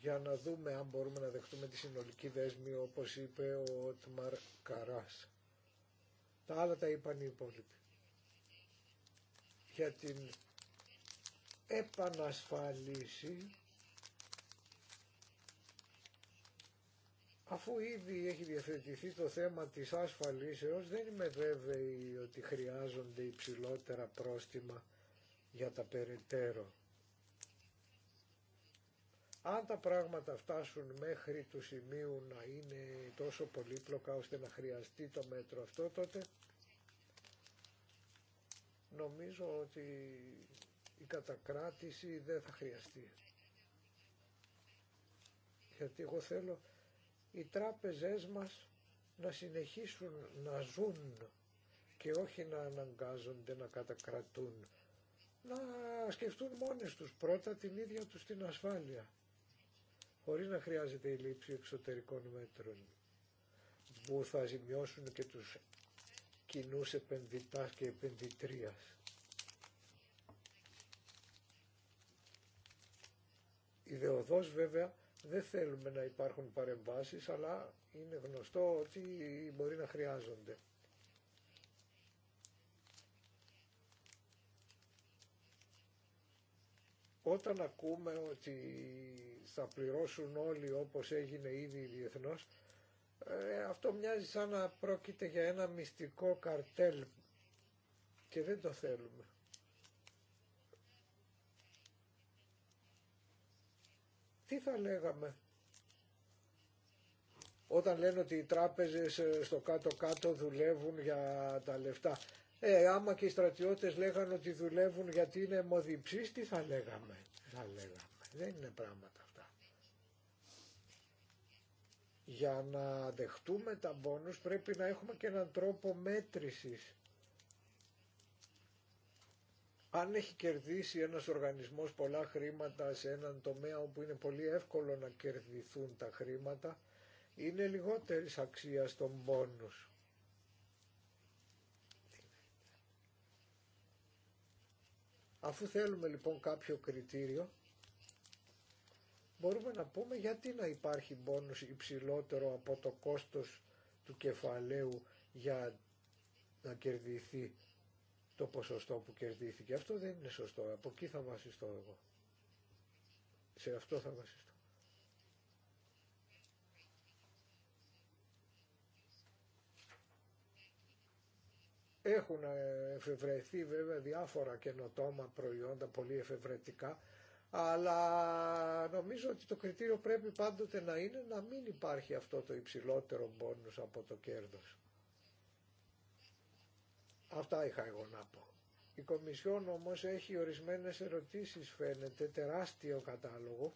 για να δούμε αν μπορούμε να δεχτούμε τη συνολική δέσμη όπως είπε ο Οτμαρ Καράς. Τα άλλα τα είπαν οι υπόλοιποι. Για την επανασφάλιση Αφού ήδη έχει διαθετηθεί το θέμα της ασφαλίσεως, δεν είμαι βέβαιη ότι χρειάζονται υψηλότερα πρόστιμα για τα περαιτέρω. Αν τα πράγματα φτάσουν μέχρι του σημείου να είναι τόσο πολύπλοκα ώστε να χρειαστεί το μέτρο αυτό, τότε νομίζω ότι η κατακράτηση δεν θα χρειαστεί. Γιατί εγώ θέλω οι τράπεζές μας να συνεχίσουν να ζουν και όχι να αναγκάζονται να κατακρατούν. Να σκεφτούν μόνες τους πρώτα την ίδια τους την ασφάλεια, χωρίς να χρειάζεται η λήψη εξωτερικών μέτρων που θα ζημιώσουν και τους κοινού επενδυτάς και επενδυτρίας. Δεοδός βέβαια δεν θέλουμε να υπάρχουν παρεμβάσεις, αλλά είναι γνωστό ότι μπορεί να χρειάζονται. Όταν ακούμε ότι θα πληρώσουν όλοι όπως έγινε ήδη διεθνώς, ε, αυτό μοιάζει σαν να πρόκειται για ένα μυστικό καρτέλ και δεν το θέλουμε. τι θα λέγαμε όταν λένε ότι οι τράπεζες ε, στο κάτω-κάτω δουλεύουν για τα λεφτά. Ε, άμα και οι στρατιώτες λέγανε ότι δουλεύουν γιατί είναι αιμοδιψείς, τι θα λέγαμε. Θα λέγαμε. Δεν είναι πράγματα αυτά. Για να δεχτούμε τα μπόνους πρέπει να έχουμε και έναν τρόπο μέτρησης αν έχει κερδίσει ένας οργανισμός πολλά χρήματα σε έναν τομέα όπου είναι πολύ εύκολο να κερδιθούν τα χρήματα, είναι λιγότερης αξίας των πόνους. Αφού θέλουμε λοιπόν κάποιο κριτήριο, μπορούμε να πούμε γιατί να υπάρχει πόνους υψηλότερο από το κόστος του κεφαλαίου για να κερδιθεί το ποσοστό που κερδίθηκε. Αυτό δεν είναι σωστό. Από εκεί θα βασιστώ εγώ. Σε αυτό θα βασιστώ. Έχουν εφευρεθεί βέβαια διάφορα καινοτόμα προϊόντα, πολύ εφευρετικά, αλλά νομίζω ότι το κριτήριο πρέπει πάντοτε να είναι να μην υπάρχει αυτό το υψηλότερο μπόνους από το κέρδος. Αυτά είχα εγώ να πω. Η Κομισιόν όμως έχει ορισμένες ερωτήσεις φαίνεται, τεράστιο κατάλογο.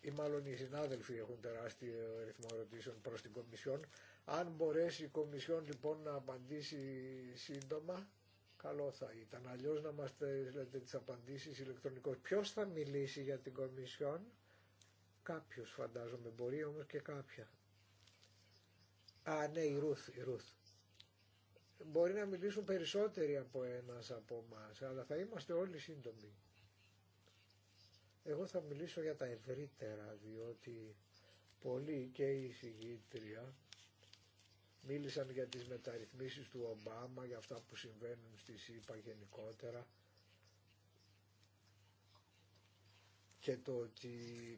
Ή μάλλον οι συνάδελφοι έχουν τεράστιο αριθμό ερωτήσεων προς την Κομισιόν. Αν μπορέσει η Κομισιόν λοιπόν να απαντήσει σύντομα, καλό θα ήταν. Αλλιώ να μας θέλετε τις απαντήσεις ηλεκτρονικώς. Ποιος θα μιλήσει για την Κομισιόν, κάποιος φαντάζομαι μπορεί όμως και κάποια. Α, ναι, η Ρουθ, Μπορεί να μιλήσουν περισσότεροι από ένας από εμά, αλλά θα είμαστε όλοι σύντομοι. Εγώ θα μιλήσω για τα ευρύτερα, διότι πολλοί και η συγγήτρια μίλησαν για τις μεταρρυθμίσεις του Ομπάμα, για αυτά που συμβαίνουν στη ΣΥΠΑ γενικότερα και το ότι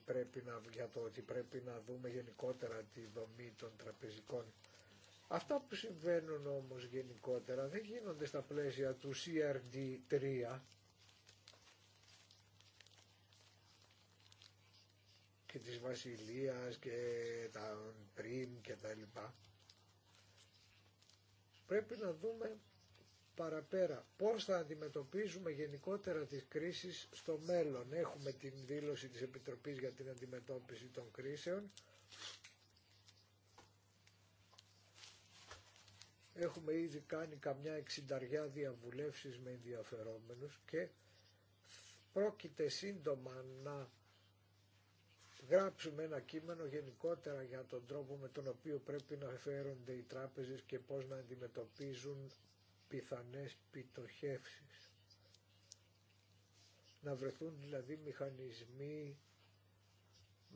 πρέπει να, για το ότι πρέπει να δούμε γενικότερα τη δομή των τραπεζικών. Αυτά που συμβαίνουν όμως γενικότερα δεν γίνονται στα πλαίσια του CRD3 και της Βασιλείας και τα πριν και τα λοιπά. Πρέπει να δούμε παραπέρα. Πώς θα αντιμετωπίζουμε γενικότερα τις κρίσεις στο μέλλον. Έχουμε την δήλωση της Επιτροπής για την αντιμετώπιση των κρίσεων. Έχουμε ήδη κάνει καμιά εξινταριά διαβουλεύσεις με ενδιαφερόμενους και πρόκειται σύντομα να γράψουμε ένα κείμενο γενικότερα για τον τρόπο με τον οποίο πρέπει να φέρονται οι τράπεζες και πώς να αντιμετωπίζουν πιθανές πιτοχεύσεις. Να βρεθούν δηλαδή μηχανισμοί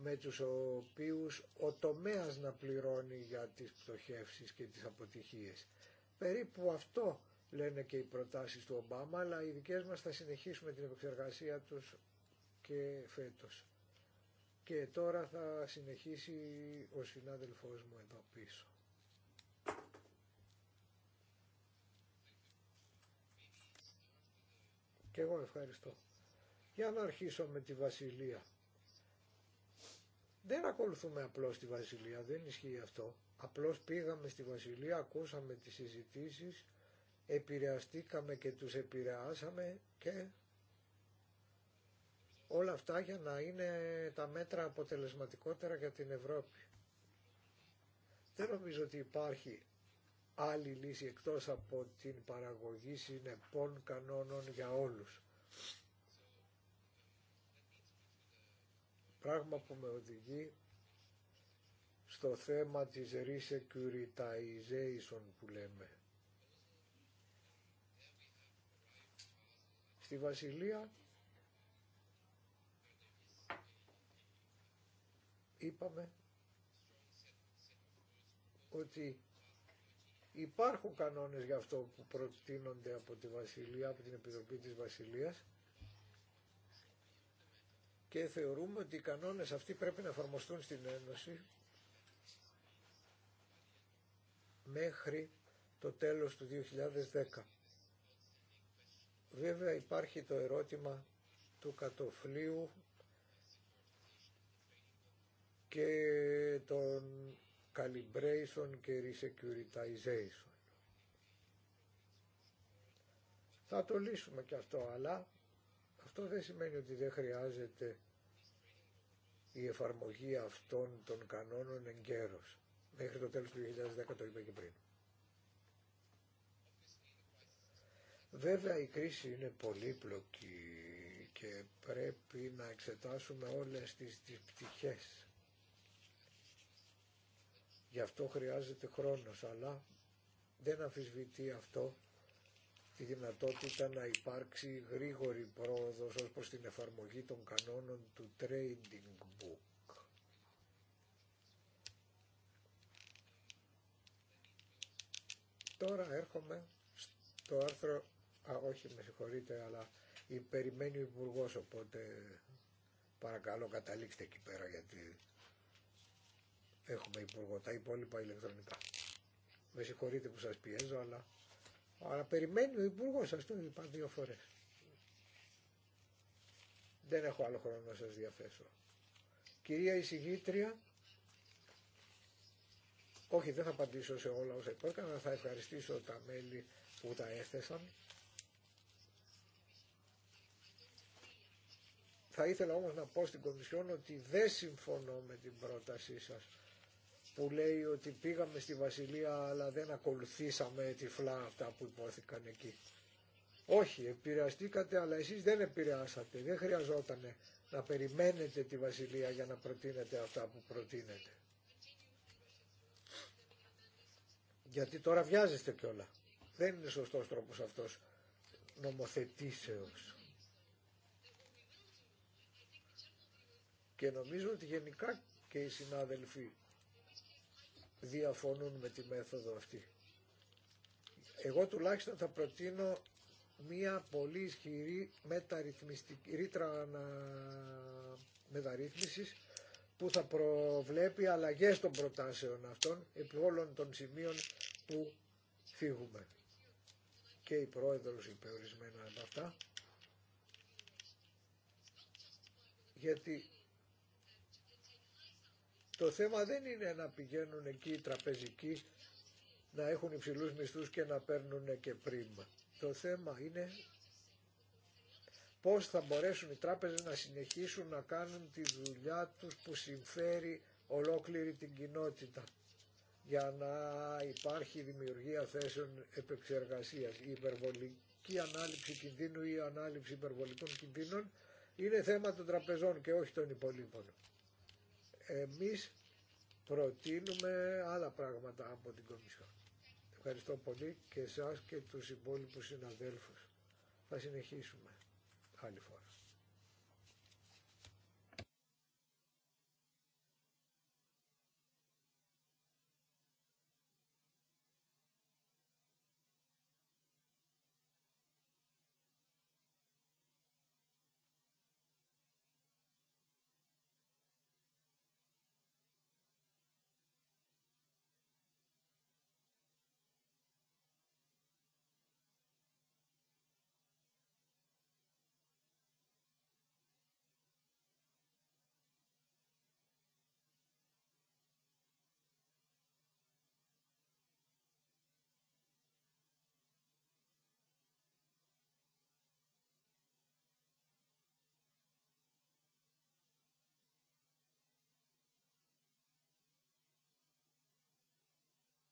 με τους οποίους ο τομέας να πληρώνει για τις πτωχεύσεις και τις αποτυχίες. Περίπου αυτό λένε και οι προτάσεις του Ομπάμα, αλλά οι δικές μας θα συνεχίσουμε την επεξεργασία τους και φέτος. Και τώρα θα συνεχίσει ο συνάδελφός μου εδώ πίσω. Και εγώ ευχαριστώ. Για να αρχίσω με τη Βασιλεία. Δεν ακολουθούμε απλώς τη Βασιλεία, δεν ισχύει αυτό. Απλώς πήγαμε στη Βασιλεία, ακούσαμε τις συζητήσεις, επηρεαστήκαμε και τους επηρεάσαμε και όλα αυτά για να είναι τα μέτρα αποτελεσματικότερα για την Ευρώπη. Δεν νομίζω ότι υπάρχει άλλη λύση εκτός από την παραγωγή συνεπών κανόνων για όλους. Πράγμα που με οδηγεί στο θέμα της resecuritization που λέμε. Στη Βασιλεία είπαμε ότι Υπάρχουν κανόνες για αυτό που προτείνονται από τη Βασιλεία, από την Επιτροπή της Βασιλείας και θεωρούμε ότι οι κανόνες αυτοί πρέπει να εφαρμοστούν στην Ένωση μέχρι το τέλος του 2010. Βέβαια υπάρχει το ερώτημα του κατοφλίου και των calibration και resecuritization. Θα το λύσουμε και αυτό, αλλά αυτό δεν σημαίνει ότι δεν χρειάζεται η εφαρμογή αυτών των κανόνων εγκαίρως. Μέχρι το τέλος του 2010 το είπα και πριν. Βέβαια η κρίση είναι πολύπλοκη και πρέπει να εξετάσουμε όλες τις, τις πτυχές. Γι' αυτό χρειάζεται χρόνος, αλλά δεν αμφισβητεί αυτό τη δυνατότητα να υπάρξει γρήγορη πρόοδος ως προς την εφαρμογή των κανόνων του Trading Book. Τώρα έρχομαι στο άρθρο, α όχι με συγχωρείτε, αλλά η περιμένει ο υπουργό, οπότε παρακαλώ καταλήξτε εκεί πέρα γιατί έχουμε υπουργό, τα υπόλοιπα ηλεκτρονικά. Με συγχωρείτε που σας πιέζω, αλλά, αλλά περιμένει ο υπουργό σας, το είπα δύο φορές. Δεν έχω άλλο χρόνο να σας διαθέσω. Κυρία εισηγήτρια, όχι δεν θα απαντήσω σε όλα όσα υπόκεινα αλλά θα ευχαριστήσω τα μέλη που τα έθεσαν. Θα ήθελα όμως να πω στην Κομισιόν ότι δεν συμφωνώ με την πρότασή σας που λέει ότι πήγαμε στη Βασιλεία αλλά δεν ακολουθήσαμε τυφλά αυτά που υπόθηκαν εκεί. Όχι, επηρεαστήκατε αλλά εσείς δεν επηρεάσατε, δεν χρειαζόταν να περιμένετε τη Βασιλεία για να προτείνετε αυτά που προτείνετε. Γιατί τώρα βιάζεστε κιόλα. Δεν είναι σωστός τρόπος αυτός νομοθετήσεως. Και νομίζω ότι γενικά και οι συνάδελφοι διαφωνούν με τη μέθοδο αυτή. Εγώ τουλάχιστον θα προτείνω μία πολύ ισχυρή μεταρρυθμιστική, ρήτρα μεταρρύθμισης που θα προβλέπει αλλαγές των προτάσεων αυτών επί όλων των σημείων που φύγουμε. Και η πρόεδρος είπε ορισμένα από αυτά γιατί το θέμα δεν είναι να πηγαίνουν εκεί οι τραπεζικοί να έχουν υψηλούς μισθούς και να παίρνουν και πρίμα. Το θέμα είναι πώς θα μπορέσουν οι τράπεζες να συνεχίσουν να κάνουν τη δουλειά τους που συμφέρει ολόκληρη την κοινότητα για να υπάρχει δημιουργία θέσεων επεξεργασίας. Η υπερβολική ανάληψη κινδύνου ή η ανάληψη υπερβολικών κινδύνων είναι θέμα των τραπεζών και όχι των υπολείπων. Εμείς προτείνουμε άλλα πράγματα από την Κομισιόν. Ευχαριστώ πολύ και εσάς και τους υπόλοιπους συναδέλφους. Θα συνεχίσουμε άλλη φορά.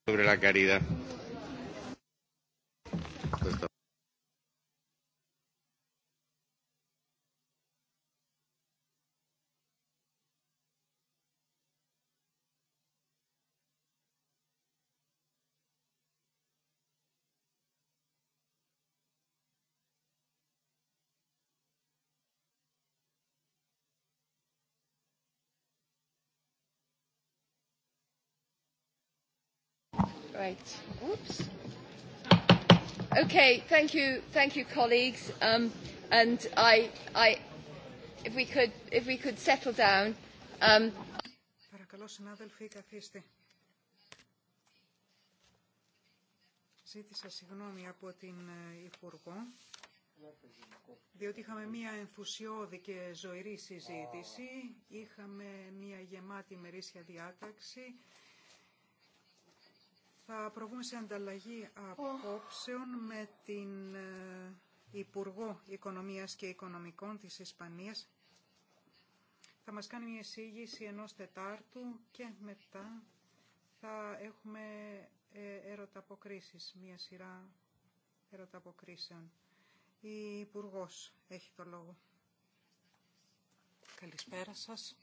sobre la caridad. Right. Oops. Okay. Thank you. Thank you, colleagues. Um, and I, I, if we could, if we could settle down. Um. Παρακαλώ, συνάδελφοι, καθίστε. Ζήτησα συγγνώμη από την ε, Υπουργό, διότι είχαμε μία ενθουσιώδη και ζωηρή συζήτηση, είχαμε μία γεμάτη μερίσια διάταξη, θα προβούμε σε ανταλλαγή απόψεων με την ε, Υπουργό Οικονομίας και Οικονομικών της Ισπανίας. Θα μας κάνει μια εισήγηση ενός Τετάρτου και μετά θα έχουμε έρωτα ε, αποκρίσεις, μια σειρά αποκρίσεων. Η Υπουργός έχει το λόγο. Καλησπέρα σας.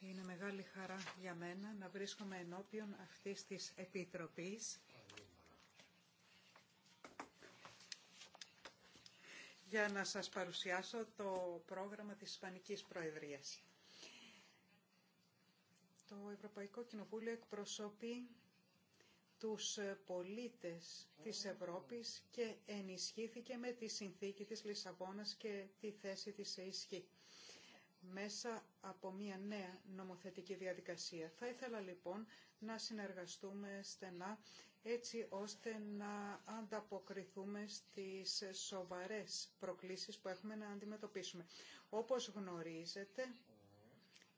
Είναι μεγάλη χαρά για μένα να βρίσκομαι ενώπιον αυτής της Επιτροπής για να σας παρουσιάσω το πρόγραμμα της Ισπανικής Προεδρίας. Το Ευρωπαϊκό Κοινοβούλιο εκπροσωπεί τους πολίτες της Ευρώπης και ενισχύθηκε με τη συνθήκη της Λισαβόνας και τη θέση της σε μέσα από μια νέα νομοθετική διαδικασία. Θα ήθελα λοιπόν να συνεργαστούμε στενά έτσι ώστε να ανταποκριθούμε στις σοβαρές προκλήσεις που έχουμε να αντιμετωπίσουμε. Όπως γνωρίζετε,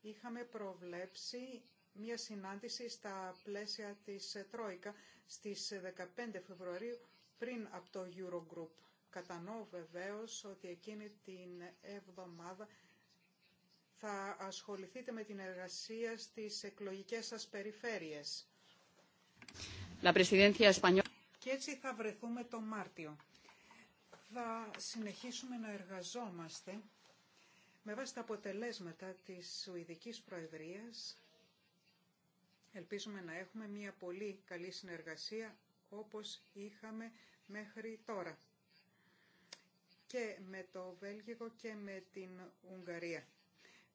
είχαμε προβλέψει μια συνάντηση στα πλαίσια της Τρόικα στις 15 Φεβρουαρίου πριν από το Eurogroup. Κατανοώ βεβαίως ότι εκείνη την εβδομάδα θα ασχοληθείτε με την εργασία στις εκλογικές σας περιφέρειες. La Και έτσι θα βρεθούμε το Μάρτιο. Θα συνεχίσουμε να εργαζόμαστε με βάση τα αποτελέσματα της Σουηδικής Προεδρίας. Ελπίζουμε να έχουμε μια πολύ καλή συνεργασία όπως είχαμε μέχρι τώρα και με το Βέλγιο και με την Ουγγαρία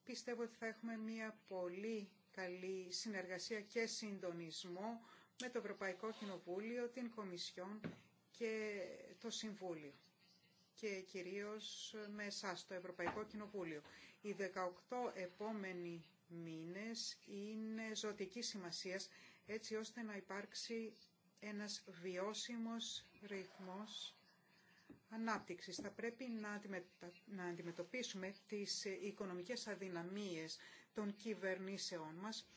πιστεύω ότι θα έχουμε μια πολύ καλή συνεργασία και συντονισμό με το Ευρωπαϊκό Κοινοβούλιο, την Κομισιόν και το Συμβούλιο και κυρίως με εσά το Ευρωπαϊκό Κοινοβούλιο. Οι 18 επόμενοι μήνες είναι ζωτική σημασίας έτσι ώστε να υπάρξει ένας βιώσιμος ρυθμός ανάπτυξης. Θα πρέπει να αντιμετωπίσουμε τις οικονομικές αδυναμίες των κυβερνήσεών μας,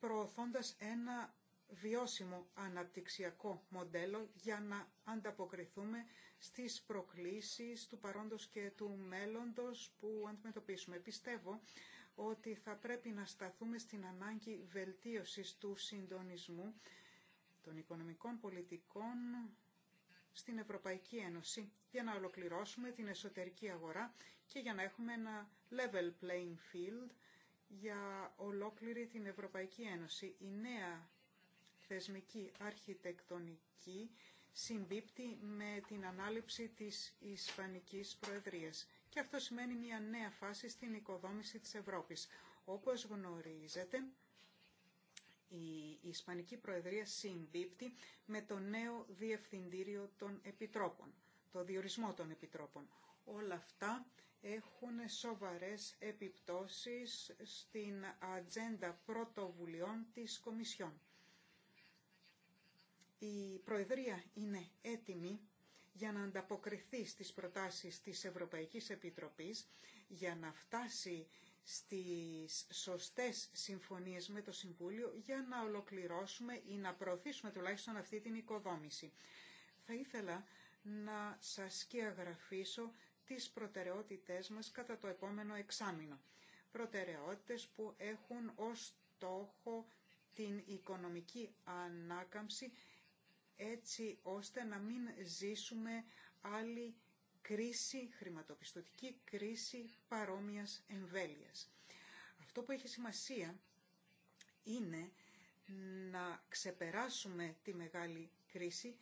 προωθώντας ένα βιώσιμο αναπτυξιακό μοντέλο για να ανταποκριθούμε στις προκλήσεις του παρόντος και του μέλλοντος που αντιμετωπίσουμε. Πιστεύω ότι θα πρέπει να σταθούμε στην ανάγκη βελτίωσης του συντονισμού των οικονομικών πολιτικών στην Ευρωπαϊκή Ένωση για να ολοκληρώσουμε την εσωτερική αγορά και για να έχουμε ένα level playing field για ολόκληρη την Ευρωπαϊκή Ένωση. Η νέα θεσμική αρχιτεκτονική συμπίπτει με την ανάληψη της Ισπανικής Προεδρίας. Και αυτό σημαίνει μια νέα φάση στην οικοδόμηση της Ευρώπης. Όπως γνωρίζετε, η Ισπανική Προεδρία συμπίπτει με το νέο Διευθυντήριο των Επιτρόπων, το διορισμό των Επιτρόπων. Όλα αυτά έχουν σοβαρές επιπτώσεις στην ατζέντα πρωτοβουλειών της Κομισιόν. Η Προεδρία είναι έτοιμη για να ανταποκριθεί στις προτάσεις της Ευρωπαϊκής Επιτροπής για να φτάσει στις σωστές συμφωνίες με το Συμβούλιο για να ολοκληρώσουμε ή να προωθήσουμε τουλάχιστον αυτή την οικοδόμηση. Θα ήθελα να σας σκιαγραφίσω τις προτεραιότητές μας κατά το επόμενο εξάμεινο. Προτεραιότητες που έχουν ως στόχο την οικονομική ανάκαμψη έτσι ώστε να μην ζήσουμε άλλη κρίση, χρηματοπιστωτική κρίση παρόμοιας εμβέλειας. Αυτό που έχει σημασία είναι να ξεπεράσουμε τη μεγάλη κρίση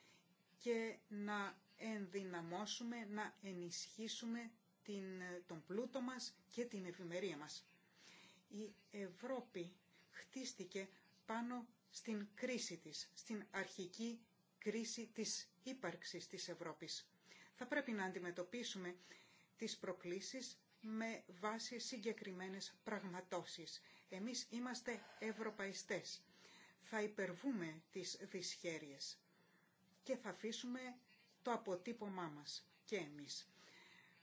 και να ενδυναμώσουμε, να ενισχύσουμε την, τον πλούτο μας και την ευημερία μας. Η Ευρώπη χτίστηκε πάνω στην κρίση της, στην αρχική κρίση της ύπαρξης της Ευρώπης. Θα πρέπει να αντιμετωπίσουμε τις προκλήσεις με βάση συγκεκριμένες πραγματώσεις. Εμείς είμαστε ευρωπαϊστές. Θα υπερβούμε τις δυσχέρειες και θα αφήσουμε το αποτύπωμά μας και εμείς.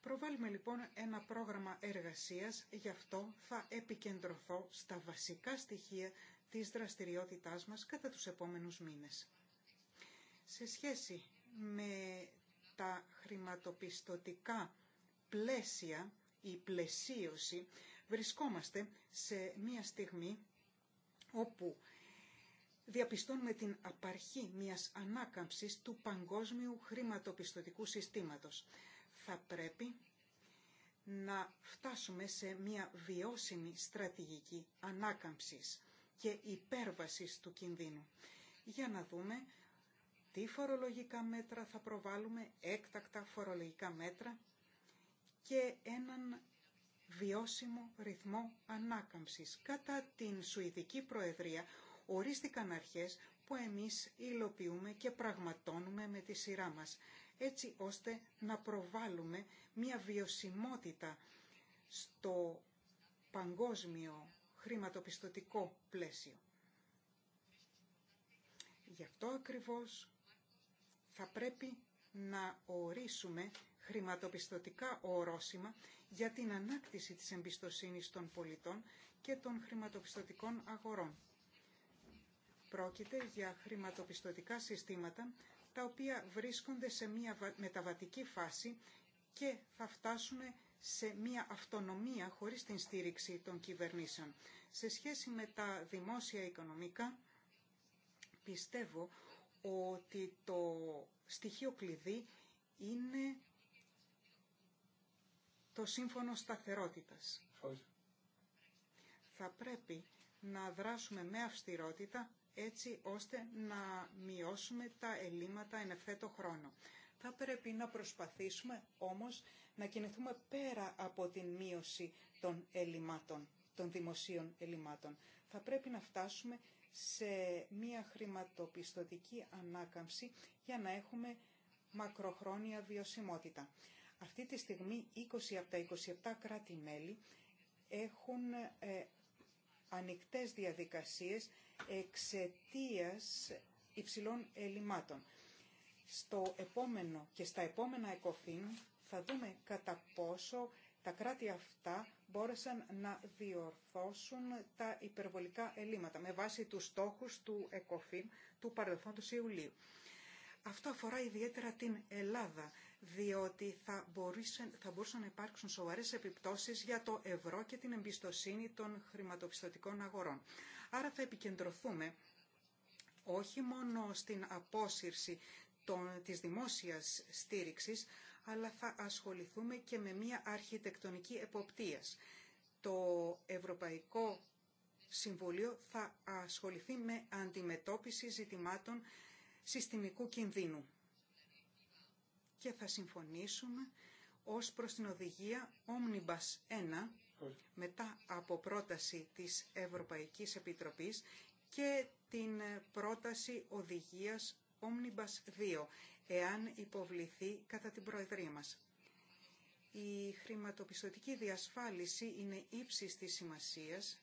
Προβάλλουμε λοιπόν ένα πρόγραμμα εργασίας, γι' αυτό θα επικεντρωθώ στα βασικά στοιχεία της δραστηριότητάς μας κατά τους επόμενους μήνες. Σε σχέση με τα χρηματοπιστωτικά πλαίσια, η πλαισίωση, βρισκόμαστε σε μία στιγμή όπου διαπιστώνουμε την απαρχή μιας ανάκαμψης του παγκόσμιου χρηματοπιστωτικού συστήματος. Θα πρέπει να φτάσουμε σε μια βιώσιμη στρατηγική ανάκαμψης και υπέρβασης του κινδύνου για να δούμε τι φορολογικά μέτρα θα προβάλλουμε, έκτακτα φορολογικά μέτρα και έναν βιώσιμο ρυθμό ανάκαμψης. Κατά την Σουηδική Προεδρία ορίστηκαν αρχές που εμείς υλοποιούμε και πραγματώνουμε με τη σειρά μας, έτσι ώστε να προβάλλουμε μια βιωσιμότητα στο παγκόσμιο χρηματοπιστωτικό πλαίσιο. Γι' αυτό ακριβώς θα πρέπει να ορίσουμε χρηματοπιστωτικά ορόσημα για την ανάκτηση της εμπιστοσύνης των πολιτών και των χρηματοπιστωτικών αγορών. Πρόκειται για χρηματοπιστωτικά συστήματα τα οποία βρίσκονται σε μια μεταβατική φάση και θα φτάσουν σε μια αυτονομία χωρίς την στήριξη των κυβερνήσεων. Σε σχέση με τα δημόσια οικονομικά, πιστεύω ότι το στοιχείο κλειδί είναι το σύμφωνο σταθερότητας. Θα πρέπει να δράσουμε με αυστηρότητα έτσι ώστε να μειώσουμε τα ελλείμματα εν ευθέτω χρόνο. Θα πρέπει να προσπαθήσουμε όμως να κινηθούμε πέρα από την μείωση των ελλημάτων, των δημοσίων ελλειμμάτων. Θα πρέπει να φτάσουμε σε μία χρηματοπιστωτική ανάκαμψη για να έχουμε μακροχρόνια βιωσιμότητα. Αυτή τη στιγμή 20 από τα 27 κράτη-μέλη έχουν ε, ανοιχτές διαδικασίες εξαιτίας υψηλών ελλημάτων. Στο επόμενο και στα επόμενα εκοφήν θα δούμε κατά πόσο τα κράτη αυτά μπόρεσαν να διορθώσουν τα υπερβολικά ελλείμματα με βάση τους στόχους του ΕΚΟΦΗΝ του παρελθόντος Ιουλίου. Αυτό αφορά ιδιαίτερα την Ελλάδα, διότι θα, μπορούσαν, θα να υπάρξουν σοβαρές επιπτώσεις για το ευρώ και την εμπιστοσύνη των χρηματοπιστωτικών αγορών. Άρα θα επικεντρωθούμε όχι μόνο στην απόσυρση των, της δημόσιας στήριξης, αλλά θα ασχοληθούμε και με μια αρχιτεκτονική εποπτείας. Το Ευρωπαϊκό Συμβουλίο θα ασχοληθεί με αντιμετώπιση ζητημάτων συστημικού κινδύνου και θα συμφωνήσουμε ως προς την οδηγία Omnibus 1 μετά από πρόταση της Ευρωπαϊκής Επιτροπής και την πρόταση οδηγίας Omnibus 2 εάν υποβληθεί κατά την Προεδρία μας. Η χρηματοπιστωτική διασφάλιση είναι ύψης της σημασίας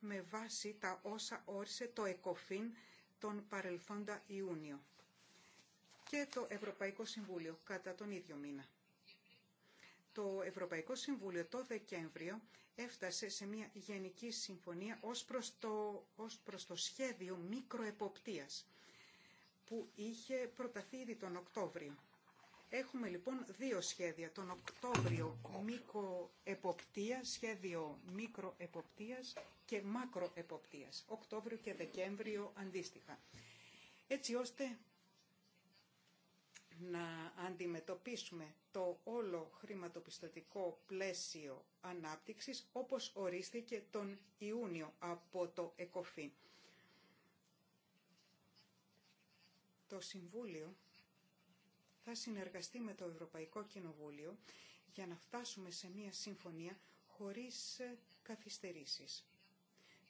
με βάση τα όσα όρισε το ΕΚΟΦΗΝ τον παρελθόντα Ιούνιο και το Ευρωπαϊκό Συμβούλιο κατά τον ίδιο μήνα. Το Ευρωπαϊκό Συμβούλιο το Δεκέμβριο έφτασε σε μια γενική συμφωνία ως προς το, ως προς το σχέδιο μικροεποπτείας που είχε προταθεί ήδη τον Οκτώβριο. Έχουμε λοιπόν δύο σχέδια. Τον Οκτώβριο μικροεποπτεία, σχέδιο μικροεποπτείας και μακροεποπτείας. Οκτώβριο και Δεκέμβριο αντίστοιχα. Έτσι ώστε να αντιμετωπίσουμε το όλο χρηματοπιστωτικό πλαίσιο ανάπτυξης όπως ορίστηκε τον Ιούνιο από το ΕΚΟΦΗ. το Συμβούλιο θα συνεργαστεί με το Ευρωπαϊκό Κοινοβούλιο για να φτάσουμε σε μία συμφωνία χωρίς ε, καθυστερήσεις.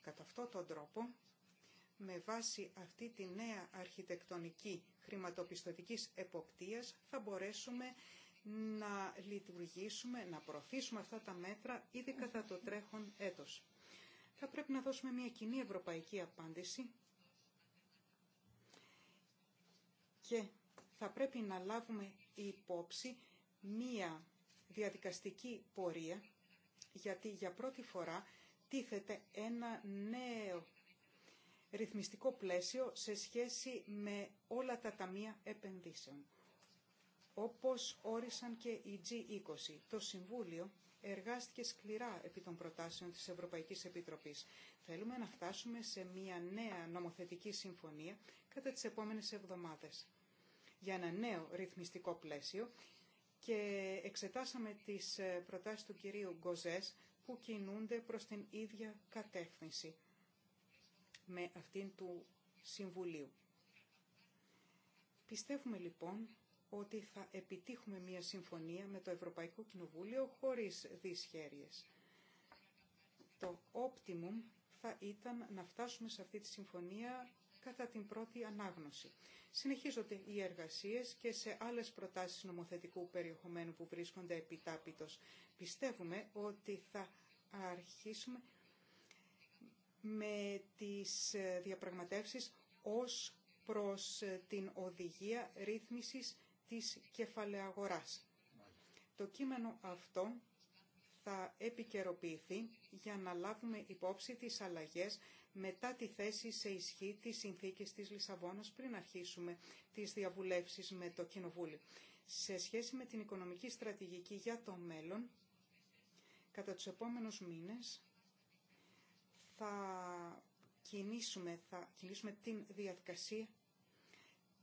Κατά αυτόν τον τρόπο, με βάση αυτή τη νέα αρχιτεκτονική χρηματοπιστωτικής εποπτείας, θα μπορέσουμε να λειτουργήσουμε, να προωθήσουμε αυτά τα μέτρα ήδη κατά το τρέχον έτος. Θα πρέπει να δώσουμε μια κοινή ευρωπαϊκή απάντηση και θα πρέπει να λάβουμε υπόψη μία διαδικαστική πορεία, γιατί για πρώτη φορά τίθεται ένα νέο ρυθμιστικό πλαίσιο σε σχέση με όλα τα ταμεία επενδύσεων. Όπως όρισαν και οι G20, το Συμβούλιο εργάστηκε σκληρά επί των προτάσεων της Ευρωπαϊκής Επιτροπής. Θέλουμε να φτάσουμε σε μια νέα νομοθετική συμφωνία κατά τις επόμενες εβδομάδες για ένα νέο ρυθμιστικό πλαίσιο και εξετάσαμε τις ε, προτάσεις του κυρίου Γκοζές που κινούνται προς την ίδια κατεύθυνση με αυτήν του Συμβουλίου. Πιστεύουμε λοιπόν ότι θα επιτύχουμε μια συμφωνία με το Ευρωπαϊκό Κοινοβούλιο χωρίς δυσχέρειες. Το optimum θα ήταν να φτάσουμε σε αυτή τη συμφωνία κατά την πρώτη ανάγνωση. Συνεχίζονται οι εργασίες και σε άλλες προτάσεις νομοθετικού περιεχομένου που βρίσκονται επιτάπητος. Πιστεύουμε ότι θα αρχίσουμε με τις ε, διαπραγματεύσεις ως προς ε, την οδηγία ρύθμισης της κεφαλαιαγοράς. Το κείμενο αυτό θα επικαιροποιηθεί για να λάβουμε υπόψη τις αλλαγές μετά τη θέση σε ισχύ της συνθήκης της Λισαβόνας πριν αρχίσουμε τις διαβουλεύσεις με το Κοινοβούλιο. Σε σχέση με την οικονομική στρατηγική για το μέλλον, κατά τους επόμενους μήνες θα κινήσουμε, θα κινήσουμε την διαδικασία,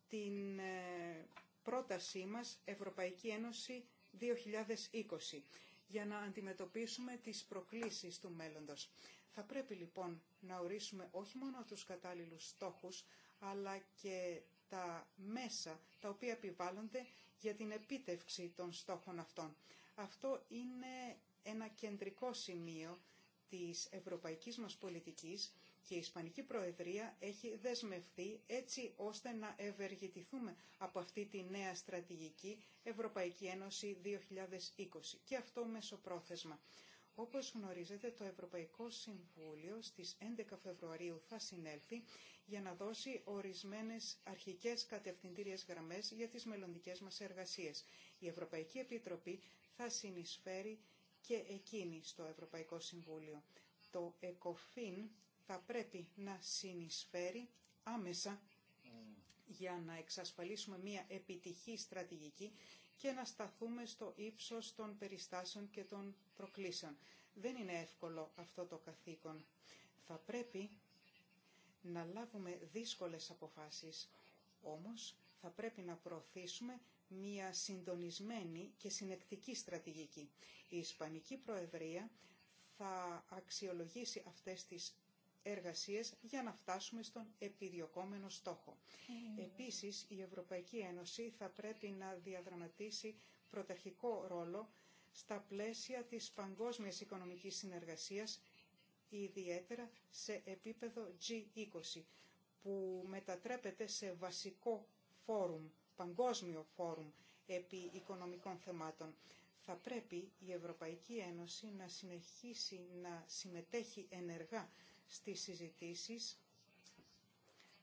την ε, πρότασή μας Ευρωπαϊκή Ένωση 2020 για να αντιμετωπίσουμε τις προκλήσεις του μέλλοντος. Θα πρέπει λοιπόν να ορίσουμε όχι μόνο τους κατάλληλους στόχους, αλλά και τα μέσα τα οποία επιβάλλονται για την επίτευξη των στόχων αυτών. Αυτό είναι ένα κεντρικό σημείο της ευρωπαϊκής μας πολιτικής και η Ισπανική Προεδρία έχει δεσμευτεί έτσι ώστε να ευεργετηθούμε από αυτή τη νέα στρατηγική Ευρωπαϊκή Ένωση 2020 και αυτό μέσω πρόθεσμα. Όπως γνωρίζετε, το Ευρωπαϊκό Συμβούλιο στις 11 Φεβρουαρίου θα συνέλθει για να δώσει ορισμένες αρχικές κατευθυντήριες γραμμές για τις μελλοντικές μας εργασίες. Η Ευρωπαϊκή Επιτροπή θα συνεισφέρει και εκείνη στο Ευρωπαϊκό Συμβούλιο. Το ΕΚΟΦΗΝ θα πρέπει να συνεισφέρει άμεσα mm. για να εξασφαλίσουμε μια επιτυχή στρατηγική και να σταθούμε στο ύψος των περιστάσεων και των προκλήσεων. Δεν είναι εύκολο αυτό το καθήκον. Θα πρέπει να λάβουμε δύσκολες αποφάσεις, όμως θα πρέπει να προωθήσουμε μια συντονισμένη και συνεκτική στρατηγική. Η Ισπανική Προεδρία θα αξιολογήσει αυτές τις εργασίες για να φτάσουμε στον επιδιωκόμενο στόχο. Ε. Επίσης, η Ευρωπαϊκή Ένωση θα πρέπει να διαδραματίσει πρωταρχικό ρόλο στα πλαίσια της παγκόσμιας οικονομικής συνεργασίας, ιδιαίτερα σε επίπεδο G20, που μετατρέπεται σε βασικό φόρουμ, παγκόσμιο φόρουμ επί οικονομικών θεμάτων. Θα πρέπει η Ευρωπαϊκή Ένωση να συνεχίσει να συμμετέχει ενεργά στις συζητήσεις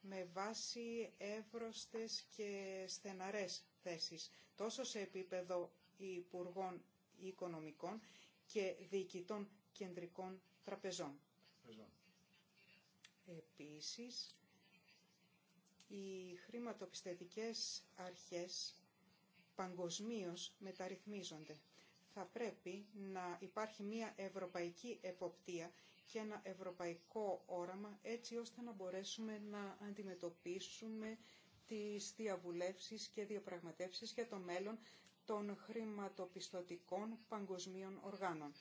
με βάση εύρωστες και στεναρές θέσεις, τόσο σε επίπεδο υπουργών οικονομικών και διοικητών κεντρικών τραπεζών. Επίσης, οι χρηματοπιστωτικές αρχές παγκοσμίως μεταρρυθμίζονται. Θα πρέπει να υπάρχει μια ευρωπαϊκή εποπτεία και ένα ευρωπαϊκό όραμα έτσι ώστε να μπορέσουμε να αντιμετωπίσουμε τις διαβουλεύσεις και διαπραγματεύσεις για το μέλλον των χρηματοπιστωτικών παγκοσμίων οργάνων.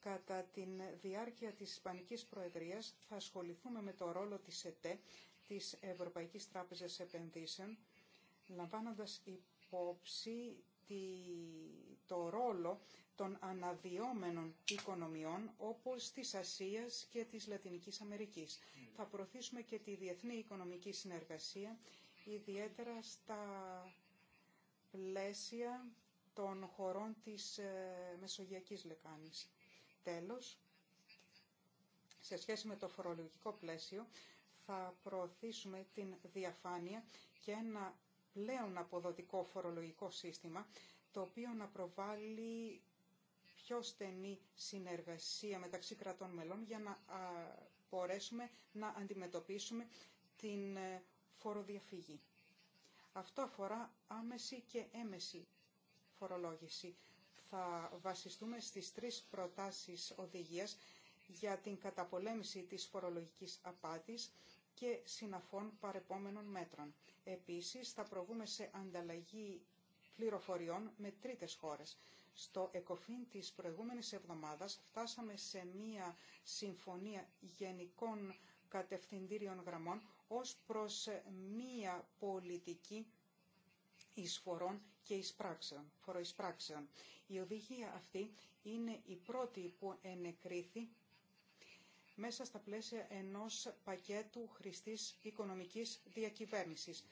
Κατά τη διάρκεια της Ισπανικής Προεδρίας θα ασχοληθούμε με το ρόλο της ΕΤΕ, της Ευρωπαϊκής Τράπεζας Επενδύσεων, λαμβάνοντας υπόψη τη το ρόλο των αναδυόμενων οικονομιών όπως της Ασίας και της Λατινικής Αμερικής. Mm. Θα προωθήσουμε και τη διεθνή οικονομική συνεργασία, ιδιαίτερα στα πλαίσια των χωρών της ε, Μεσογειακής Λεκάνης. Τέλος, σε σχέση με το φορολογικό πλαίσιο, θα προωθήσουμε την διαφάνεια και ένα πλέον αποδοτικό φορολογικό σύστημα το οποίο να προβάλλει πιο στενή συνεργασία μεταξύ κρατών μελών για να μπορέσουμε να αντιμετωπίσουμε την ε, φοροδιαφυγή. Αυτό αφορά άμεση και έμεση φορολόγηση. Θα βασιστούμε στις τρεις προτάσεις οδηγίας για την καταπολέμηση της φορολογικής απάτης και συναφών παρεπόμενων μέτρων. Επίσης, θα προβούμε σε ανταλλαγή πληροφοριών με τρίτες χώρες. Στο ΕΚΟΦΗΝ της προηγούμενης εβδομάδας φτάσαμε σε μία συμφωνία γενικών κατευθυντήριων γραμμών ως προς μία πολιτική εισφορών και εισπράξεων, φοροεισπράξεων. Η οδηγία αυτή είναι η πρώτη που ενεκρίθη μέσα στα πλαίσια ενός πακέτου χρηστής οικονομικής διακυβέρνησης.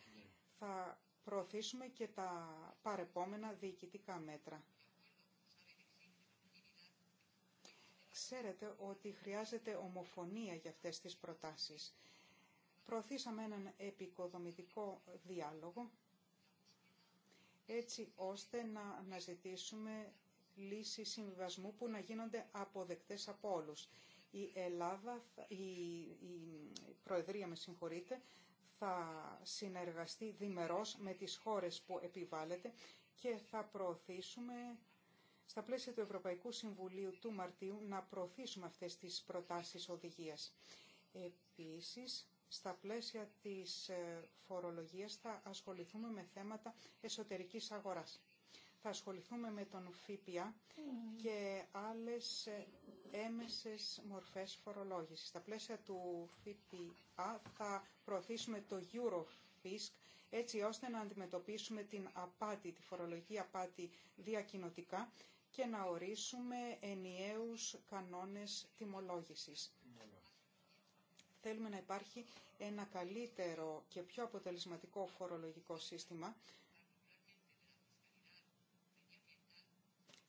Θα προωθήσουμε και τα παρεπόμενα διοικητικά μέτρα. Ξέρετε ότι χρειάζεται ομοφωνία για αυτές τις προτάσεις. Προωθήσαμε έναν επικοδομητικό διάλογο, έτσι ώστε να αναζητήσουμε λύσεις συμβιβασμού που να γίνονται αποδεκτές από όλους. Η Ελλάδα, η, η Προεδρία με συγχωρείτε, θα συνεργαστεί διμερώς με τις χώρες που επιβάλλεται και θα προωθήσουμε στα πλαίσια του Ευρωπαϊκού Συμβουλίου του Μαρτίου να προωθήσουμε αυτές τις προτάσεις οδηγίας. Επίσης, στα πλαίσια της ε, φορολογίας θα ασχοληθούμε με θέματα εσωτερικής αγοράς θα ασχοληθούμε με τον ΦΠΑ mm. και άλλες ε, έμεσες μορφές φορολόγησης. Στα πλαίσια του ΦΠΑ θα προωθήσουμε το Eurofisc έτσι ώστε να αντιμετωπίσουμε την απάτη, τη φορολογική απάτη διακοινωτικά και να ορίσουμε ενιαίους κανόνες τιμολόγησης. Θέλουμε να υπάρχει ένα καλύτερο και πιο αποτελεσματικό φορολογικό σύστημα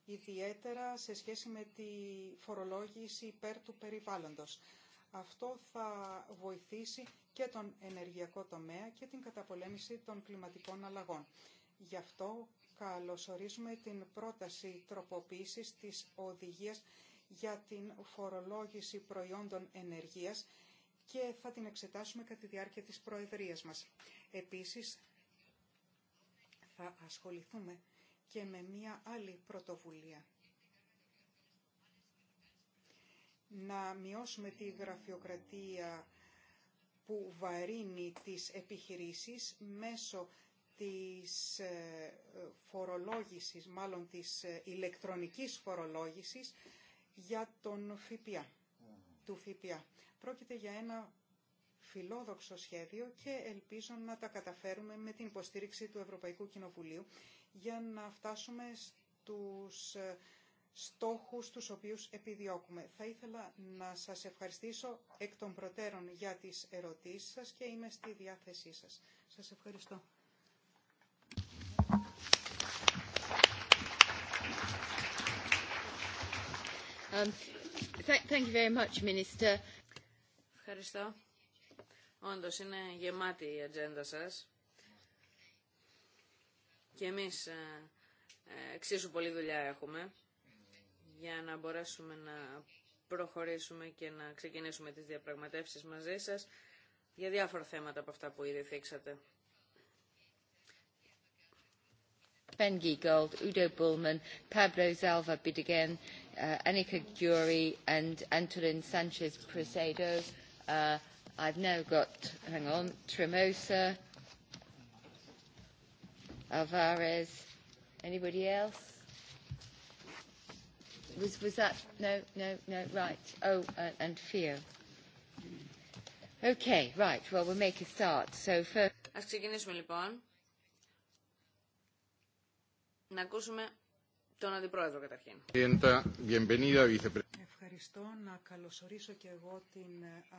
ιδιαίτερα σε σχέση με τη φορολόγηση υπέρ του περιβάλλοντος. Αυτό θα βοηθήσει και τον ενεργειακό τομέα και την καταπολέμηση των κλιματικών αλλαγών. Γι' αυτό καλωσορίζουμε την πρόταση τροποποίησης της οδηγίας για την φορολόγηση προϊόντων ενεργείας και θα την εξετάσουμε κατά τη διάρκεια της Προεδρίας μας. Επίσης, θα ασχοληθούμε και με μία άλλη πρωτοβουλία. Να μειώσουμε τη γραφειοκρατία που βαρύνει τις επιχειρήσεις μέσω της ε, φορολόγησης, μάλλον της ε, ηλεκτρονικής φορολόγησης για τον ΦΠΑ, του ΦΠΑ. Πρόκειται για ένα φιλόδοξο σχέδιο και ελπίζω να τα καταφέρουμε με την υποστήριξη του Ευρωπαϊκού Κοινοβουλίου για να φτάσουμε στους ε, στόχους τους οποίους επιδιώκουμε. Θα ήθελα να σας ευχαριστήσω εκ των προτέρων για τις ερωτήσεις σας και είμαι στη διάθεσή σας. Σας ευχαριστώ. Um, ευχαριστώ. Όντως είναι γεμάτη η ατζέντα σας. Και εμείς ε, ε, εξίσου πολλή δουλειά έχουμε για να μπορέσουμε να προχωρήσουμε και να ξεκινήσουμε τις διαπραγματεύσεις μαζί σας για διάφορα θέματα από αυτά που ήδη θίξατε. Ben Giegold, Udo Bullman, Pablo Zalva Bidigan, uh, Annika Gyuri and Antolin Sanchez Presedo. Uh, I've now got, hang on, Tremosa, Alvarez. Anybody else? Was was that? No, no, no. Right. Oh, uh, and Theo. Okay, right. Well, we'll make a start. So first. Ας ξεκινήσουμε λοιπόν. Να ακούσουμε τον Αντιπρόεδρο καταρχήν. Ευχαριστώ να καλωσορίσω και εγώ την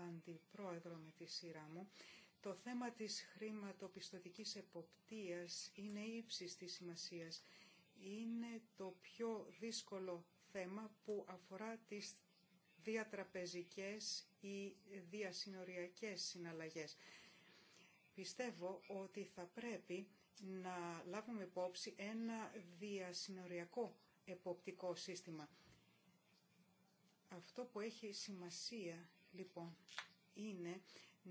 Αντιπρόεδρο με τη σειρά μου. Το θέμα της χρηματοπιστωτικής εποπτείας είναι ύψης της σημασίας. Είναι το πιο δύσκολο θέμα που αφορά τις διατραπεζικές ή διασυνοριακές συναλλαγές. Πιστεύω ότι θα πρέπει να λάβουμε υπόψη ένα διασυνοριακό εποπτικό σύστημα. Αυτό που έχει σημασία, λοιπόν, είναι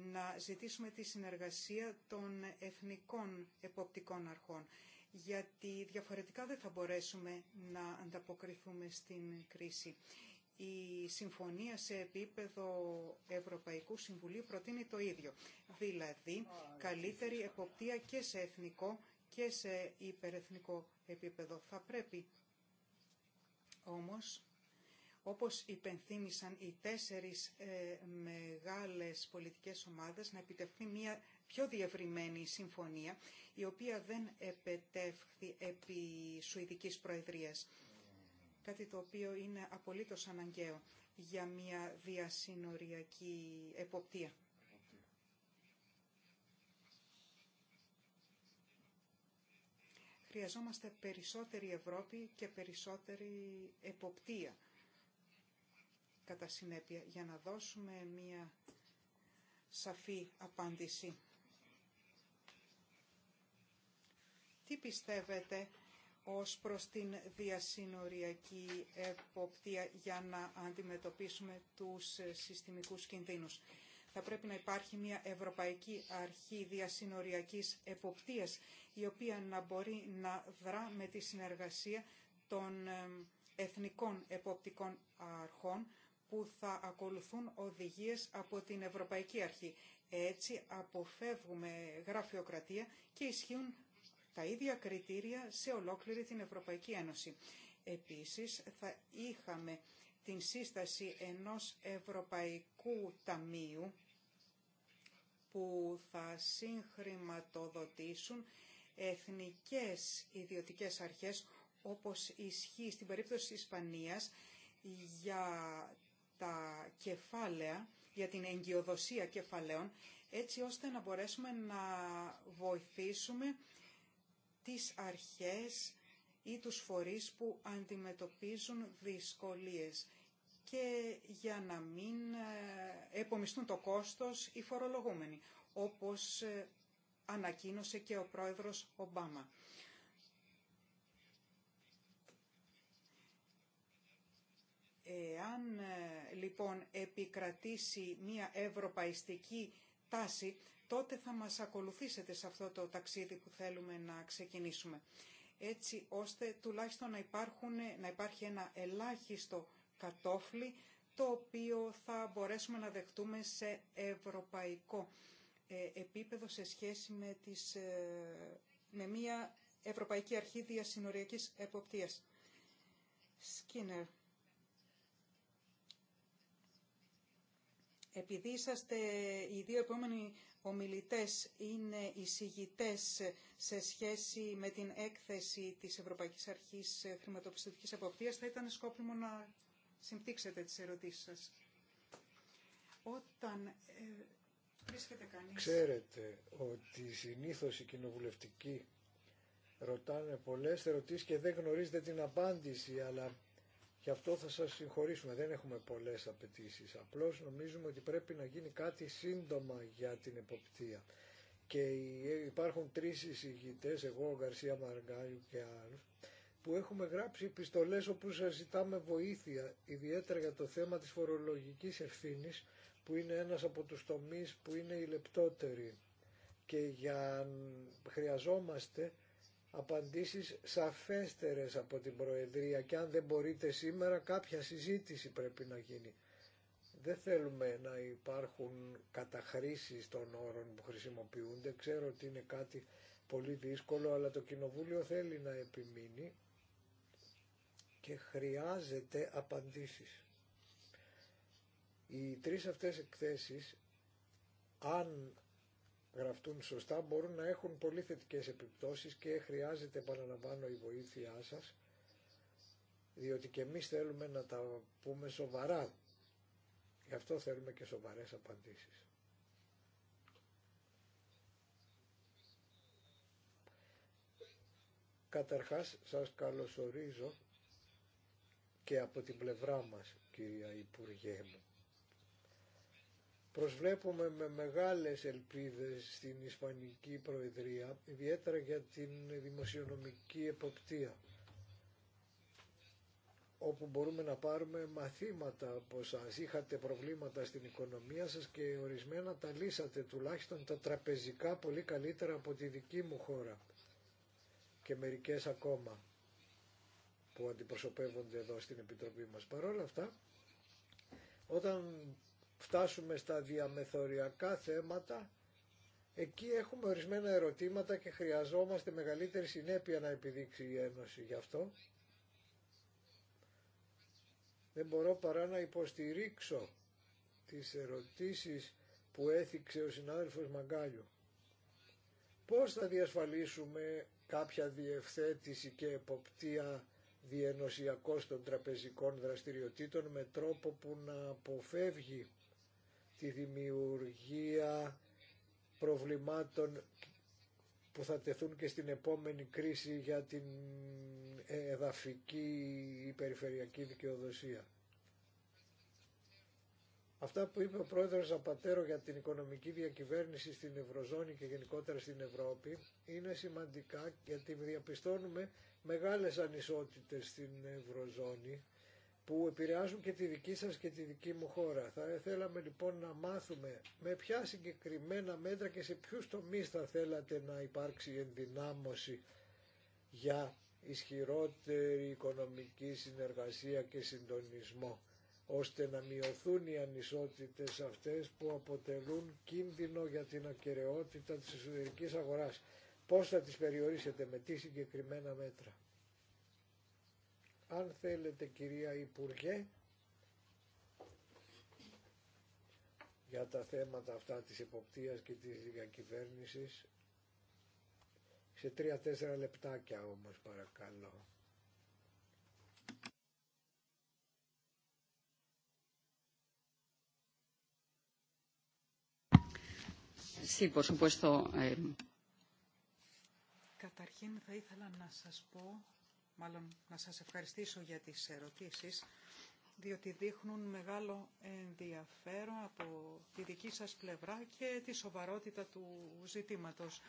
να ζητήσουμε τη συνεργασία των εθνικών εποπτικών αρχών, γιατί διαφορετικά δεν θα μπορέσουμε να ανταποκριθούμε στην κρίση. Η συμφωνία σε επίπεδο Ευρωπαϊκού Συμβουλίου προτείνει το ίδιο, δηλαδή καλύτερη εποπτεία και σε εθνικό και σε υπερεθνικό επίπεδο. Θα πρέπει όμως όπως υπενθύμησαν οι τέσσερις ε, μεγάλες πολιτικές ομάδες, να επιτευχθεί μια πιο διευρυμένη συμφωνία, η οποία δεν επετεύχθη επί Σουηδικής Προεδρίας. Κάτι το οποίο είναι απολύτως αναγκαίο για μια διασυνοριακή εποπτεία. Χρειαζόμαστε περισσότερη Ευρώπη και περισσότερη εποπτεία κατά συνέπεια για να δώσουμε μία σαφή απάντηση. Τι πιστεύετε ως προς την διασυνοριακή εποπτεία για να αντιμετωπίσουμε τους ε, συστημικούς κινδύνους. Θα πρέπει να υπάρχει μια Ευρωπαϊκή Αρχή Διασυνοριακής Εποπτείας, η οποία να μπορεί να δρά με τη συνεργασία των ε, εθνικών εποπτικών αρχών, που θα ακολουθούν οδηγίες από την Ευρωπαϊκή Αρχή. Έτσι αποφεύγουμε γραφειοκρατία και ισχύουν τα ίδια κριτήρια σε ολόκληρη την Ευρωπαϊκή Ένωση. Επίσης θα είχαμε την σύσταση ενός Ευρωπαϊκού Ταμείου που θα συγχρηματοδοτήσουν εθνικές ιδιωτικές αρχές όπως ισχύει στην περίπτωση της Ισπανίας για τα κεφάλαια, για την εγκυοδοσία κεφαλαίων, έτσι ώστε να μπορέσουμε να βοηθήσουμε τις αρχές ή τους φορείς που αντιμετωπίζουν δυσκολίες και για να μην ε, επομιστούν το κόστος οι φορολογούμενοι, όπως ε, ανακοίνωσε και ο πρόεδρος Ομπάμα. Εάν ε, λοιπόν επικρατήσει μια ευρωπαϊστική τάση, τότε θα μας ακολουθήσετε σε αυτό το ταξίδι που θέλουμε να ξεκινήσουμε. Έτσι ώστε τουλάχιστον να, υπάρχουν, να υπάρχει ένα ελάχιστο κατόφλι το οποίο θα μπορέσουμε να δεχτούμε σε ευρωπαϊκό ε, επίπεδο σε σχέση με, τις, ε, με μια Ευρωπαϊκή Αρχή Διασυνοριακής Εποπτείας. Επειδή είσαστε οι δύο επόμενοι ομιλητές είναι εισηγητές σε σχέση με την έκθεση της Ευρωπαϊκής Αρχής Χρηματοπιστωτικής Εποπτείας, θα ήταν σκόπιμο να συμπτύξετε τις ερωτήσεις σας. Όταν ε, κανείς... Ξέρετε ότι συνήθως οι κοινοβουλευτικοί ρωτάνε πολλές ερωτήσεις και δεν γνωρίζετε την απάντηση, αλλά Γι' αυτό θα σας συγχωρήσουμε, δεν έχουμε πολλές απαιτήσει. Απλώς νομίζουμε ότι πρέπει να γίνει κάτι σύντομα για την εποπτεία. Και υπάρχουν τρεις εισηγητές, εγώ, ο Γκαρσία Μαργκάλιου και άλλους, που έχουμε γράψει επιστολές όπου σας ζητάμε βοήθεια, ιδιαίτερα για το θέμα της φορολογικής ευθύνη, που είναι ένας από τους τομείς που είναι οι λεπτότεροι. Και για χρειαζόμαστε απαντήσεις σαφέστερες από την Προεδρία και αν δεν μπορείτε σήμερα κάποια συζήτηση πρέπει να γίνει. Δεν θέλουμε να υπάρχουν καταχρήσεις των όρων που χρησιμοποιούνται. Ξέρω ότι είναι κάτι πολύ δύσκολο, αλλά το Κοινοβούλιο θέλει να επιμείνει και χρειάζεται απαντήσεις. Οι τρεις αυτές εκθέσεις, αν γραφτούν σωστά μπορούν να έχουν πολύ θετικές επιπτώσεις και χρειάζεται επαναλαμβάνω η βοήθειά σας διότι και εμείς θέλουμε να τα πούμε σοβαρά. Γι' αυτό θέλουμε και σοβαρές απαντήσεις. Καταρχάς σας καλωσορίζω και από την πλευρά μας κυρία Υπουργέ μου. Προσβλέπουμε με μεγάλες ελπίδες στην Ισπανική Προεδρία, ιδιαίτερα για την δημοσιονομική εποπτεία, όπου μπορούμε να πάρουμε μαθήματα από σας. Είχατε προβλήματα στην οικονομία σας και ορισμένα τα λύσατε, τουλάχιστον τα τραπεζικά, πολύ καλύτερα από τη δική μου χώρα και μερικές ακόμα που αντιπροσωπεύονται εδώ στην Επιτροπή μας. Παρ' αυτά, όταν φτάσουμε στα διαμεθοριακά θέματα, εκεί έχουμε ορισμένα ερωτήματα και χρειαζόμαστε μεγαλύτερη συνέπεια να επιδείξει η Ένωση γι' αυτό. Δεν μπορώ παρά να υποστηρίξω τις ερωτήσεις που έθιξε ο συνάδελφος Μαγκάλιο. Πώς θα διασφαλίσουμε κάποια διευθέτηση και εποπτεία διενοσιακών των τραπεζικών δραστηριοτήτων με τρόπο που να αποφεύγει τη δημιουργία προβλημάτων που θα τεθούν και στην επόμενη κρίση για την εδαφική ή περιφερειακή δικαιοδοσία. Αυτά που είπε ο πρόεδρος Απατέρο για την οικονομική διακυβέρνηση στην Ευρωζώνη και γενικότερα στην Ευρώπη είναι σημαντικά γιατί διαπιστώνουμε μεγάλες ανισότητες στην Ευρωζώνη που επηρεάζουν και τη δική σας και τη δική μου χώρα. Θα θέλαμε λοιπόν να μάθουμε με ποια συγκεκριμένα μέτρα και σε ποιους τομείς θα θέλατε να υπάρξει ενδυνάμωση για ισχυρότερη οικονομική συνεργασία και συντονισμό ώστε να μειωθούν οι ανισότητες αυτές που αποτελούν κίνδυνο για την ακαιρεότητα της εσωτερικής αγοράς. Πώς θα τις περιορίσετε με τι συγκεκριμένα μέτρα. Αν θέλετε κυρία Υπουργέ, για τα θέματα αυτά της εποπτείας και της διακυβέρνησης, σε τρία-τέσσερα λεπτάκια όμως παρακαλώ. Sí, eh. Καταρχήν θα ήθελα να σας πω μάλλον να σας ευχαριστήσω για τις ερωτήσεις, διότι δείχνουν μεγάλο ενδιαφέρον από τη δική σας πλευρά και τη σοβαρότητα του ζητήματος.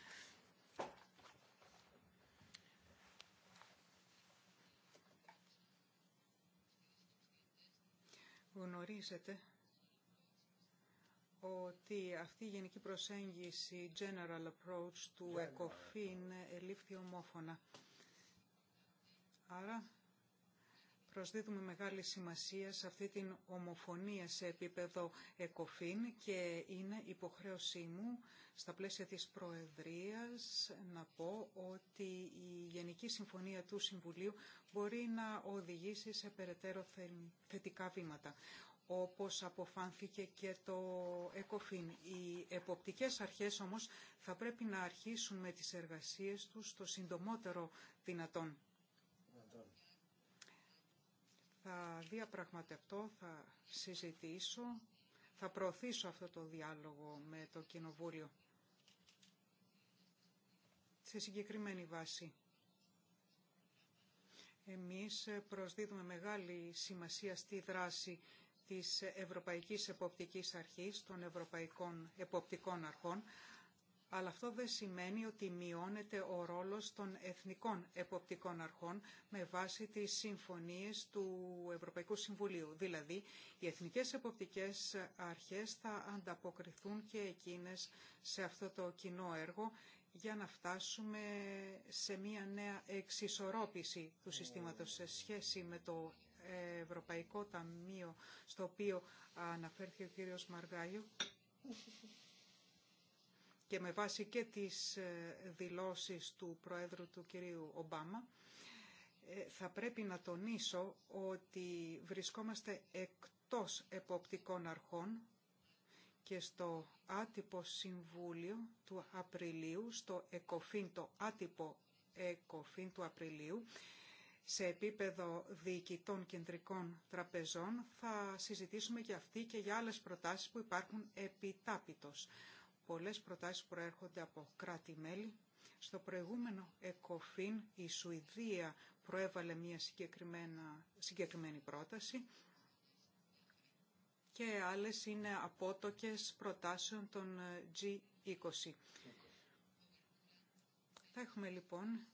Γνωρίζετε ότι αυτή η γενική προσέγγιση, general approach του ECOFIN ελήφθη ομόφωνα. Άρα προσδίδουμε μεγάλη σημασία σε αυτή την ομοφωνία σε επίπεδο ΕΚΟΦΗΝ και είναι υποχρέωσή μου στα πλαίσια της Προεδρίας να πω ότι η Γενική Συμφωνία του Συμβουλίου μπορεί να οδηγήσει σε περαιτέρω θετικά βήματα όπως αποφάνθηκε και το ΕΚΟΦΗΝ. Οι εποπτικές αρχές όμως θα πρέπει να αρχίσουν με τις εργασίες τους το συντομότερο δυνατόν θα διαπραγματευτώ, θα συζητήσω, θα προωθήσω αυτό το διάλογο με το Κοινοβούλιο σε συγκεκριμένη βάση. Εμείς προσδίδουμε μεγάλη σημασία στη δράση της Ευρωπαϊκής Εποπτικής Αρχής, των Ευρωπαϊκών Εποπτικών Αρχών, αλλά αυτό δεν σημαίνει ότι μειώνεται ο ρόλος των εθνικών εποπτικών αρχών με βάση τις συμφωνίες του Ευρωπαϊκού Συμβουλίου. Δηλαδή, οι εθνικές εποπτικές αρχές θα ανταποκριθούν και εκείνες σε αυτό το κοινό έργο για να φτάσουμε σε μια νέα εξισορρόπηση του συστήματος σε σχέση με το Ευρωπαϊκό Ταμείο, στο οποίο αναφέρθηκε ο κύριος Μαργάλιο και με βάση και τις ε, δηλώσεις του Προέδρου του κυρίου Ομπάμα, ε, θα πρέπει να τονίσω ότι βρισκόμαστε εκτός εποπτικών αρχών και στο άτυπο Συμβούλιο του Απριλίου, στο ΕΚΟΦΗΝ, άτυπο ΕΚΟΦΗΝ του Απριλίου, σε επίπεδο διοικητών κεντρικών τραπεζών θα συζητήσουμε και αυτή και για άλλες προτάσεις που υπάρχουν επιτάπητος πολλές προτάσεις προέρχονται από κράτη-μέλη. Στο προηγούμενο ΕΚΟΦΗΝ η Σουηδία προέβαλε μια συγκεκριμένη πρόταση και άλλες είναι απότοκες προτάσεων των ε, G20. Θα έχουμε λοιπόν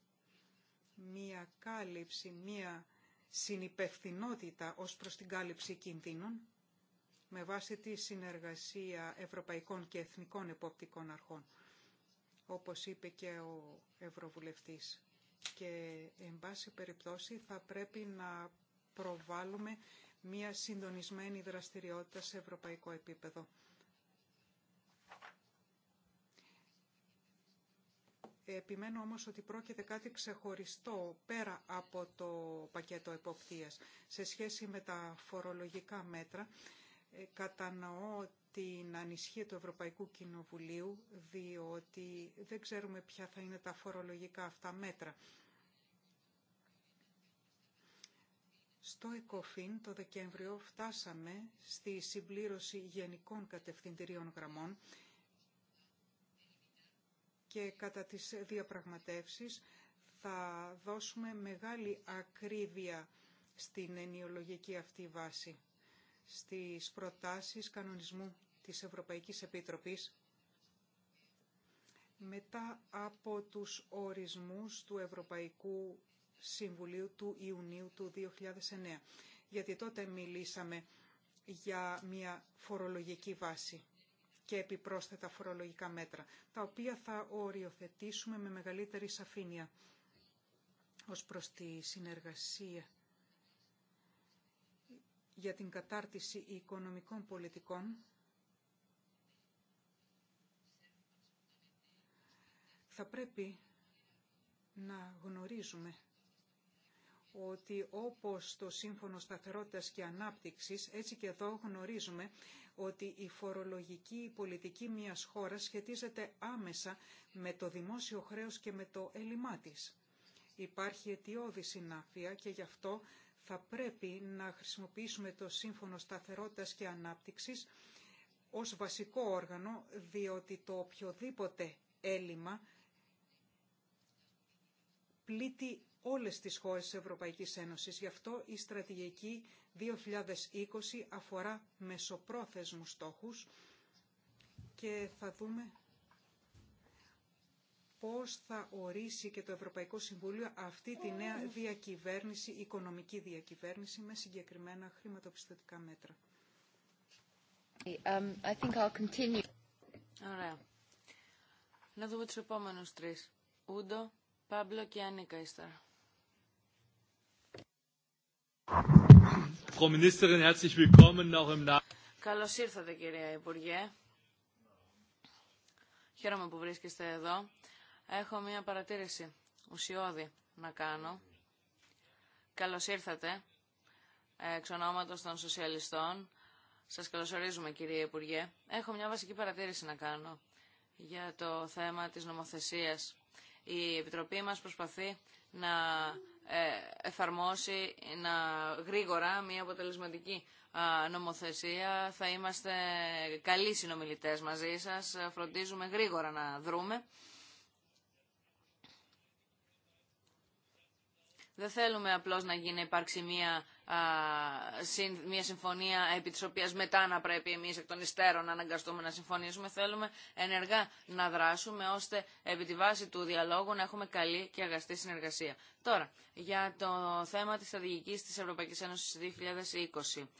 μία κάλυψη, μία συνυπευθυνότητα ως προς την κάλυψη κινδύνων με βάση τη συνεργασία ευρωπαϊκών και εθνικών εποπτικών αρχών, όπως είπε και ο Ευρωβουλευτής. Και, εν πάση περιπτώσει, θα πρέπει να προβάλλουμε μία συντονισμένη δραστηριότητα σε ευρωπαϊκό επίπεδο. Επιμένω όμως ότι πρόκειται κάτι ξεχωριστό πέρα από το πακέτο εποπτείας σε σχέση με τα φορολογικά μέτρα. Ε, κατανοώ την ανησυχία του Ευρωπαϊκού Κοινοβουλίου, διότι δεν ξέρουμε ποια θα είναι τα φορολογικά αυτά μέτρα. Στο ΕΚΟΦΗΝ το Δεκέμβριο φτάσαμε στη συμπλήρωση γενικών κατευθυντηρίων γραμμών και κατά τις διαπραγματεύσεις θα δώσουμε μεγάλη ακρίβεια στην ενιολογική αυτή βάση στις προτάσεις κανονισμού της Ευρωπαϊκής Επιτροπής μετά από τους ορισμούς του Ευρωπαϊκού Συμβουλίου του Ιουνίου του 2009. Γιατί τότε μιλήσαμε για μια φορολογική βάση και επιπρόσθετα φορολογικά μέτρα, τα οποία θα οριοθετήσουμε με μεγαλύτερη σαφήνεια ως προς τη συνεργασία για την κατάρτιση οικονομικών πολιτικών θα πρέπει να γνωρίζουμε ότι όπως το Σύμφωνο Σταθερότητας και Ανάπτυξης, έτσι και εδώ γνωρίζουμε ότι η φορολογική πολιτική μιας χώρας σχετίζεται άμεσα με το δημόσιο χρέος και με το έλλειμμά της. Υπάρχει αιτιώδη συνάφεια και γι' αυτό θα πρέπει να χρησιμοποιήσουμε το Σύμφωνο Σταθερότητας και Ανάπτυξης ως βασικό όργανο, διότι το οποιοδήποτε έλλειμμα πλήττει όλες τις χώρες της Ευρωπαϊκής Ένωσης. Γι' αυτό η στρατηγική 2020 αφορά μεσοπρόθεσμους στόχους και θα δούμε πώς θα ορίσει και το Ευρωπαϊκό Συμβούλιο αυτή τη νέα διακυβέρνηση, οικονομική διακυβέρνηση με συγκεκριμένα χρηματοπιστωτικά μέτρα. Um, Ωραία. Να δούμε τους επόμενους τρεις. Ούντο, Πάμπλο και Ανίκα ύστερα. Frau Ministerin, Καλώς ήρθατε κυρία Υπουργέ. Χαίρομαι που βρίσκεστε εδώ. Έχω μία παρατήρηση ουσιώδη να κάνω. Καλώς ήρθατε, εξ ονόματος των σοσιαλιστών. Σας καλωσορίζουμε, κύριε Υπουργέ. Έχω μια βασική παρατήρηση να κάνω για το θέμα της νομοθεσίας. Η Επιτροπή μας προσπαθεί να ε, εφαρμόσει να, γρήγορα μια αποτελεσματική νομοθεσία. Θα είμαστε καλοί συνομιλητές μαζί σα Φροντίζουμε γρήγορα να δρούμε. Δεν θέλουμε απλώς να γίνει να υπάρξει μια, α, συν, μια συμφωνία επί της οποίας μετά να πρέπει εμείς εκ των υστέρων να αναγκαστούμε να συμφωνήσουμε. Θέλουμε ενεργά να δράσουμε ώστε επί τη βάση του διαλόγου να έχουμε καλή και αγαστή συνεργασία. Τώρα, για το θέμα της στρατηγικής της Ευρωπαϊκής Ένωσης 2020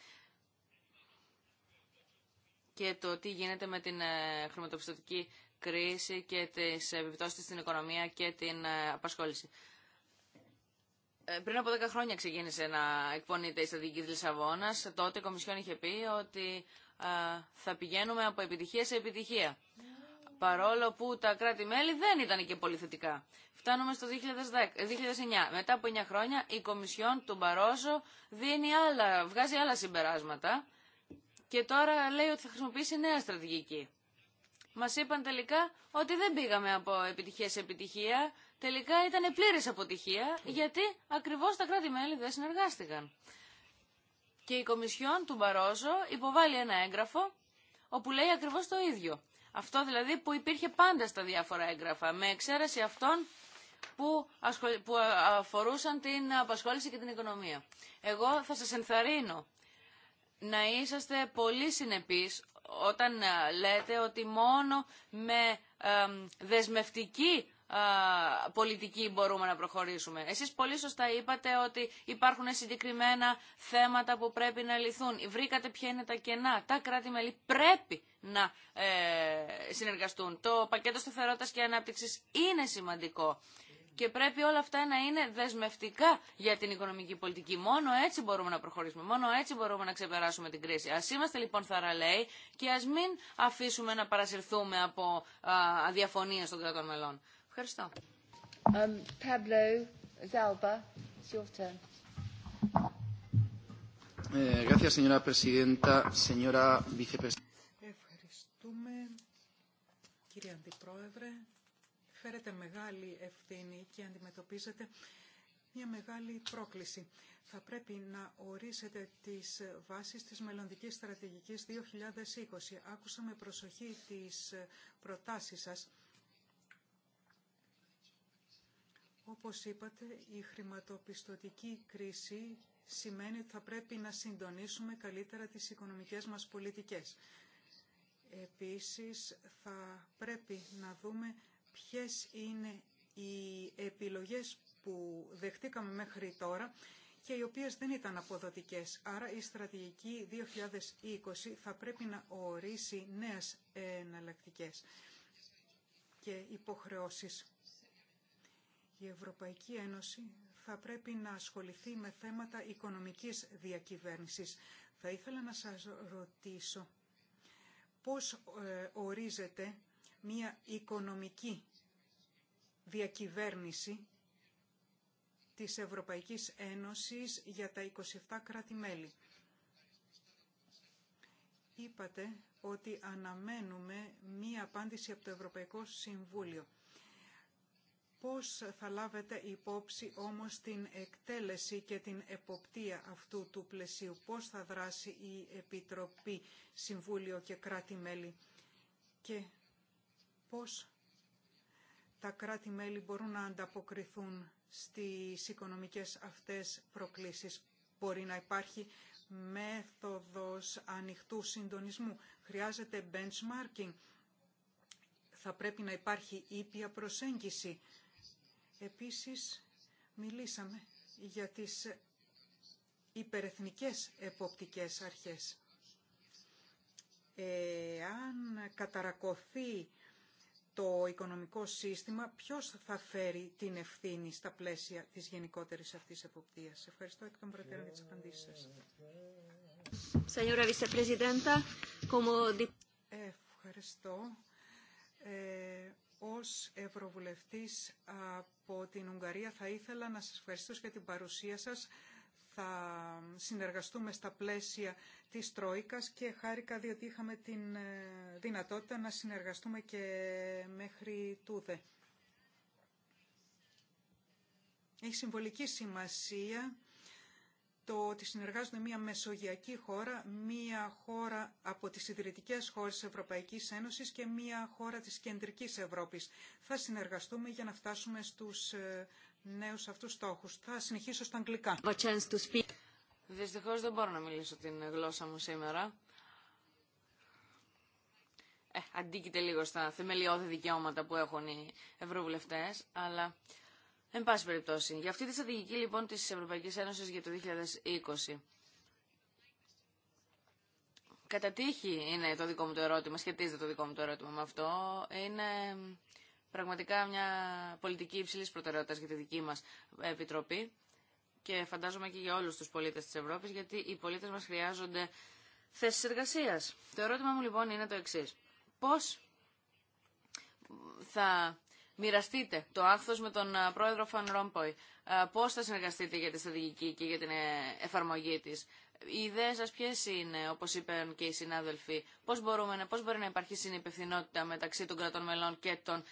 και το τι γίνεται με την ε, χρηματοπιστωτική κρίση και τις επιπτώσεις στην οικονομία και την ε, απασχόληση. Ε, πριν από 10 χρόνια ξεκίνησε να εκπονείται η στρατηγική της Λισαβόνας. Τότε η Κομισιόν είχε πει ότι ε, θα πηγαίνουμε από επιτυχία σε επιτυχία. Παρόλο που τα κράτη-μέλη δεν ήταν και πολυθετικά. Φτάνουμε στο 2010, 2009. Ε, Μετά από 9 χρόνια η Κομισιόν του Μπαρόζο δίνει άλλα, βγάζει άλλα συμπεράσματα και τώρα λέει ότι θα χρησιμοποιήσει νέα στρατηγική. Μας είπαν τελικά ότι δεν πήγαμε από επιτυχία σε επιτυχία τελικά ήταν πλήρη αποτυχία γιατί ακριβώς τα κράτη-μέλη δεν συνεργάστηκαν. Και η Κομισιόν του Μπαρόζο υποβάλλει ένα έγγραφο όπου λέει ακριβώς το ίδιο. Αυτό δηλαδή που υπήρχε πάντα στα διάφορα έγγραφα, με εξαίρεση αυτών που, που αφορούσαν την απασχόληση και την οικονομία. Εγώ θα σας ενθαρρύνω να είσαστε πολύ συνεπείς όταν ε, λέτε ότι μόνο με ε, δεσμευτική πολιτική μπορούμε να προχωρήσουμε. Εσείς πολύ σωστά είπατε ότι υπάρχουν συγκεκριμένα θέματα που πρέπει να λυθούν. Βρήκατε ποια είναι τα κενά. Τα κράτη-μέλη πρέπει να ε, συνεργαστούν. Το πακέτο σταθερότητας και ανάπτυξης είναι σημαντικό. Και πρέπει όλα αυτά να είναι δεσμευτικά για την οικονομική πολιτική. Μόνο έτσι μπορούμε να προχωρήσουμε. Μόνο έτσι μπορούμε να ξεπεράσουμε την κρίση. Α είμαστε λοιπόν θαραλέοι και α μην αφήσουμε να παρασυρθούμε από αδιαφωνίε των κρατών μελών. Um, Pablo it's ε, Ευχαριστούμε, κύριε Αντιπρόεδρε. Φέρετε μεγάλη ευθύνη και αντιμετωπίζετε μια μεγάλη πρόκληση. Θα πρέπει να ορίσετε τις βάσεις της μελλοντικής στρατηγικής 2020. Άκουσα με προσοχή τις προτάσεις σας Όπως είπατε, η χρηματοπιστωτική κρίση σημαίνει ότι θα πρέπει να συντονίσουμε καλύτερα τις οικονομικές μας πολιτικές. Επίσης, θα πρέπει να δούμε ποιες είναι οι επιλογές που δεχτήκαμε μέχρι τώρα και οι οποίες δεν ήταν αποδοτικές. Άρα η στρατηγική 2020 θα πρέπει να ορίσει νέες εναλλακτικές και υποχρεώσεις. Η Ευρωπαϊκή Ένωση θα πρέπει να ασχοληθεί με θέματα οικονομικής διακυβέρνησης. Θα ήθελα να σας ρωτήσω πώς ε, ορίζεται μια οικονομική διακυβέρνηση της Ευρωπαϊκής Ένωσης για τα 27 κράτη-μέλη. Είπατε ότι αναμένουμε μία απάντηση από το Ευρωπαϊκό Συμβούλιο. Πώς θα λάβετε υπόψη όμως την εκτέλεση και την εποπτεία αυτού του πλαισίου, πώς θα δράσει η Επιτροπή, Συμβούλιο και κράτη-μέλη και πώς τα κράτη-μέλη μπορούν να ανταποκριθούν στις οικονομικές αυτές προκλήσεις. Μπορεί να υπάρχει μέθοδος ανοιχτού συντονισμού. Χρειάζεται benchmarking. Θα πρέπει να υπάρχει ήπια προσέγγιση Επίσης, μιλήσαμε για τις υπερεθνικές εποπτικές αρχές. Αν καταρακωθεί το οικονομικό σύστημα, ποιος θα φέρει την ευθύνη στα πλαίσια της γενικότερης αυτής εποπτείας. Ευχαριστώ εκ των προτέρων για τις απαντήσεις σας. Ευχαριστώ. Ε, ως Ευρωβουλευτής από την Ουγγαρία θα ήθελα να σας ευχαριστήσω για την παρουσία σας. Θα συνεργαστούμε στα πλαίσια της Τρόικας και χάρηκα διότι είχαμε την ε, δυνατότητα να συνεργαστούμε και μέχρι τούδε. Έχει συμβολική σημασία το ότι συνεργάζονται μια μεσογειακή χώρα, μια χώρα από τις ιδρυτικές χώρες της Ευρωπαϊκής Ένωσης και μια χώρα της κεντρικής Ευρώπης. Θα συνεργαστούμε για να φτάσουμε στους ε, νέους αυτούς στόχους. Θα συνεχίσω στα αγγλικά. Δυστυχώς δεν μπορώ να μιλήσω την γλώσσα μου σήμερα. Ε, αντίκειται λίγο στα θεμελιώδη δικαιώματα που έχουν οι ευρωβουλευτές, αλλά... Εν πάση περιπτώσει, για αυτή τη στρατηγική λοιπόν της Ευρωπαϊκής Ένωσης για το 2020. Κατά τύχη είναι το δικό μου το ερώτημα, σχετίζεται το δικό μου το ερώτημα με αυτό. Είναι πραγματικά μια πολιτική υψηλής προτεραιότητας για τη δική μας Επιτροπή και φαντάζομαι και για όλους τους πολίτες της Ευρώπης, γιατί οι πολίτες μας χρειάζονται θέσεις εργασίας. Το ερώτημα μου λοιπόν είναι το εξής. Πώς θα μοιραστείτε το άκθος με τον ε, πρόεδρο Φαν Ρόμποϊ. Ε, πώς θα συνεργαστείτε για τη στρατηγική και για την ε, εφαρμογή της. Οι ιδέε σα ποιε είναι, όπω είπαν και οι συνάδελφοι, πώ μπορεί να υπάρχει συνυπευθυνότητα μεταξύ των κρατών μελών και των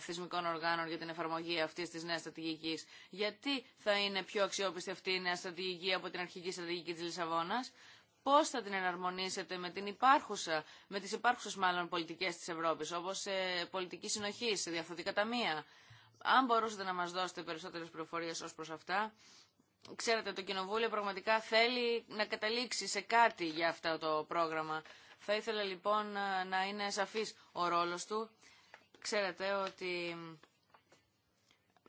θεσμικών οργάνων για την εφαρμογή αυτή τη νέα στρατηγική, Γιατί θα είναι πιο αξιόπιστη αυτή η νέα στρατηγική από την αρχική στρατηγική τη Λισαβόνα, πώς θα την εναρμονίσετε με, την υπάρχουσα, με τις υπάρχουσες μάλλον πολιτικές της Ευρώπης, όπως πολιτική συνοχή, σε διαφορετικά ταμεία. Αν μπορούσατε να μας δώσετε περισσότερες πληροφορίες ως προς αυτά, ξέρετε το Κοινοβούλιο πραγματικά θέλει να καταλήξει σε κάτι για αυτό το πρόγραμμα. Θα ήθελα λοιπόν να είναι σαφής ο ρόλος του. Ξέρετε ότι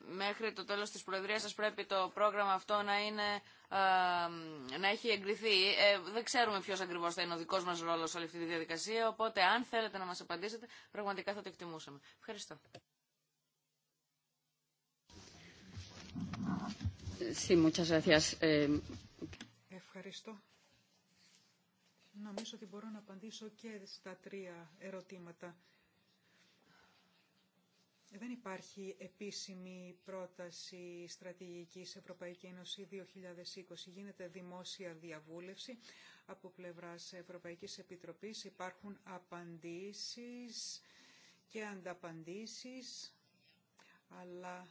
μέχρι το τέλος της Προεδρίας σας πρέπει το πρόγραμμα αυτό να είναι ε, να έχει εγκριθεί. Ε, δεν ξέρουμε ποιο ακριβώς θα είναι ο δικό μας ρόλος σε όλη αυτή τη διαδικασία, οπότε αν θέλετε να μας απαντήσετε, πραγματικά θα το εκτιμούσαμε. Ευχαριστώ. Sí, muchas gracias. Ε, Ευχαριστώ. Νομίζω ότι μπορώ να απαντήσω και στα τρία ερωτήματα. Δεν υπάρχει επίσημη πρόταση στρατηγικής Ευρωπαϊκή Ένωση 2020. Γίνεται δημόσια διαβούλευση από πλευράς Ευρωπαϊκής Επιτροπής. Υπάρχουν απαντήσεις και ανταπαντήσεις, αλλά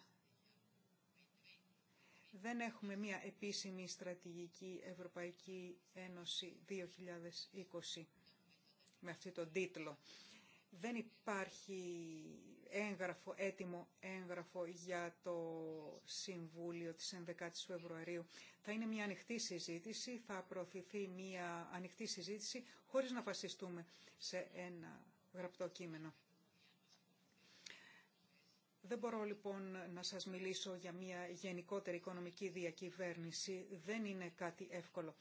δεν έχουμε μία επίσημη στρατηγική Ευρωπαϊκή Ένωση 2020 με αυτή τον τίτλο. Δεν υπάρχει έγγραφο, έτοιμο έγγραφο για το Συμβούλιο της 11 η Φεβρουαρίου. Θα είναι μια ανοιχτή συζήτηση, θα προωθηθεί μια ανοιχτή συζήτηση χωρίς να βασιστούμε σε ένα γραπτό κείμενο. Δεν μπορώ λοιπόν να σας μιλήσω για μια γενικότερη οικονομική διακυβέρνηση. Δεν είναι κάτι εύκολο.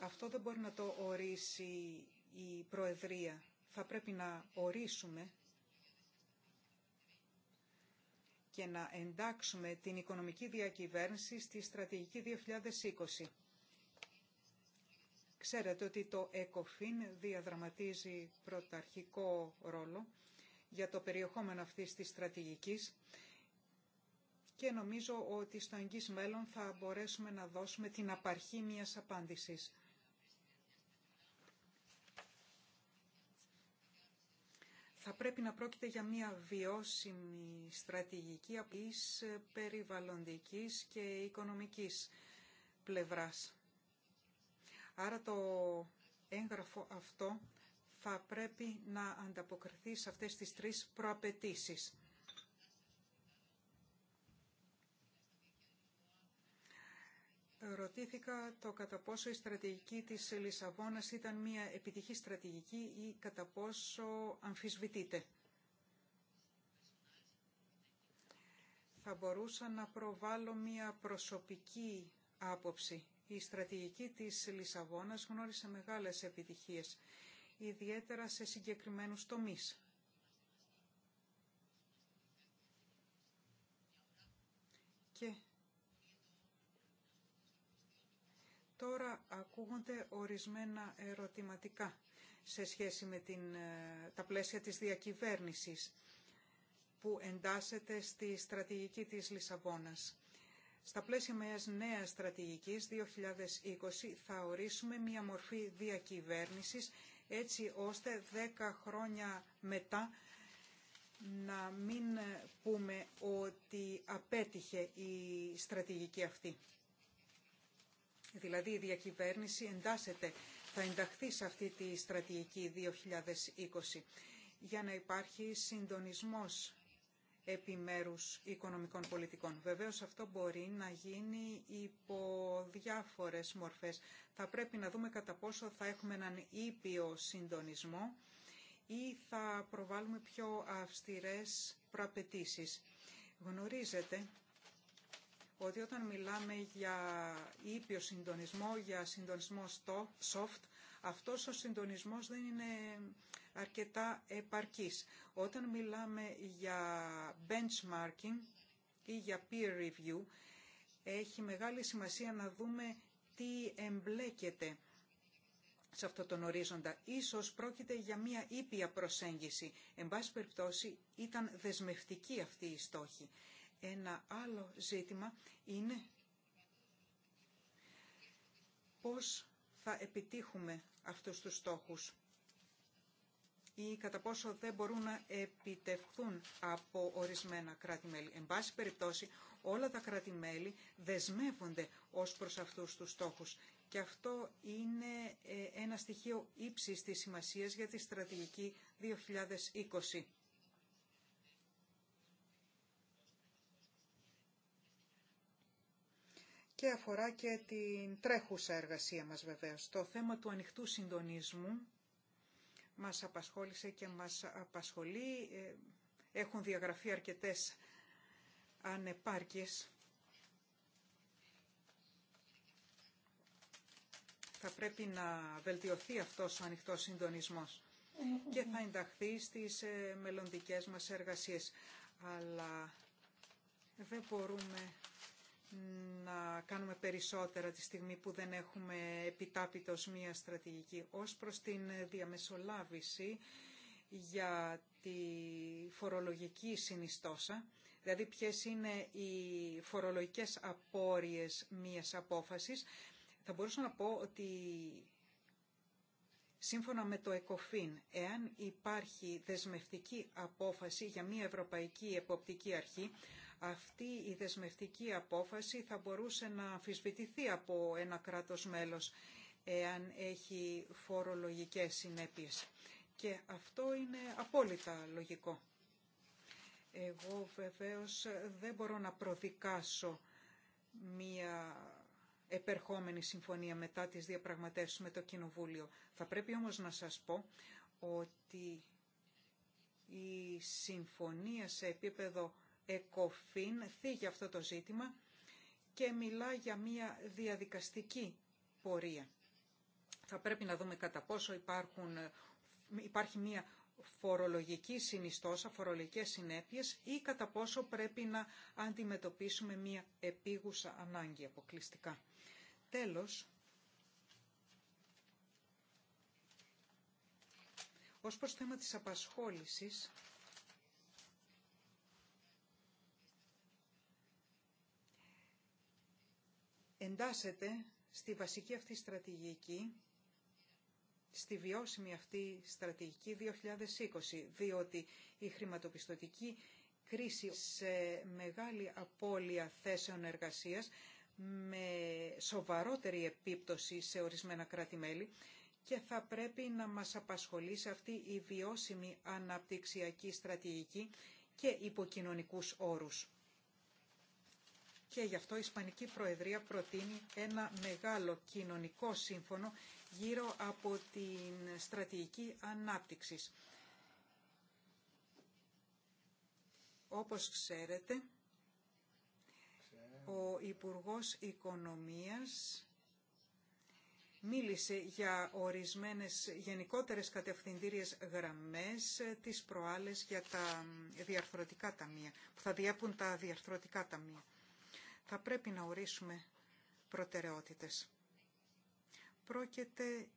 Αυτό δεν μπορεί να το ορίσει η Προεδρία. Θα πρέπει να ορίσουμε και να εντάξουμε την οικονομική διακυβέρνηση στη στρατηγική 2020. Ξέρετε ότι το ΕΚΟΦΗΝ διαδραματίζει πρωταρχικό ρόλο για το περιεχόμενο αυτής της στρατηγικής και νομίζω ότι στο εγγύς μέλλον θα μπορέσουμε να δώσουμε την απαρχή μιας απάντησης. θα πρέπει να πρόκειται για μια βιώσιμη στρατηγική απλής περιβαλλοντικής και οικονομικής πλευράς. Άρα το έγγραφο αυτό θα πρέπει να ανταποκριθεί σε αυτές τις τρεις προαπαιτήσεις. Ρωτήθηκα το κατά πόσο η στρατηγική της Λισαβόνας ήταν μια επιτυχή στρατηγική ή κατά πόσο αμφισβητείται. Θα μπορούσα να προβάλλω μια προσωπική άποψη. Η στρατηγική της Λισαβόνας γνώρισε μεγάλες επιτυχίες, ιδιαίτερα σε συγκεκριμένους τομείς. τώρα ακούγονται ορισμένα ερωτηματικά σε σχέση με την, ε, τα πλαίσια της διακυβέρνησης που εντάσσεται στη στρατηγική της Λισαβόνας. Στα πλαίσια μιας νέας στρατηγικής 2020 θα ορίσουμε μια μορφή διακυβέρνησης έτσι ώστε 10 χρόνια μετά να μην πούμε ότι απέτυχε η στρατηγική αυτή. Δηλαδή η διακυβέρνηση εντάσσεται, θα ενταχθεί σε αυτή τη στρατηγική 2020 για να υπάρχει συντονισμός επιμέρους οικονομικών πολιτικών. Βεβαίως αυτό μπορεί να γίνει υπό διάφορες μορφές. Θα πρέπει να δούμε κατά πόσο θα έχουμε έναν ήπιο συντονισμό ή θα προβάλλουμε πιο αυστηρές προαπαιτήσεις. Γνωρίζετε ότι όταν μιλάμε για ήπιο συντονισμό, για συντονισμό soft, αυτός ο συντονισμός δεν είναι αρκετά επαρκής. Όταν μιλάμε για benchmarking ή για peer review, έχει μεγάλη σημασία να δούμε τι εμπλέκεται σε αυτό τον ορίζοντα. Ίσως πρόκειται για μια ήπια προσέγγιση. Εν πάση περιπτώσει ήταν δεσμευτική αυτή η στόχη. Ένα άλλο ζήτημα είναι πώς θα επιτύχουμε αυτούς τους στόχους ή κατά πόσο δεν μπορούν να επιτευχθούν από ορισμένα κράτη-μέλη. Εν πάση περιπτώσει, όλα τα κράτη-μέλη δεσμεύονται ως προς αυτούς τους στόχους. Και αυτό είναι ε, ένα στοιχείο ύψης της σημασίας για τη στρατηγική 2020. και αφορά και την τρέχουσα εργασία μας βεβαίως. Το θέμα του ανοιχτού συντονισμού μας απασχόλησε και μας απασχολεί. Ε, έχουν διαγραφεί αρκετές ανεπάρκειες. Θα πρέπει να βελτιωθεί αυτός ο ανοιχτός συντονισμός και θα ενταχθεί στις ε, μελλοντικές μας εργασίες. Αλλά δεν μπορούμε να κάνουμε περισσότερα τη στιγμή που δεν έχουμε επιτάπητος μία στρατηγική. Ως προς την διαμεσολάβηση για τη φορολογική συνιστόσα, δηλαδή ποιες είναι οι φορολογικές απόρριες μίας απόφασης, θα μπορούσα να πω ότι σύμφωνα με το ΕΚΟΦΗΝ, εάν υπάρχει δεσμευτική απόφαση για μια Ευρωπαϊκή Εποπτική Αρχή, αυτή η δεσμευτική απόφαση θα μπορούσε να αμφισβητηθεί από ένα κράτος μέλος εάν έχει φορολογικές συνέπειες. Και αυτό είναι απόλυτα λογικό. Εγώ βεβαίως δεν μπορώ να προδικάσω μία επερχόμενη συμφωνία μετά τις διαπραγματεύσεις με το Κοινοβούλιο. Θα πρέπει όμως να σας πω ότι η συμφωνία σε επίπεδο ΕΚΟΦΗΝ θίγει αυτό το ζήτημα και μιλά για μια διαδικαστική πορεία. Θα πρέπει να δούμε κατά πόσο υπάρχουν, υπάρχει μια φορολογική συνιστόσα, φορολογικές συνέπειες ή κατά πόσο πρέπει να αντιμετωπίσουμε μια επίγουσα ανάγκη αποκλειστικά. Τέλος, ως προς θέμα της απασχόλησης, εντάσσεται στη βασική αυτή στρατηγική, στη βιώσιμη αυτή στρατηγική 2020, διότι η χρηματοπιστωτική κρίση σε μεγάλη απώλεια θέσεων εργασίας με σοβαρότερη επίπτωση σε ορισμένα κράτη-μέλη και θα πρέπει να μας σε αυτή η βιώσιμη αναπτυξιακή στρατηγική και υποκοινωνικούς όρους και γι' αυτό η Ισπανική Προεδρία προτείνει ένα μεγάλο κοινωνικό σύμφωνο γύρω από την στρατηγική ανάπτυξη. Όπως ξέρετε, ο Υπουργός Οικονομίας μίλησε για ορισμένες γενικότερες κατευθυντήριες γραμμές της προάλλες για τα διαρθρωτικά ταμεία, που θα διέπουν τα διαρθρωτικά ταμεία. Θα πρέπει να ορίσουμε προτεραιότητες. Πρόκειται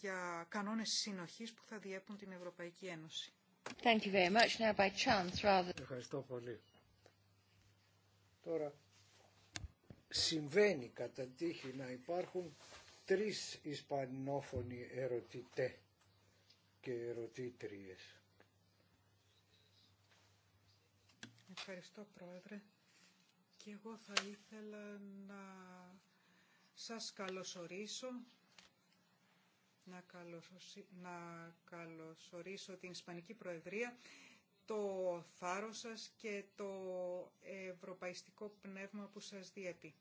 για κανόνες συνοχής που θα διέπουν την Ευρωπαϊκή Ένωση. Thank you very much. Now by chance, rather... Ευχαριστώ πολύ. Τώρα, συμβαίνει κατά τύχη να υπάρχουν τρεις ισπανόφωνοι ερωτητέ και ερωτήτριες. Ευχαριστώ Πρόεδρε και εγώ θα ήθελα να σας καλωσορίσω να, να καλωσορίσω την Ισπανική Προεδρία, το θάρρος σας και το ευρωπαϊστικό πνεύμα που σας διέπει.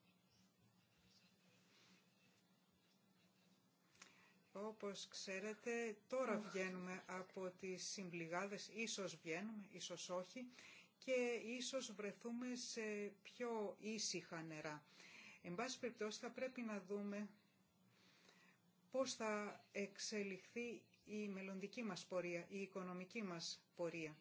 Όπως ξέρετε, τώρα βγαίνουμε από τις συμπληγάδες, ίσως βγαίνουμε, ίσως όχι, και ίσως βρεθούμε σε πιο ήσυχα νερά. Εν πάση περιπτώσει θα πρέπει να δούμε πώς θα εξελιχθεί η μελλοντική μας πορεία, η οικονομική μας πορεία.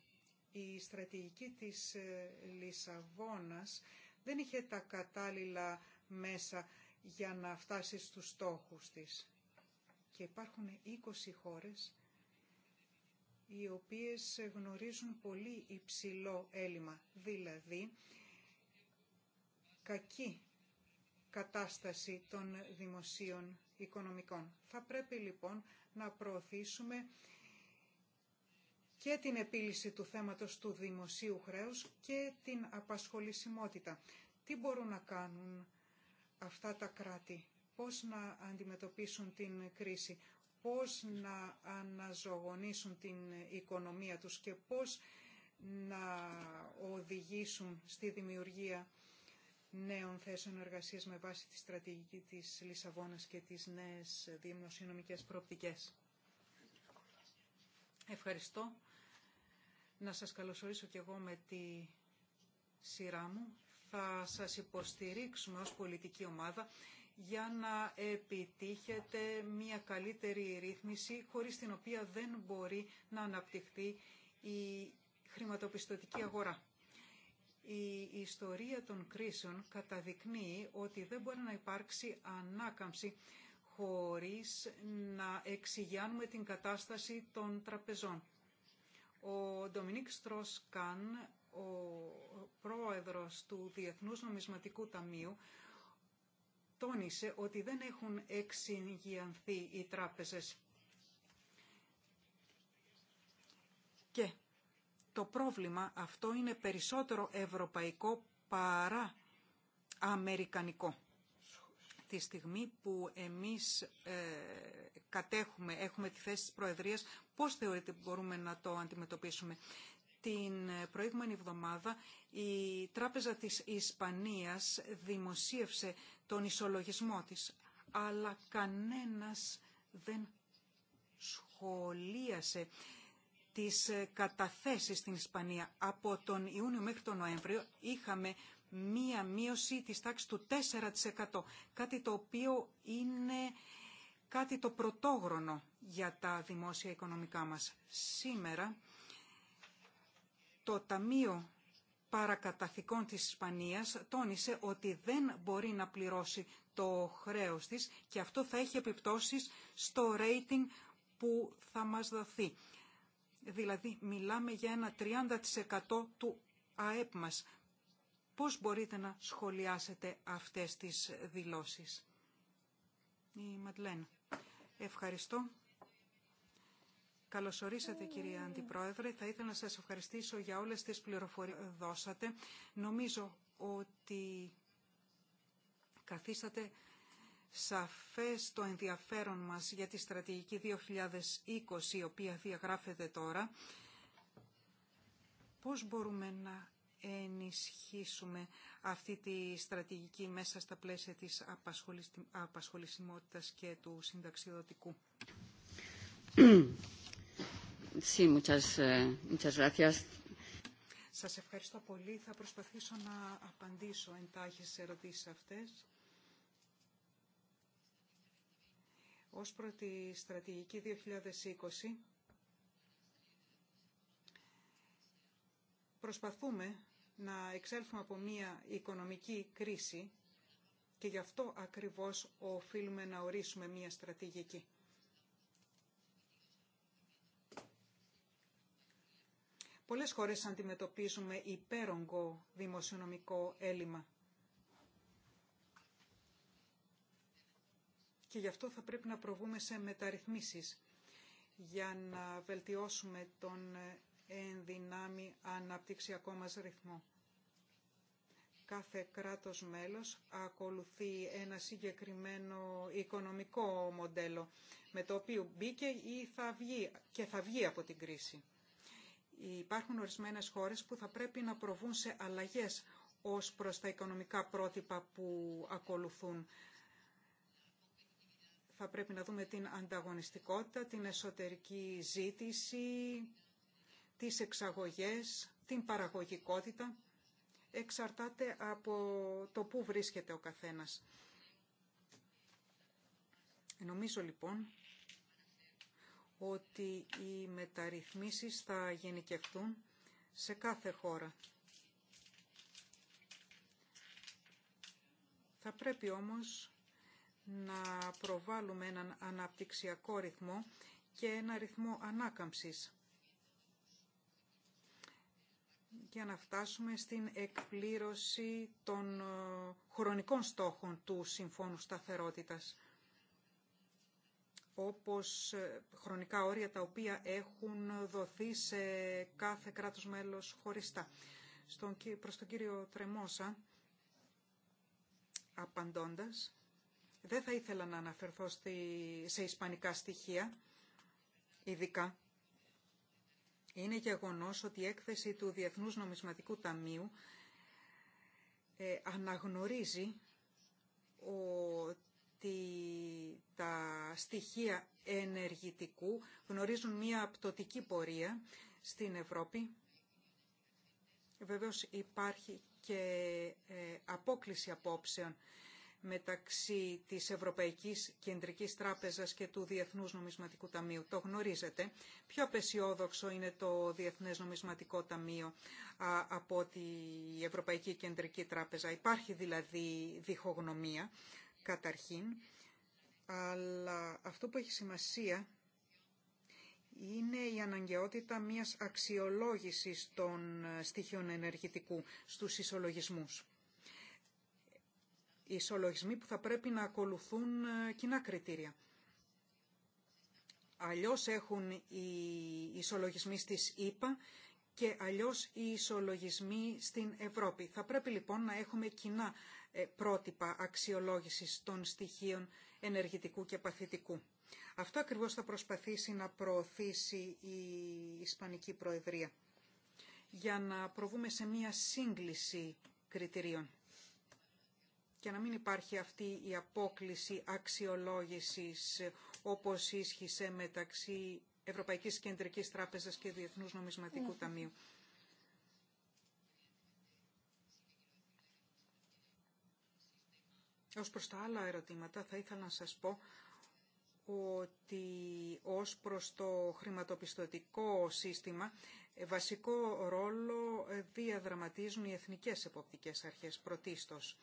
Η στρατηγική της ε, Λισαβόνας δεν είχε τα κατάλληλα μέσα για να φτάσει στους στόχους της. Και υπάρχουν 20 χώρες οι οποίες γνωρίζουν πολύ υψηλό έλλειμμα, δηλαδή κακή κατάσταση των δημοσίων οικονομικών. Θα πρέπει λοιπόν να προωθήσουμε και την επίλυση του θέματος του δημοσίου χρέους και την απασχολησιμότητα. Τι μπορούν να κάνουν αυτά τα κράτη, πώς να αντιμετωπίσουν την κρίση πώς να αναζωογονήσουν την οικονομία τους και πώς να οδηγήσουν στη δημιουργία νέων θέσεων εργασίας με βάση τη στρατηγική της Λισαβόνας και τις νέες δημοσιονομικές προοπτικές. Ευχαριστώ. Να σας καλωσορίσω και εγώ με τη σειρά μου. Θα σας υποστηρίξουμε ως πολιτική ομάδα για να επιτύχετε μια καλύτερη ρύθμιση χωρίς την οποία δεν μπορεί να αναπτυχθεί η χρηματοπιστωτική αγορά. Η ιστορία των κρίσεων καταδεικνύει ότι δεν μπορεί να υπάρξει ανάκαμψη χωρίς να εξηγιάνουμε την κατάσταση των τραπεζών. Ο Ντομινίκ Στρόσκαν, ο πρόεδρος του Διεθνούς Νομισματικού Ταμείου, τόνισε ότι δεν έχουν εξυγιανθεί οι τράπεζες. Και το πρόβλημα αυτό είναι περισσότερο ευρωπαϊκό παρά αμερικανικό. Τη στιγμή που εμείς ε, κατέχουμε, έχουμε τη θέση της Προεδρίας, πώς θεωρείτε μπορούμε να το αντιμετωπίσουμε. Την προηγούμενη εβδομάδα η Τράπεζα της Ισπανίας δημοσίευσε τον ισολογισμό της, αλλά κανένας δεν σχολίασε τις καταθέσεις στην Ισπανία. Από τον Ιούνιο μέχρι τον Νοέμβριο είχαμε μία μείωση της τάξης του 4%, κάτι το οποίο είναι κάτι το πρωτόγρονο για τα δημόσια οικονομικά μας. Σήμερα το Ταμείο Παρακαταθήκων της Ισπανίας τόνισε ότι δεν μπορεί να πληρώσει το χρέος της και αυτό θα έχει επιπτώσεις στο rating που θα μας δοθεί. Δηλαδή μιλάμε για ένα 30% του ΑΕΠ μας. Πώς μπορείτε να σχολιάσετε αυτές τις δηλώσεις. Η Ευχαριστώ. Καλωσορίσατε κυρία Αντιπρόεδρε. Θα ήθελα να σας ευχαριστήσω για όλες τις πληροφορίες που δώσατε. Νομίζω ότι καθίσατε σαφές το ενδιαφέρον μας για τη στρατηγική 2020 η οποία διαγράφεται τώρα. Πώς μπορούμε να ενισχύσουμε αυτή τη στρατηγική μέσα στα πλαίσια της απασχολησιμότητας και του συνταξιδοτικού. Σα eh, Σας ευχαριστώ πολύ. Θα προσπαθήσω να απαντήσω εντάχει σε ερωτήσεις αυτές. Ως προς τη στρατηγική 2020, προσπαθούμε να εξέλθουμε από μία οικονομική κρίση και γι' αυτό ακριβώς οφείλουμε να ορίσουμε μία στρατηγική. πολλές χώρες αντιμετωπίζουμε υπέρογκο δημοσιονομικό έλλειμμα. Και γι' αυτό θα πρέπει να προβούμε σε μεταρρυθμίσεις για να βελτιώσουμε τον ενδυνάμει αναπτυξιακό μας ρυθμό. Κάθε κράτος μέλος ακολουθεί ένα συγκεκριμένο οικονομικό μοντέλο με το οποίο μπήκε ή θα βγει και θα βγει από την κρίση. Υπάρχουν ορισμένες χώρες που θα πρέπει να προβούν σε αλλαγές ως προς τα οικονομικά πρότυπα που ακολουθούν. Θα πρέπει να δούμε την ανταγωνιστικότητα, την εσωτερική ζήτηση, τις εξαγωγές, την παραγωγικότητα. Εξαρτάται από το πού βρίσκεται ο καθένας. Νομίζω λοιπόν ότι οι μεταρρυθμίσεις θα γενικευτούν σε κάθε χώρα. Θα πρέπει όμως να προβάλλουμε έναν αναπτυξιακό ρυθμό και ένα ρυθμό ανάκαμψης για να φτάσουμε στην εκπλήρωση των ε, χρονικών στόχων του Συμφώνου Σταθερότητας όπως ε, χρονικά όρια τα οποία έχουν δοθεί σε κάθε κράτος μέλος χωριστά. Στον, προς τον κύριο Τρεμόσα, απαντώντας, δεν θα ήθελα να αναφερθώ στη, σε ισπανικά στοιχεία, ειδικά. Είναι γεγονός ότι η έκθεση του Διεθνούς Νομισματικού Ταμείου ε, αναγνωρίζει ό τα στοιχεία ενεργητικού γνωρίζουν μία πτωτική πορεία στην Ευρώπη. Βεβαίως υπάρχει και ε, απόκληση απόψεων μεταξύ της Ευρωπαϊκής Κεντρικής Τράπεζας και του Διεθνούς Νομισματικού Ταμείου. Το γνωρίζετε. Πιο απεσιόδοξο είναι το Διεθνές Νομισματικό Ταμείο από τη Ευρωπαϊκή Κεντρική Τράπεζα. Υπάρχει δηλαδή διχογνωμία καταρχήν, αλλά αυτό που έχει σημασία είναι η αναγκαιότητα μιας αξιολόγησης των ε, στοιχείων ενεργητικού στους ισολογισμούς. Οι ισολογισμοί που θα πρέπει να ακολουθούν ε, κοινά κριτήρια. Αλλιώς έχουν οι ισολογισμοί στις ΗΠΑ και αλλιώς οι ισολογισμοί στην Ευρώπη. Θα πρέπει λοιπόν να έχουμε κοινά ε, πρότυπα αξιολόγηση των στοιχείων ενεργητικού και παθητικού. Αυτό ακριβώς θα προσπαθήσει να προωθήσει η Ισπανική Προεδρία για να προβούμε σε μία σύγκληση κριτηρίων και να μην υπάρχει αυτή η απόκληση αξιολόγησης όπως ίσχυσε μεταξύ Ευρωπαϊκής Κεντρικής Τράπεζας και Διεθνούς Νομισματικού ναι. Ταμείου. Ως προς τα άλλα ερωτήματα θα ήθελα να σας πω ότι ως προς το χρηματοπιστωτικό σύστημα βασικό ρόλο διαδραματίζουν οι εθνικές εποπτικές αρχές πρωτίστως.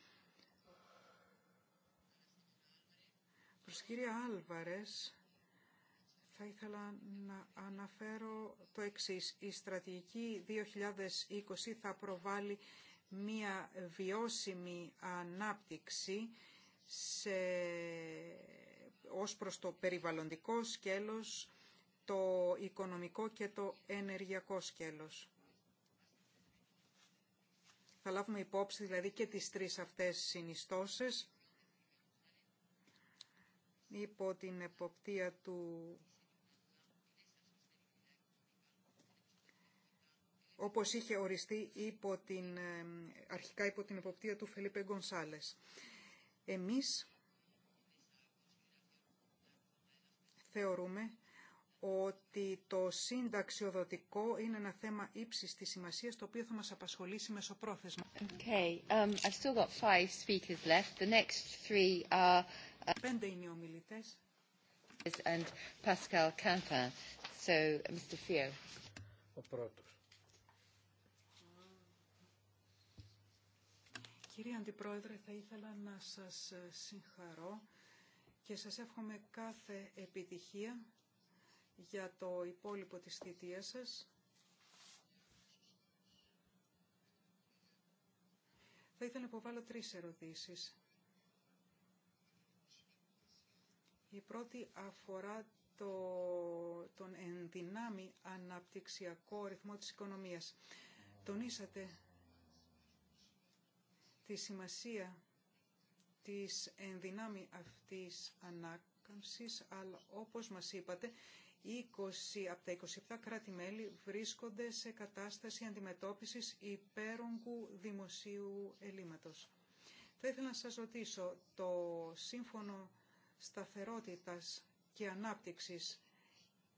Προς κυρία Άλβαρες θα ήθελα να αναφέρω το εξής. Η στρατηγική 2020 θα προβάλλει μία βιώσιμη ανάπτυξη σε, ως προς το περιβαλλοντικό σκέλος, το οικονομικό και το ενεργειακό σκέλος. Θα λάβουμε υπόψη δηλαδή και τις τρεις αυτές συνιστώσεις υπό την εποπτεία του όπως είχε οριστεί υπό την, ε, αρχικά υπό την εποπτεία του Φελίπε Γκονσάλες. Εμείς θεωρούμε ότι το συνταξιοδοτικό είναι ένα θέμα ύψης της σημασίας το οποίο θα μας απασχολήσει μεσοπρόθεσμα. Okay. Um, I've still got five speakers left. The next three are... Uh, Πέντε είναι ομιλητές. And Pascal Canfin. So, Mr. Fio. Ο πρώτος. Κύριε Αντιπρόεδρε, θα ήθελα να σας ε, συγχαρώ και σας εύχομαι κάθε επιτυχία για το υπόλοιπο της θητείας σας. Θα ήθελα να υποβάλω τρεις ερωτήσεις. Η πρώτη αφορά το, τον ενδυνάμει αναπτυξιακό ρυθμό της οικονομίας. Τονίσατε τη σημασία της ενδυνάμει αυτής ανάκαμψης, αλλά όπως μας είπατε, 20 από τα 27 κράτη-μέλη βρίσκονται σε κατάσταση αντιμετώπισης υπέρογκου δημοσίου ελλείμματος. Θα ήθελα να σας ρωτήσω, το Σύμφωνο Σταθερότητας και Ανάπτυξης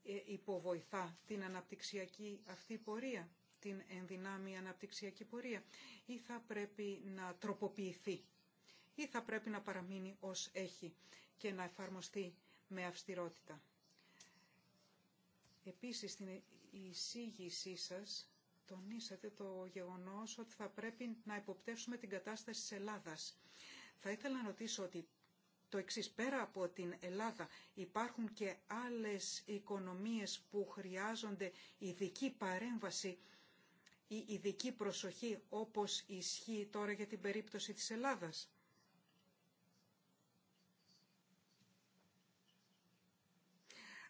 ε, υποβοηθά την αναπτυξιακή αυτή πορεία την ενδυνάμει αναπτυξιακή πορεία ή θα πρέπει να τροποποιηθεί ή θα πρέπει να παραμείνει ως έχει και να εφαρμοστεί με αυστηρότητα. Επίσης, στην εισήγησή σας τονίσατε το γεγονός ότι θα πρέπει να υποπτεύσουμε την κατάσταση της Ελλάδας. Θα ήθελα να ρωτήσω ότι το εξής, πέρα από την Ελλάδα υπάρχουν και άλλες οικονομίες που χρειάζονται ειδική παρέμβαση η ειδική προσοχή όπως ισχύει τώρα για την περίπτωση της Ελλάδας.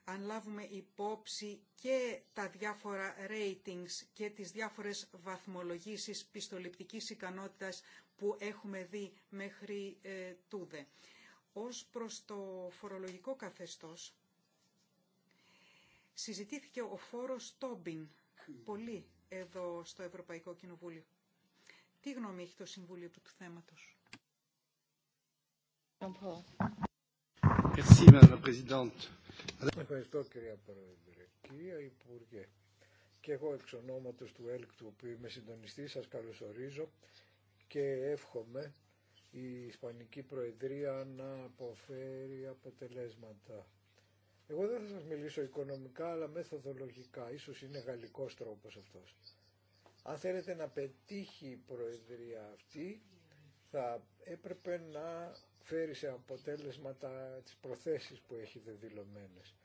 Αν λάβουμε υπόψη και τα διάφορα ratings και τις διάφορες βαθμολογήσεις πιστοληπτικής ικανότητας που έχουμε δει μέχρι ε, τούδε. Ως προς το φορολογικό καθεστώς, συζητήθηκε ο φόρος Τόμπιν πολύ εδώ στο Ευρωπαϊκό Κοινοβούλιο. Τι γνώμη έχει το Συμβούλιο του, του θέματος. Ευχαριστώ κυρία Πρόεδρε. Κυρία Υπουργέ, και εγώ εξ ονόματος του ΕΛΚ του οποίου είμαι συντονιστής σας καλωσορίζω και εύχομαι η Ισπανική Προεδρία να αποφέρει αποτελέσματα. Εγώ δεν θα σας μιλήσω οικονομικά αλλά μεθοδολογικά, ίσως είναι γαλλικός τρόπος αυτός. Αν θέλετε να πετύχει η Προεδρία αυτή, θα έπρεπε να φέρει σε αποτέλεσμα τα, τις προθέσεις που έχει δηλωμένες.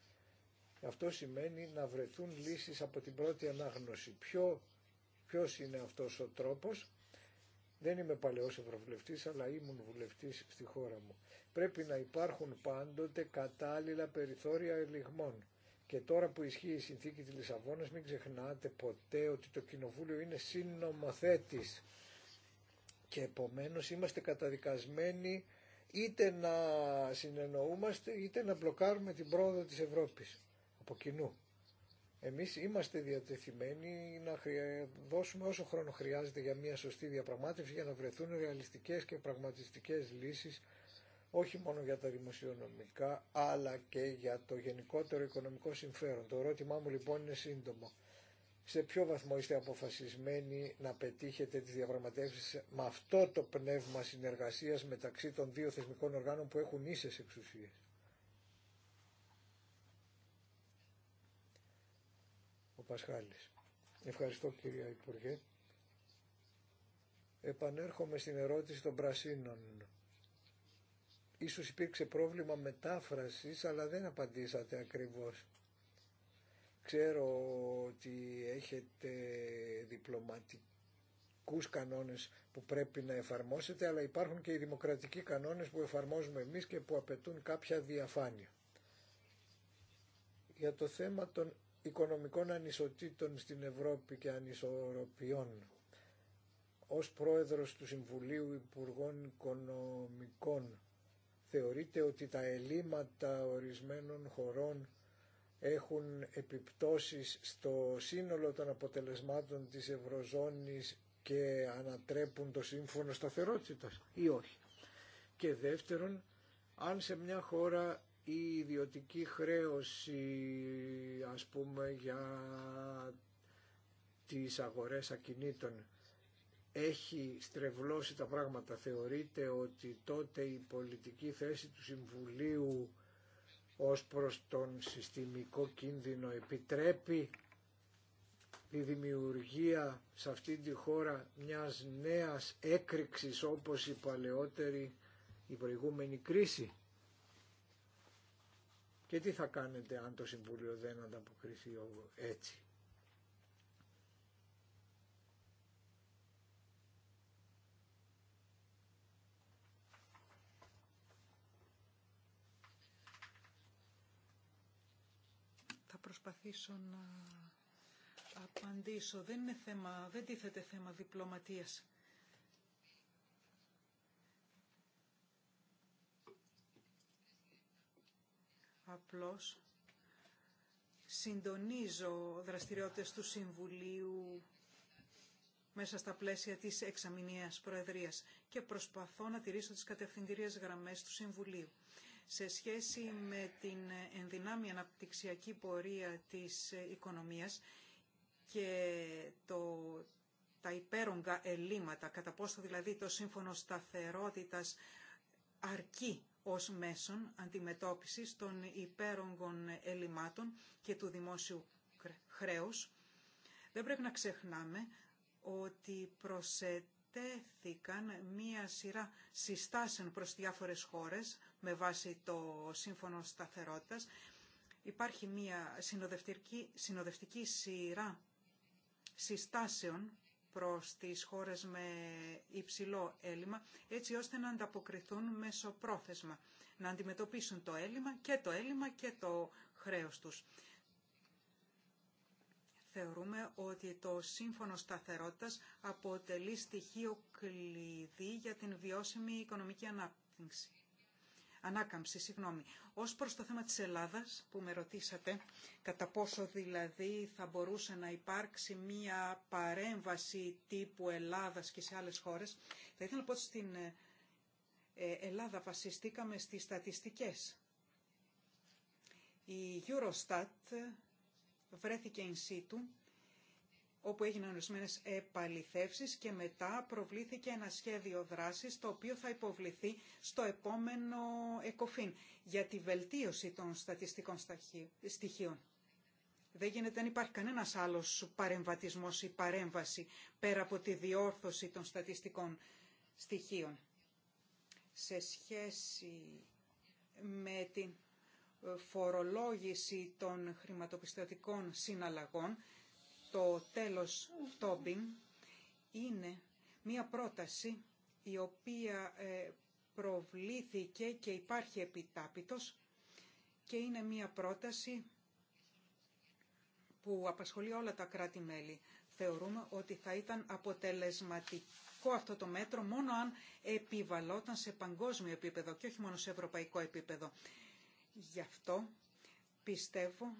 Αυτό σημαίνει να βρεθούν λύσεις από την πρώτη ανάγνωση. Ποιο, ποιος είναι αυτός ο τρόπος δεν είμαι παλαιός ευρωβουλευτής, αλλά ήμουν βουλευτής στη χώρα μου. Πρέπει να υπάρχουν πάντοτε κατάλληλα περιθώρια ελιγμών. Και τώρα που ισχύει η συνθήκη της Λισαβόνας, μην ξεχνάτε ποτέ ότι το Κοινοβούλιο είναι συνομοθέτης. Και επομένως είμαστε καταδικασμένοι είτε να συνεννοούμαστε είτε να μπλοκάρουμε την πρόοδο της Ευρώπης από κοινού. Εμείς είμαστε διατεθειμένοι να δώσουμε όσο χρόνο χρειάζεται για μια σωστή διαπραγμάτευση για να βρεθούν ρεαλιστικές και πραγματιστικές λύσεις όχι μόνο για τα δημοσιονομικά αλλά και για το γενικότερο οικονομικό συμφέρον. Το ερώτημά μου λοιπόν είναι σύντομο. Σε ποιο βαθμό είστε αποφασισμένοι να πετύχετε τις διαπραγματεύσεις με αυτό το πνεύμα συνεργασίας μεταξύ των δύο θεσμικών οργάνων που έχουν ίσες εξουσίες. Πασχάλης. Ευχαριστώ κυρία Υπουργέ. Επανέρχομαι στην ερώτηση των πρασίνων. Ίσως υπήρξε πρόβλημα μετάφρασης, αλλά δεν απαντήσατε ακριβώς. Ξέρω ότι έχετε διπλωματικούς κανόνες που πρέπει να εφαρμόσετε, αλλά υπάρχουν και οι δημοκρατικοί κανόνες που εφαρμόζουμε εμείς και που απαιτούν κάποια διαφάνεια. Για το θέμα των οικονομικών ανισοτήτων στην Ευρώπη και ανισορροπιών. Ως πρόεδρος του Συμβουλίου Υπουργών Οικονομικών θεωρείτε ότι τα ελλείμματα ορισμένων χωρών έχουν επιπτώσεις στο σύνολο των αποτελεσμάτων της Ευρωζώνης και ανατρέπουν το σύμφωνο σταθερότητας ή όχι. Και δεύτερον, αν σε μια χώρα η ιδιωτική χρέωση ας πούμε για τις αγορές ακινήτων έχει στρεβλώσει τα πράγματα. Θεωρείτε ότι τότε η πολιτική θέση του Συμβουλίου ως προς τον συστημικό κίνδυνο επιτρέπει τη δημιουργία σε αυτή τη χώρα μιας νέας έκρηξης όπως η παλαιότερη η προηγούμενη κρίση. Και τι θα κάνετε αν το Συμβούλιο δεν ανταποκριθεί έτσι. Θα προσπαθήσω να απαντήσω. Δεν είναι θέμα, δεν τίθεται θέμα διπλωματίας. απλώς συντονίζω δραστηριότητες του Συμβουλίου μέσα στα πλαίσια της εξαμηνίας Προεδρίας και προσπαθώ να τηρήσω τις κατευθυντηρίες γραμμές του Συμβουλίου. Σε σχέση με την ενδυνάμει αναπτυξιακή πορεία της οικονομίας και το, τα υπέρογκα ελλείμματα, κατά πόσο δηλαδή το σύμφωνο σταθερότητας αρκεί ως μέσον αντιμετώπισης των υπέρογγων ελλημάτων και του δημόσιου χρέους. Δεν πρέπει να ξεχνάμε ότι προσετέθηκαν μία σειρά συστάσεων προς διάφορες χώρες με βάση το Σύμφωνο Σταθερότητας. Υπάρχει μία συνοδευτική σειρά συστάσεων προς τις χώρες με υψηλό έλλειμμα, έτσι ώστε να ανταποκριθούν μεσοπρόθεσμα, να αντιμετωπίσουν το έλλειμμα και το έλλειμμα και το χρέος τους. Θεωρούμε ότι το Σύμφωνο Σταθερότητας αποτελεί στοιχείο κλειδί για την βιώσιμη οικονομική ανάπτυξη ανάκαμψη, συγγνώμη. Ως προς το θέμα της Ελλάδας που με ρωτήσατε, κατά πόσο δηλαδή θα μπορούσε να υπάρξει μία παρέμβαση τύπου Ελλάδας και σε άλλες χώρες, θα ήθελα να πω ότι στην ε, ε, Ελλάδα βασιστήκαμε στις στατιστικές. Η Eurostat βρέθηκε in situ όπου έγιναν ορισμένε επαληθεύσεις και μετά προβλήθηκε ένα σχέδιο δράσης το οποίο θα υποβληθεί στο επόμενο ΕΚΟΦΗΝ για τη βελτίωση των στατιστικών στοιχείων. Δεν γίνεται, δεν υπάρχει κανένας άλλος παρεμβατισμός ή παρέμβαση πέρα από τη διόρθωση των στατιστικών στοιχείων. Σε σχέση με την φορολόγηση των χρηματοπιστωτικών συναλλαγών, το τέλος τόμπιν είναι μία πρόταση η οποία ε, προβλήθηκε και υπάρχει επιτάπητος και είναι μία πρόταση που απασχολεί όλα τα κράτη-μέλη. Θεωρούμε ότι θα ήταν αποτελεσματικό αυτό το μέτρο μόνο αν επιβαλόταν σε παγκόσμιο επίπεδο και όχι μόνο σε ευρωπαϊκό επίπεδο. Γι' αυτό πιστεύω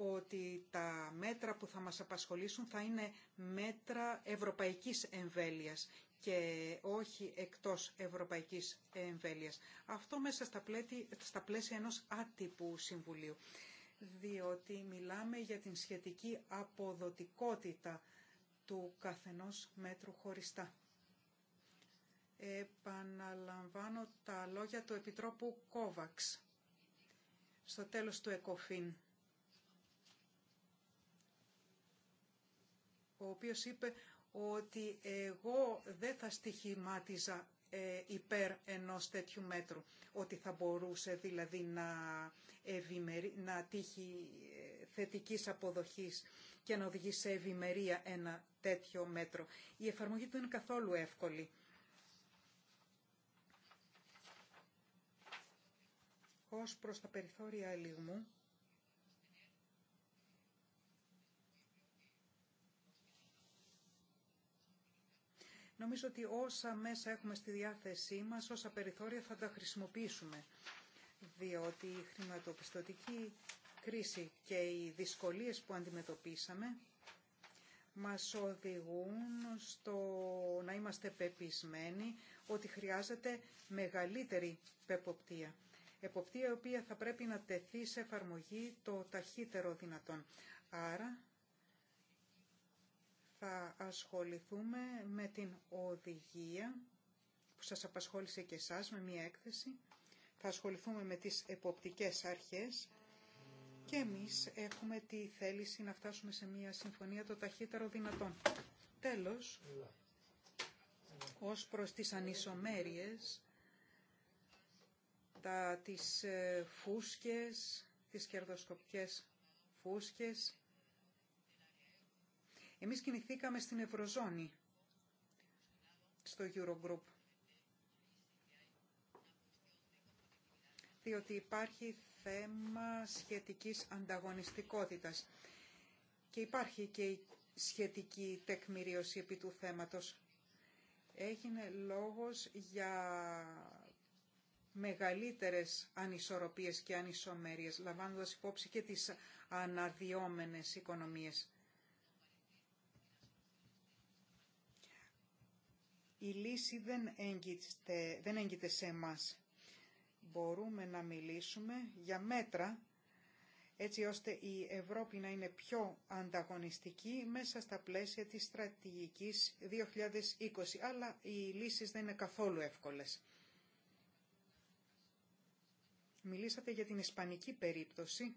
ότι τα μέτρα που θα μας απασχολήσουν θα είναι μέτρα ευρωπαϊκής εμβέλειας και όχι εκτός ευρωπαϊκής εμβέλειας. Αυτό μέσα στα, πλέτη, πλαίσια ενός άτυπου συμβουλίου, διότι μιλάμε για την σχετική αποδοτικότητα του καθενός μέτρου χωριστά. Επαναλαμβάνω τα λόγια του Επιτρόπου Κόβαξ στο τέλος του ΕΚΟΦΗΝ ο οποίος είπε ότι εγώ δεν θα στοιχηματίζα ε, υπέρ ενός τέτοιου μέτρου, ότι θα μπορούσε δηλαδή να, να τύχει ε, θετικής αποδοχής και να οδηγεί σε ευημερία ένα τέτοιο μέτρο. Η εφαρμογή του είναι καθόλου εύκολη. Ως προς τα περιθώρια ελιγμού, Νομίζω ότι όσα μέσα έχουμε στη διάθεσή μας, όσα περιθώρια θα τα χρησιμοποιήσουμε, διότι η χρηματοπιστωτική κρίση και οι δυσκολίες που αντιμετωπίσαμε μας οδηγούν στο να είμαστε πεπισμένοι ότι χρειάζεται μεγαλύτερη πεποπτεία. Εποπτεία η οποία θα πρέπει να τεθεί σε εφαρμογή το ταχύτερο δυνατόν. Άρα θα ασχοληθούμε με την οδηγία που σας απασχόλησε και εσάς με μια έκθεση. Θα ασχοληθούμε με τις εποπτικές αρχές και εμείς έχουμε τη θέληση να φτάσουμε σε μια συμφωνία το ταχύτερο δυνατόν. Τέλος, ως προς τις ανισομέρειες, τα, τις ε, φούσκες, τις κερδοσκοπικές φούσκες, εμείς κινηθήκαμε στην Ευρωζώνη, στο Eurogroup, διότι υπάρχει θέμα σχετικής ανταγωνιστικότητας και υπάρχει και η σχετική τεκμηρίωση επί του θέματος. Έγινε λόγος για μεγαλύτερες ανισορροπίες και ανισομέρειες, λαμβάνοντας υπόψη και τις αναδιόμενες οικονομίες. Η λύση δεν έγκυται, δεν έγκυται σε εμάς. Μπορούμε να μιλήσουμε για μέτρα έτσι ώστε η Ευρώπη να είναι πιο ανταγωνιστική μέσα στα πλαίσια της στρατηγικής 2020, αλλά οι λύσεις δεν είναι καθόλου εύκολες. Μιλήσατε για την ισπανική περίπτωση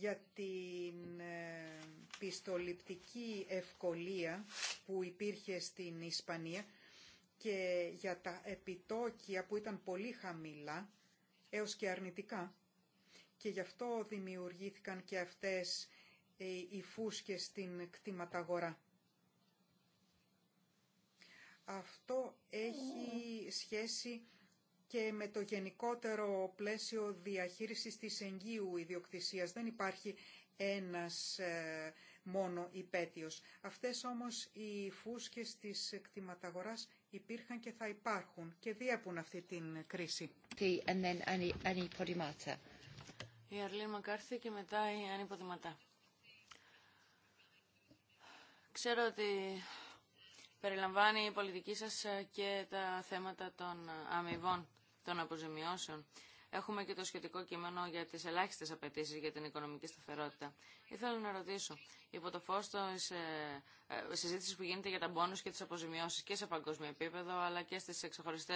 για την ε, πιστοληπτική ευκολία που υπήρχε στην Ισπανία και για τα επιτόκια που ήταν πολύ χαμηλά έως και αρνητικά και γι' αυτό δημιουργήθηκαν και αυτές ε, οι φούσκες στην κτηματαγορά. Αυτό έχει σχέση και με το γενικότερο πλαίσιο διαχείρισης της εγγύου ιδιοκτησίας. Δεν υπάρχει ένας ε, μόνο υπέτειος. Αυτές όμως οι φούσκες της κτηματαγοράς υπήρχαν και θα υπάρχουν και διέπουν αυτή την κρίση. η Αρλή Μακάρθη και μετά η Άννη Ξέρω ότι περιλαμβάνει η πολιτική σας και τα θέματα των αμοιβών των αποζημιώσεων. Έχουμε και το σχετικό κείμενο για τι ελάχιστε απαιτήσει για την οικονομική σταθερότητα. Ήθελα να ρωτήσω, υπό το φω τη ε, ε, συζήτηση που γίνεται για τα μπόνου και τι αποζημιώσει και σε παγκόσμιο επίπεδο, αλλά και στι εξεχωριστέ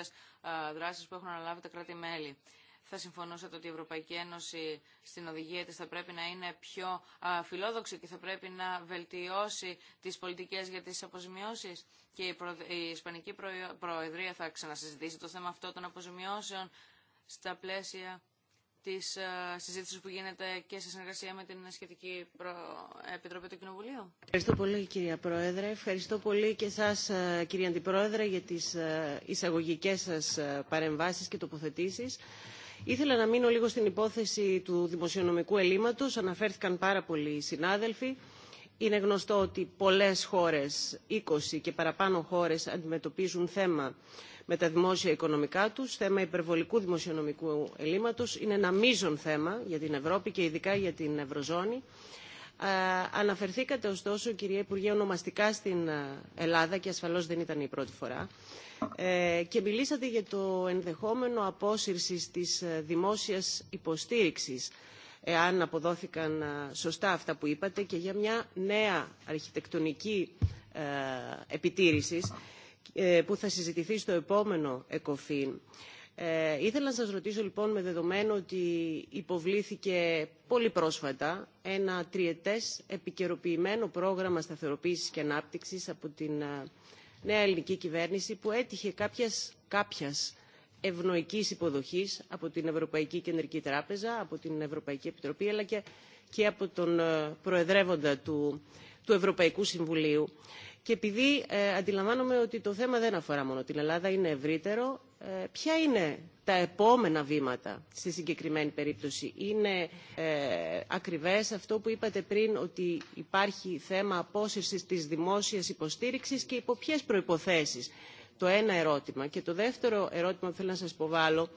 ε, δράσει που έχουν αναλάβει τα κράτη-μέλη, θα συμφωνούσατε ότι η Ευρωπαϊκή Ένωση στην οδηγία της θα πρέπει να είναι πιο φιλόδοξη και θα πρέπει να βελτιώσει τις πολιτικές για τις αποζημιώσεις και η Ισπανική Προεδρία θα ξανασυζητήσει το θέμα αυτό των αποζημιώσεων στα πλαίσια της συζήτησης που γίνεται και σε συνεργασία με την σχετική Επιτροπή του Κοινοβουλίου. Ευχαριστώ πολύ κυρία Πρόεδρε. Ευχαριστώ πολύ και σας κυρία Αντιπρόεδρε για τις εισαγωγικές σας παρεμβάσεις και τοποθετήσεις. Ήθελα να μείνω λίγο στην υπόθεση του δημοσιονομικού ελλείμματος. Αναφέρθηκαν πάρα πολλοί συνάδελφοι. Είναι γνωστό ότι πολλές χώρες, 20 και παραπάνω χώρες, αντιμετωπίζουν θέμα με τα δημόσια οικονομικά τους. Θέμα υπερβολικού δημοσιονομικού ελλείμματος είναι ένα μείζον θέμα για την Ευρώπη και ειδικά για την Ευρωζώνη. Αναφερθήκατε ωστόσο, κυρία Υπουργέ, ονομαστικά στην Ελλάδα και ασφαλώς δεν ήταν η πρώτη φορά. Ε, και μιλήσατε για το ενδεχόμενο απόσυρσης της ε, δημόσιας υποστήριξης εάν αποδόθηκαν ε, σωστά αυτά που είπατε και για μια νέα αρχιτεκτονική επιτήρησης που θα συζητηθεί στο επόμενο ΕΚΟΦΗΝ. ήθελα να σας ρωτήσω λοιπόν με δεδομένο ότι υποβλήθηκε πολύ πρόσφατα ένα τριετές επικαιροποιημένο πρόγραμμα σταθεροποίησης και ανάπτυξης από την νέα ελληνική κυβέρνηση που έτυχε κάποιας, ευνοική ευνοϊκής υποδοχής από την Ευρωπαϊκή Κεντρική Τράπεζα, από την Ευρωπαϊκή Επιτροπή αλλά και, από τον ε, προεδρεύοντα του, Ευρωπαϊκού Συμβουλίου. Και επειδή ε, αντιλαμβάνομαι ότι το θέμα δεν αφορά μόνο την Ελλάδα, είναι ευρύτερο, ε, ποια είναι τα επόμενα βήματα στη συγκεκριμένη περίπτωση. Είναι ε, ακριβές αυτό που είπατε πριν ότι υπάρχει θέμα απόσυρσης της δημόσιας υποστήριξης και υπό ποιες προϋποθέσεις. Το ένα ερώτημα. Και το δεύτερο ερώτημα που θέλω να σας υποβάλω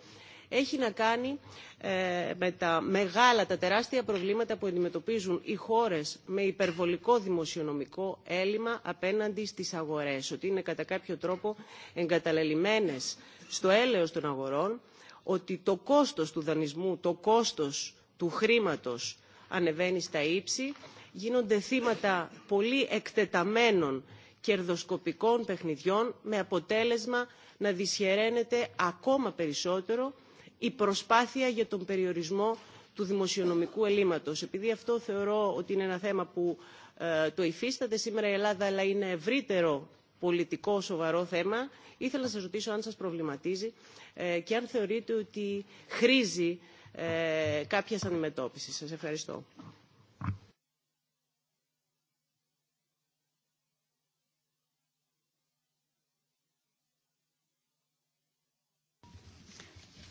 έχει να κάνει ε, με τα μεγάλα, τα τεράστια προβλήματα που αντιμετωπίζουν οι χώρες με υπερβολικό δημοσιονομικό έλλειμμα απέναντι στις αγορές, ότι είναι κατά κάποιο τρόπο εγκαταλελειμμένες στο έλεος των αγορών, ότι το κόστος του δανεισμού, το κόστος του χρήματος ανεβαίνει στα ύψη, γίνονται θύματα πολύ εκτεταμένων κερδοσκοπικών παιχνιδιών με αποτέλεσμα να δυσχεραίνεται ακόμα περισσότερο η προσπάθεια για τον περιορισμό του δημοσιονομικού ελλείμματος. Επειδή αυτό θεωρώ ότι είναι ένα θέμα που ε, το υφίσταται σήμερα η Ελλάδα, αλλά είναι ευρύτερο πολιτικό σοβαρό θέμα, ήθελα να σας ρωτήσω αν σας προβληματίζει ε, και αν θεωρείτε ότι χρήζει ε, κάποιας αντιμετώπισης. Σας ευχαριστώ.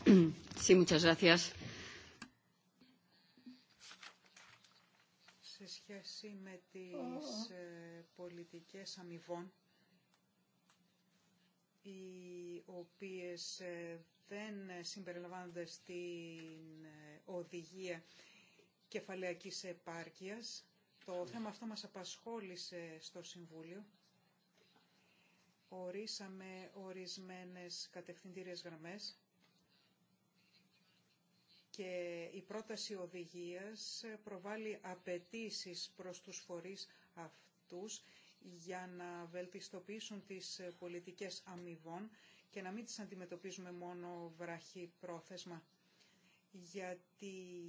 Σε σχέση με τις ε, πολιτικές αμοιβών, οι οποίες ε, δεν συμπεριλαμβάνονται στην ε, οδηγία κεφαλαιακής επάρκειας, το θέμα αυτό μας απασχόλησε στο Συμβούλιο. Ορίσαμε ορισμένες κατευθυντήριες γραμμές και η πρόταση οδηγίας προβάλλει απαιτήσεις προς τους φορείς αυτούς για να βελτιστοποιήσουν τις πολιτικές αμοιβών και να μην τις αντιμετωπίζουμε μόνο βραχή πρόθεσμα. Γιατί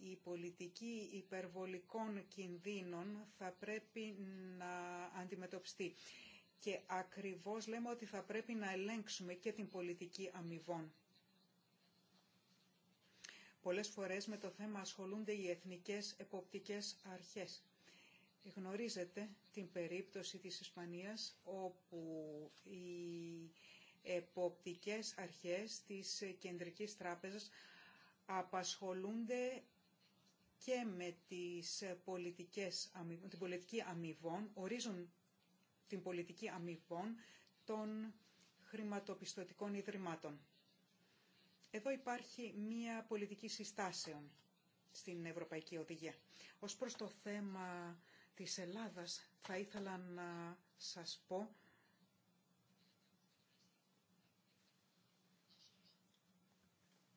η πολιτική υπερβολικών κινδύνων θα πρέπει να αντιμετωπιστεί. Και ακριβώς λέμε ότι θα πρέπει να ελέγξουμε και την πολιτική αμοιβών. Πολλές φορές με το θέμα ασχολούνται οι εθνικές εποπτικές αρχές. Γνωρίζετε την περίπτωση της Ισπανίας όπου οι εποπτικές αρχές της Κεντρικής Τράπεζας απασχολούνται και με τις πολιτικές, την πολιτική αμοιβών, ορίζουν την πολιτική αμοιβών των χρηματοπιστωτικών ιδρυμάτων. Εδώ υπάρχει μία πολιτική συστάσεων στην Ευρωπαϊκή Οδηγία. Ως προς το θέμα της Ελλάδας θα ήθελα να σας πω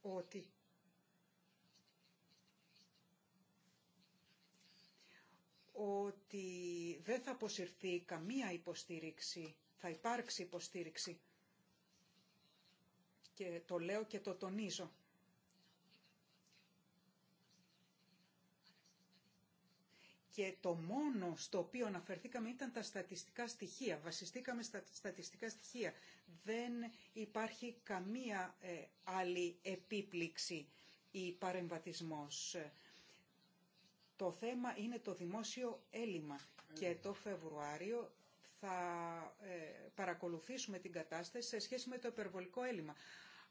ότι ότι δεν θα αποσυρθεί καμία υποστήριξη, θα υπάρξει υποστήριξη και το λέω και το τονίζω. Και το μόνο στο οποίο αναφερθήκαμε ήταν τα στατιστικά στοιχεία. Βασιστήκαμε στα στατιστικά στοιχεία. Δεν υπάρχει καμία ε, άλλη επίπληξη ή παρεμβατισμός. Το θέμα είναι το δημόσιο έλλειμμα. Και το Φεβρουάριο θα ε, παρακολουθήσουμε την κατάσταση σε σχέση με το υπερβολικό έλλειμμα.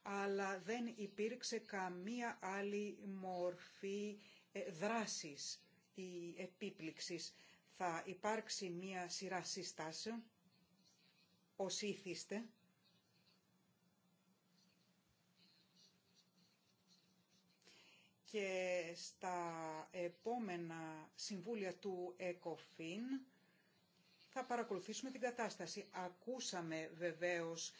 Αλλά δεν υπήρξε καμία άλλη μορφή ε, δράσης ή επίπληξης. Θα υπάρξει μία σειρά συστάσεων, ως ήθιστε, και στα επόμενα συμβούλια του ΕΚΟΦΗΝ θα παρακολουθήσουμε την κατάσταση. Ακούσαμε βεβαίως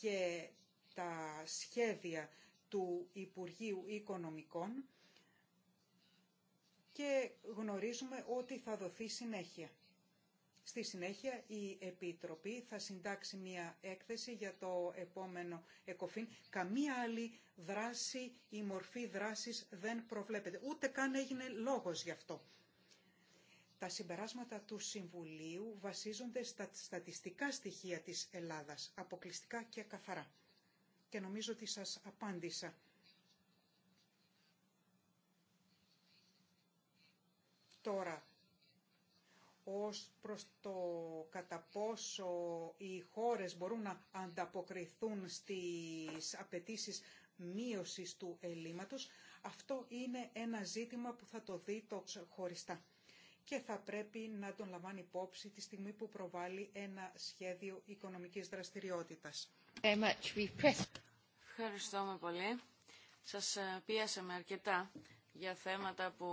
και τα σχέδια του Υπουργείου Οικονομικών και γνωρίζουμε ότι θα δοθεί συνέχεια. Στη συνέχεια η Επιτροπή θα συντάξει μία έκθεση για το επόμενο ΕΚΟΦΗΝ. Καμία άλλη δράση ή μορφή δράσης δεν προβλέπεται. Ούτε καν έγινε λόγος γι' αυτό τα συμπεράσματα του Συμβουλίου βασίζονται στα στατιστικά στοιχεία της Ελλάδας, αποκλειστικά και καθαρά. Και νομίζω ότι σας απάντησα. Τώρα, ως προς το κατά πόσο οι χώρες μπορούν να ανταποκριθούν στις απαιτήσεις μείωσης του ελλείμματος, αυτό είναι ένα ζήτημα που θα το δει το χωριστά και θα πρέπει να τον λαμβάνει υπόψη τη στιγμή που προβάλλει ένα σχέδιο οικονομικής δραστηριότητας. Ευχαριστούμε πολύ. Σας ε, πίασαμε αρκετά για θέματα που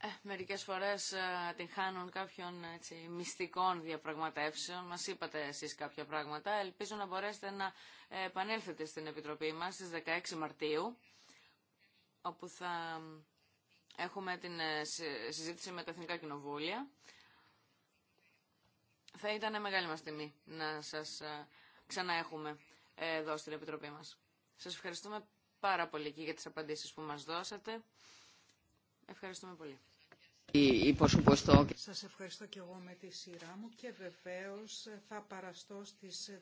ε, μερικές φορές ε, την χάνουν κάποιων έτσι, μυστικών διαπραγματεύσεων. Μας είπατε εσείς κάποια πράγματα. Ελπίζω να μπορέσετε να ε, επανέλθετε στην Επιτροπή μας στις 16 Μαρτίου, όπου θα Έχουμε την ε, συζήτηση με τα Εθνικά Κοινοβούλια. Θα ήταν μεγάλη μας τιμή να σας ε, ξαναέχουμε ε, εδώ στην Επιτροπή μας. Σας ευχαριστούμε πάρα πολύ και για τις απαντήσεις που μας δώσατε. Ευχαριστούμε πολύ. Σας ευχαριστώ και εγώ με τη σειρά μου και βεβαίως θα παραστώ στις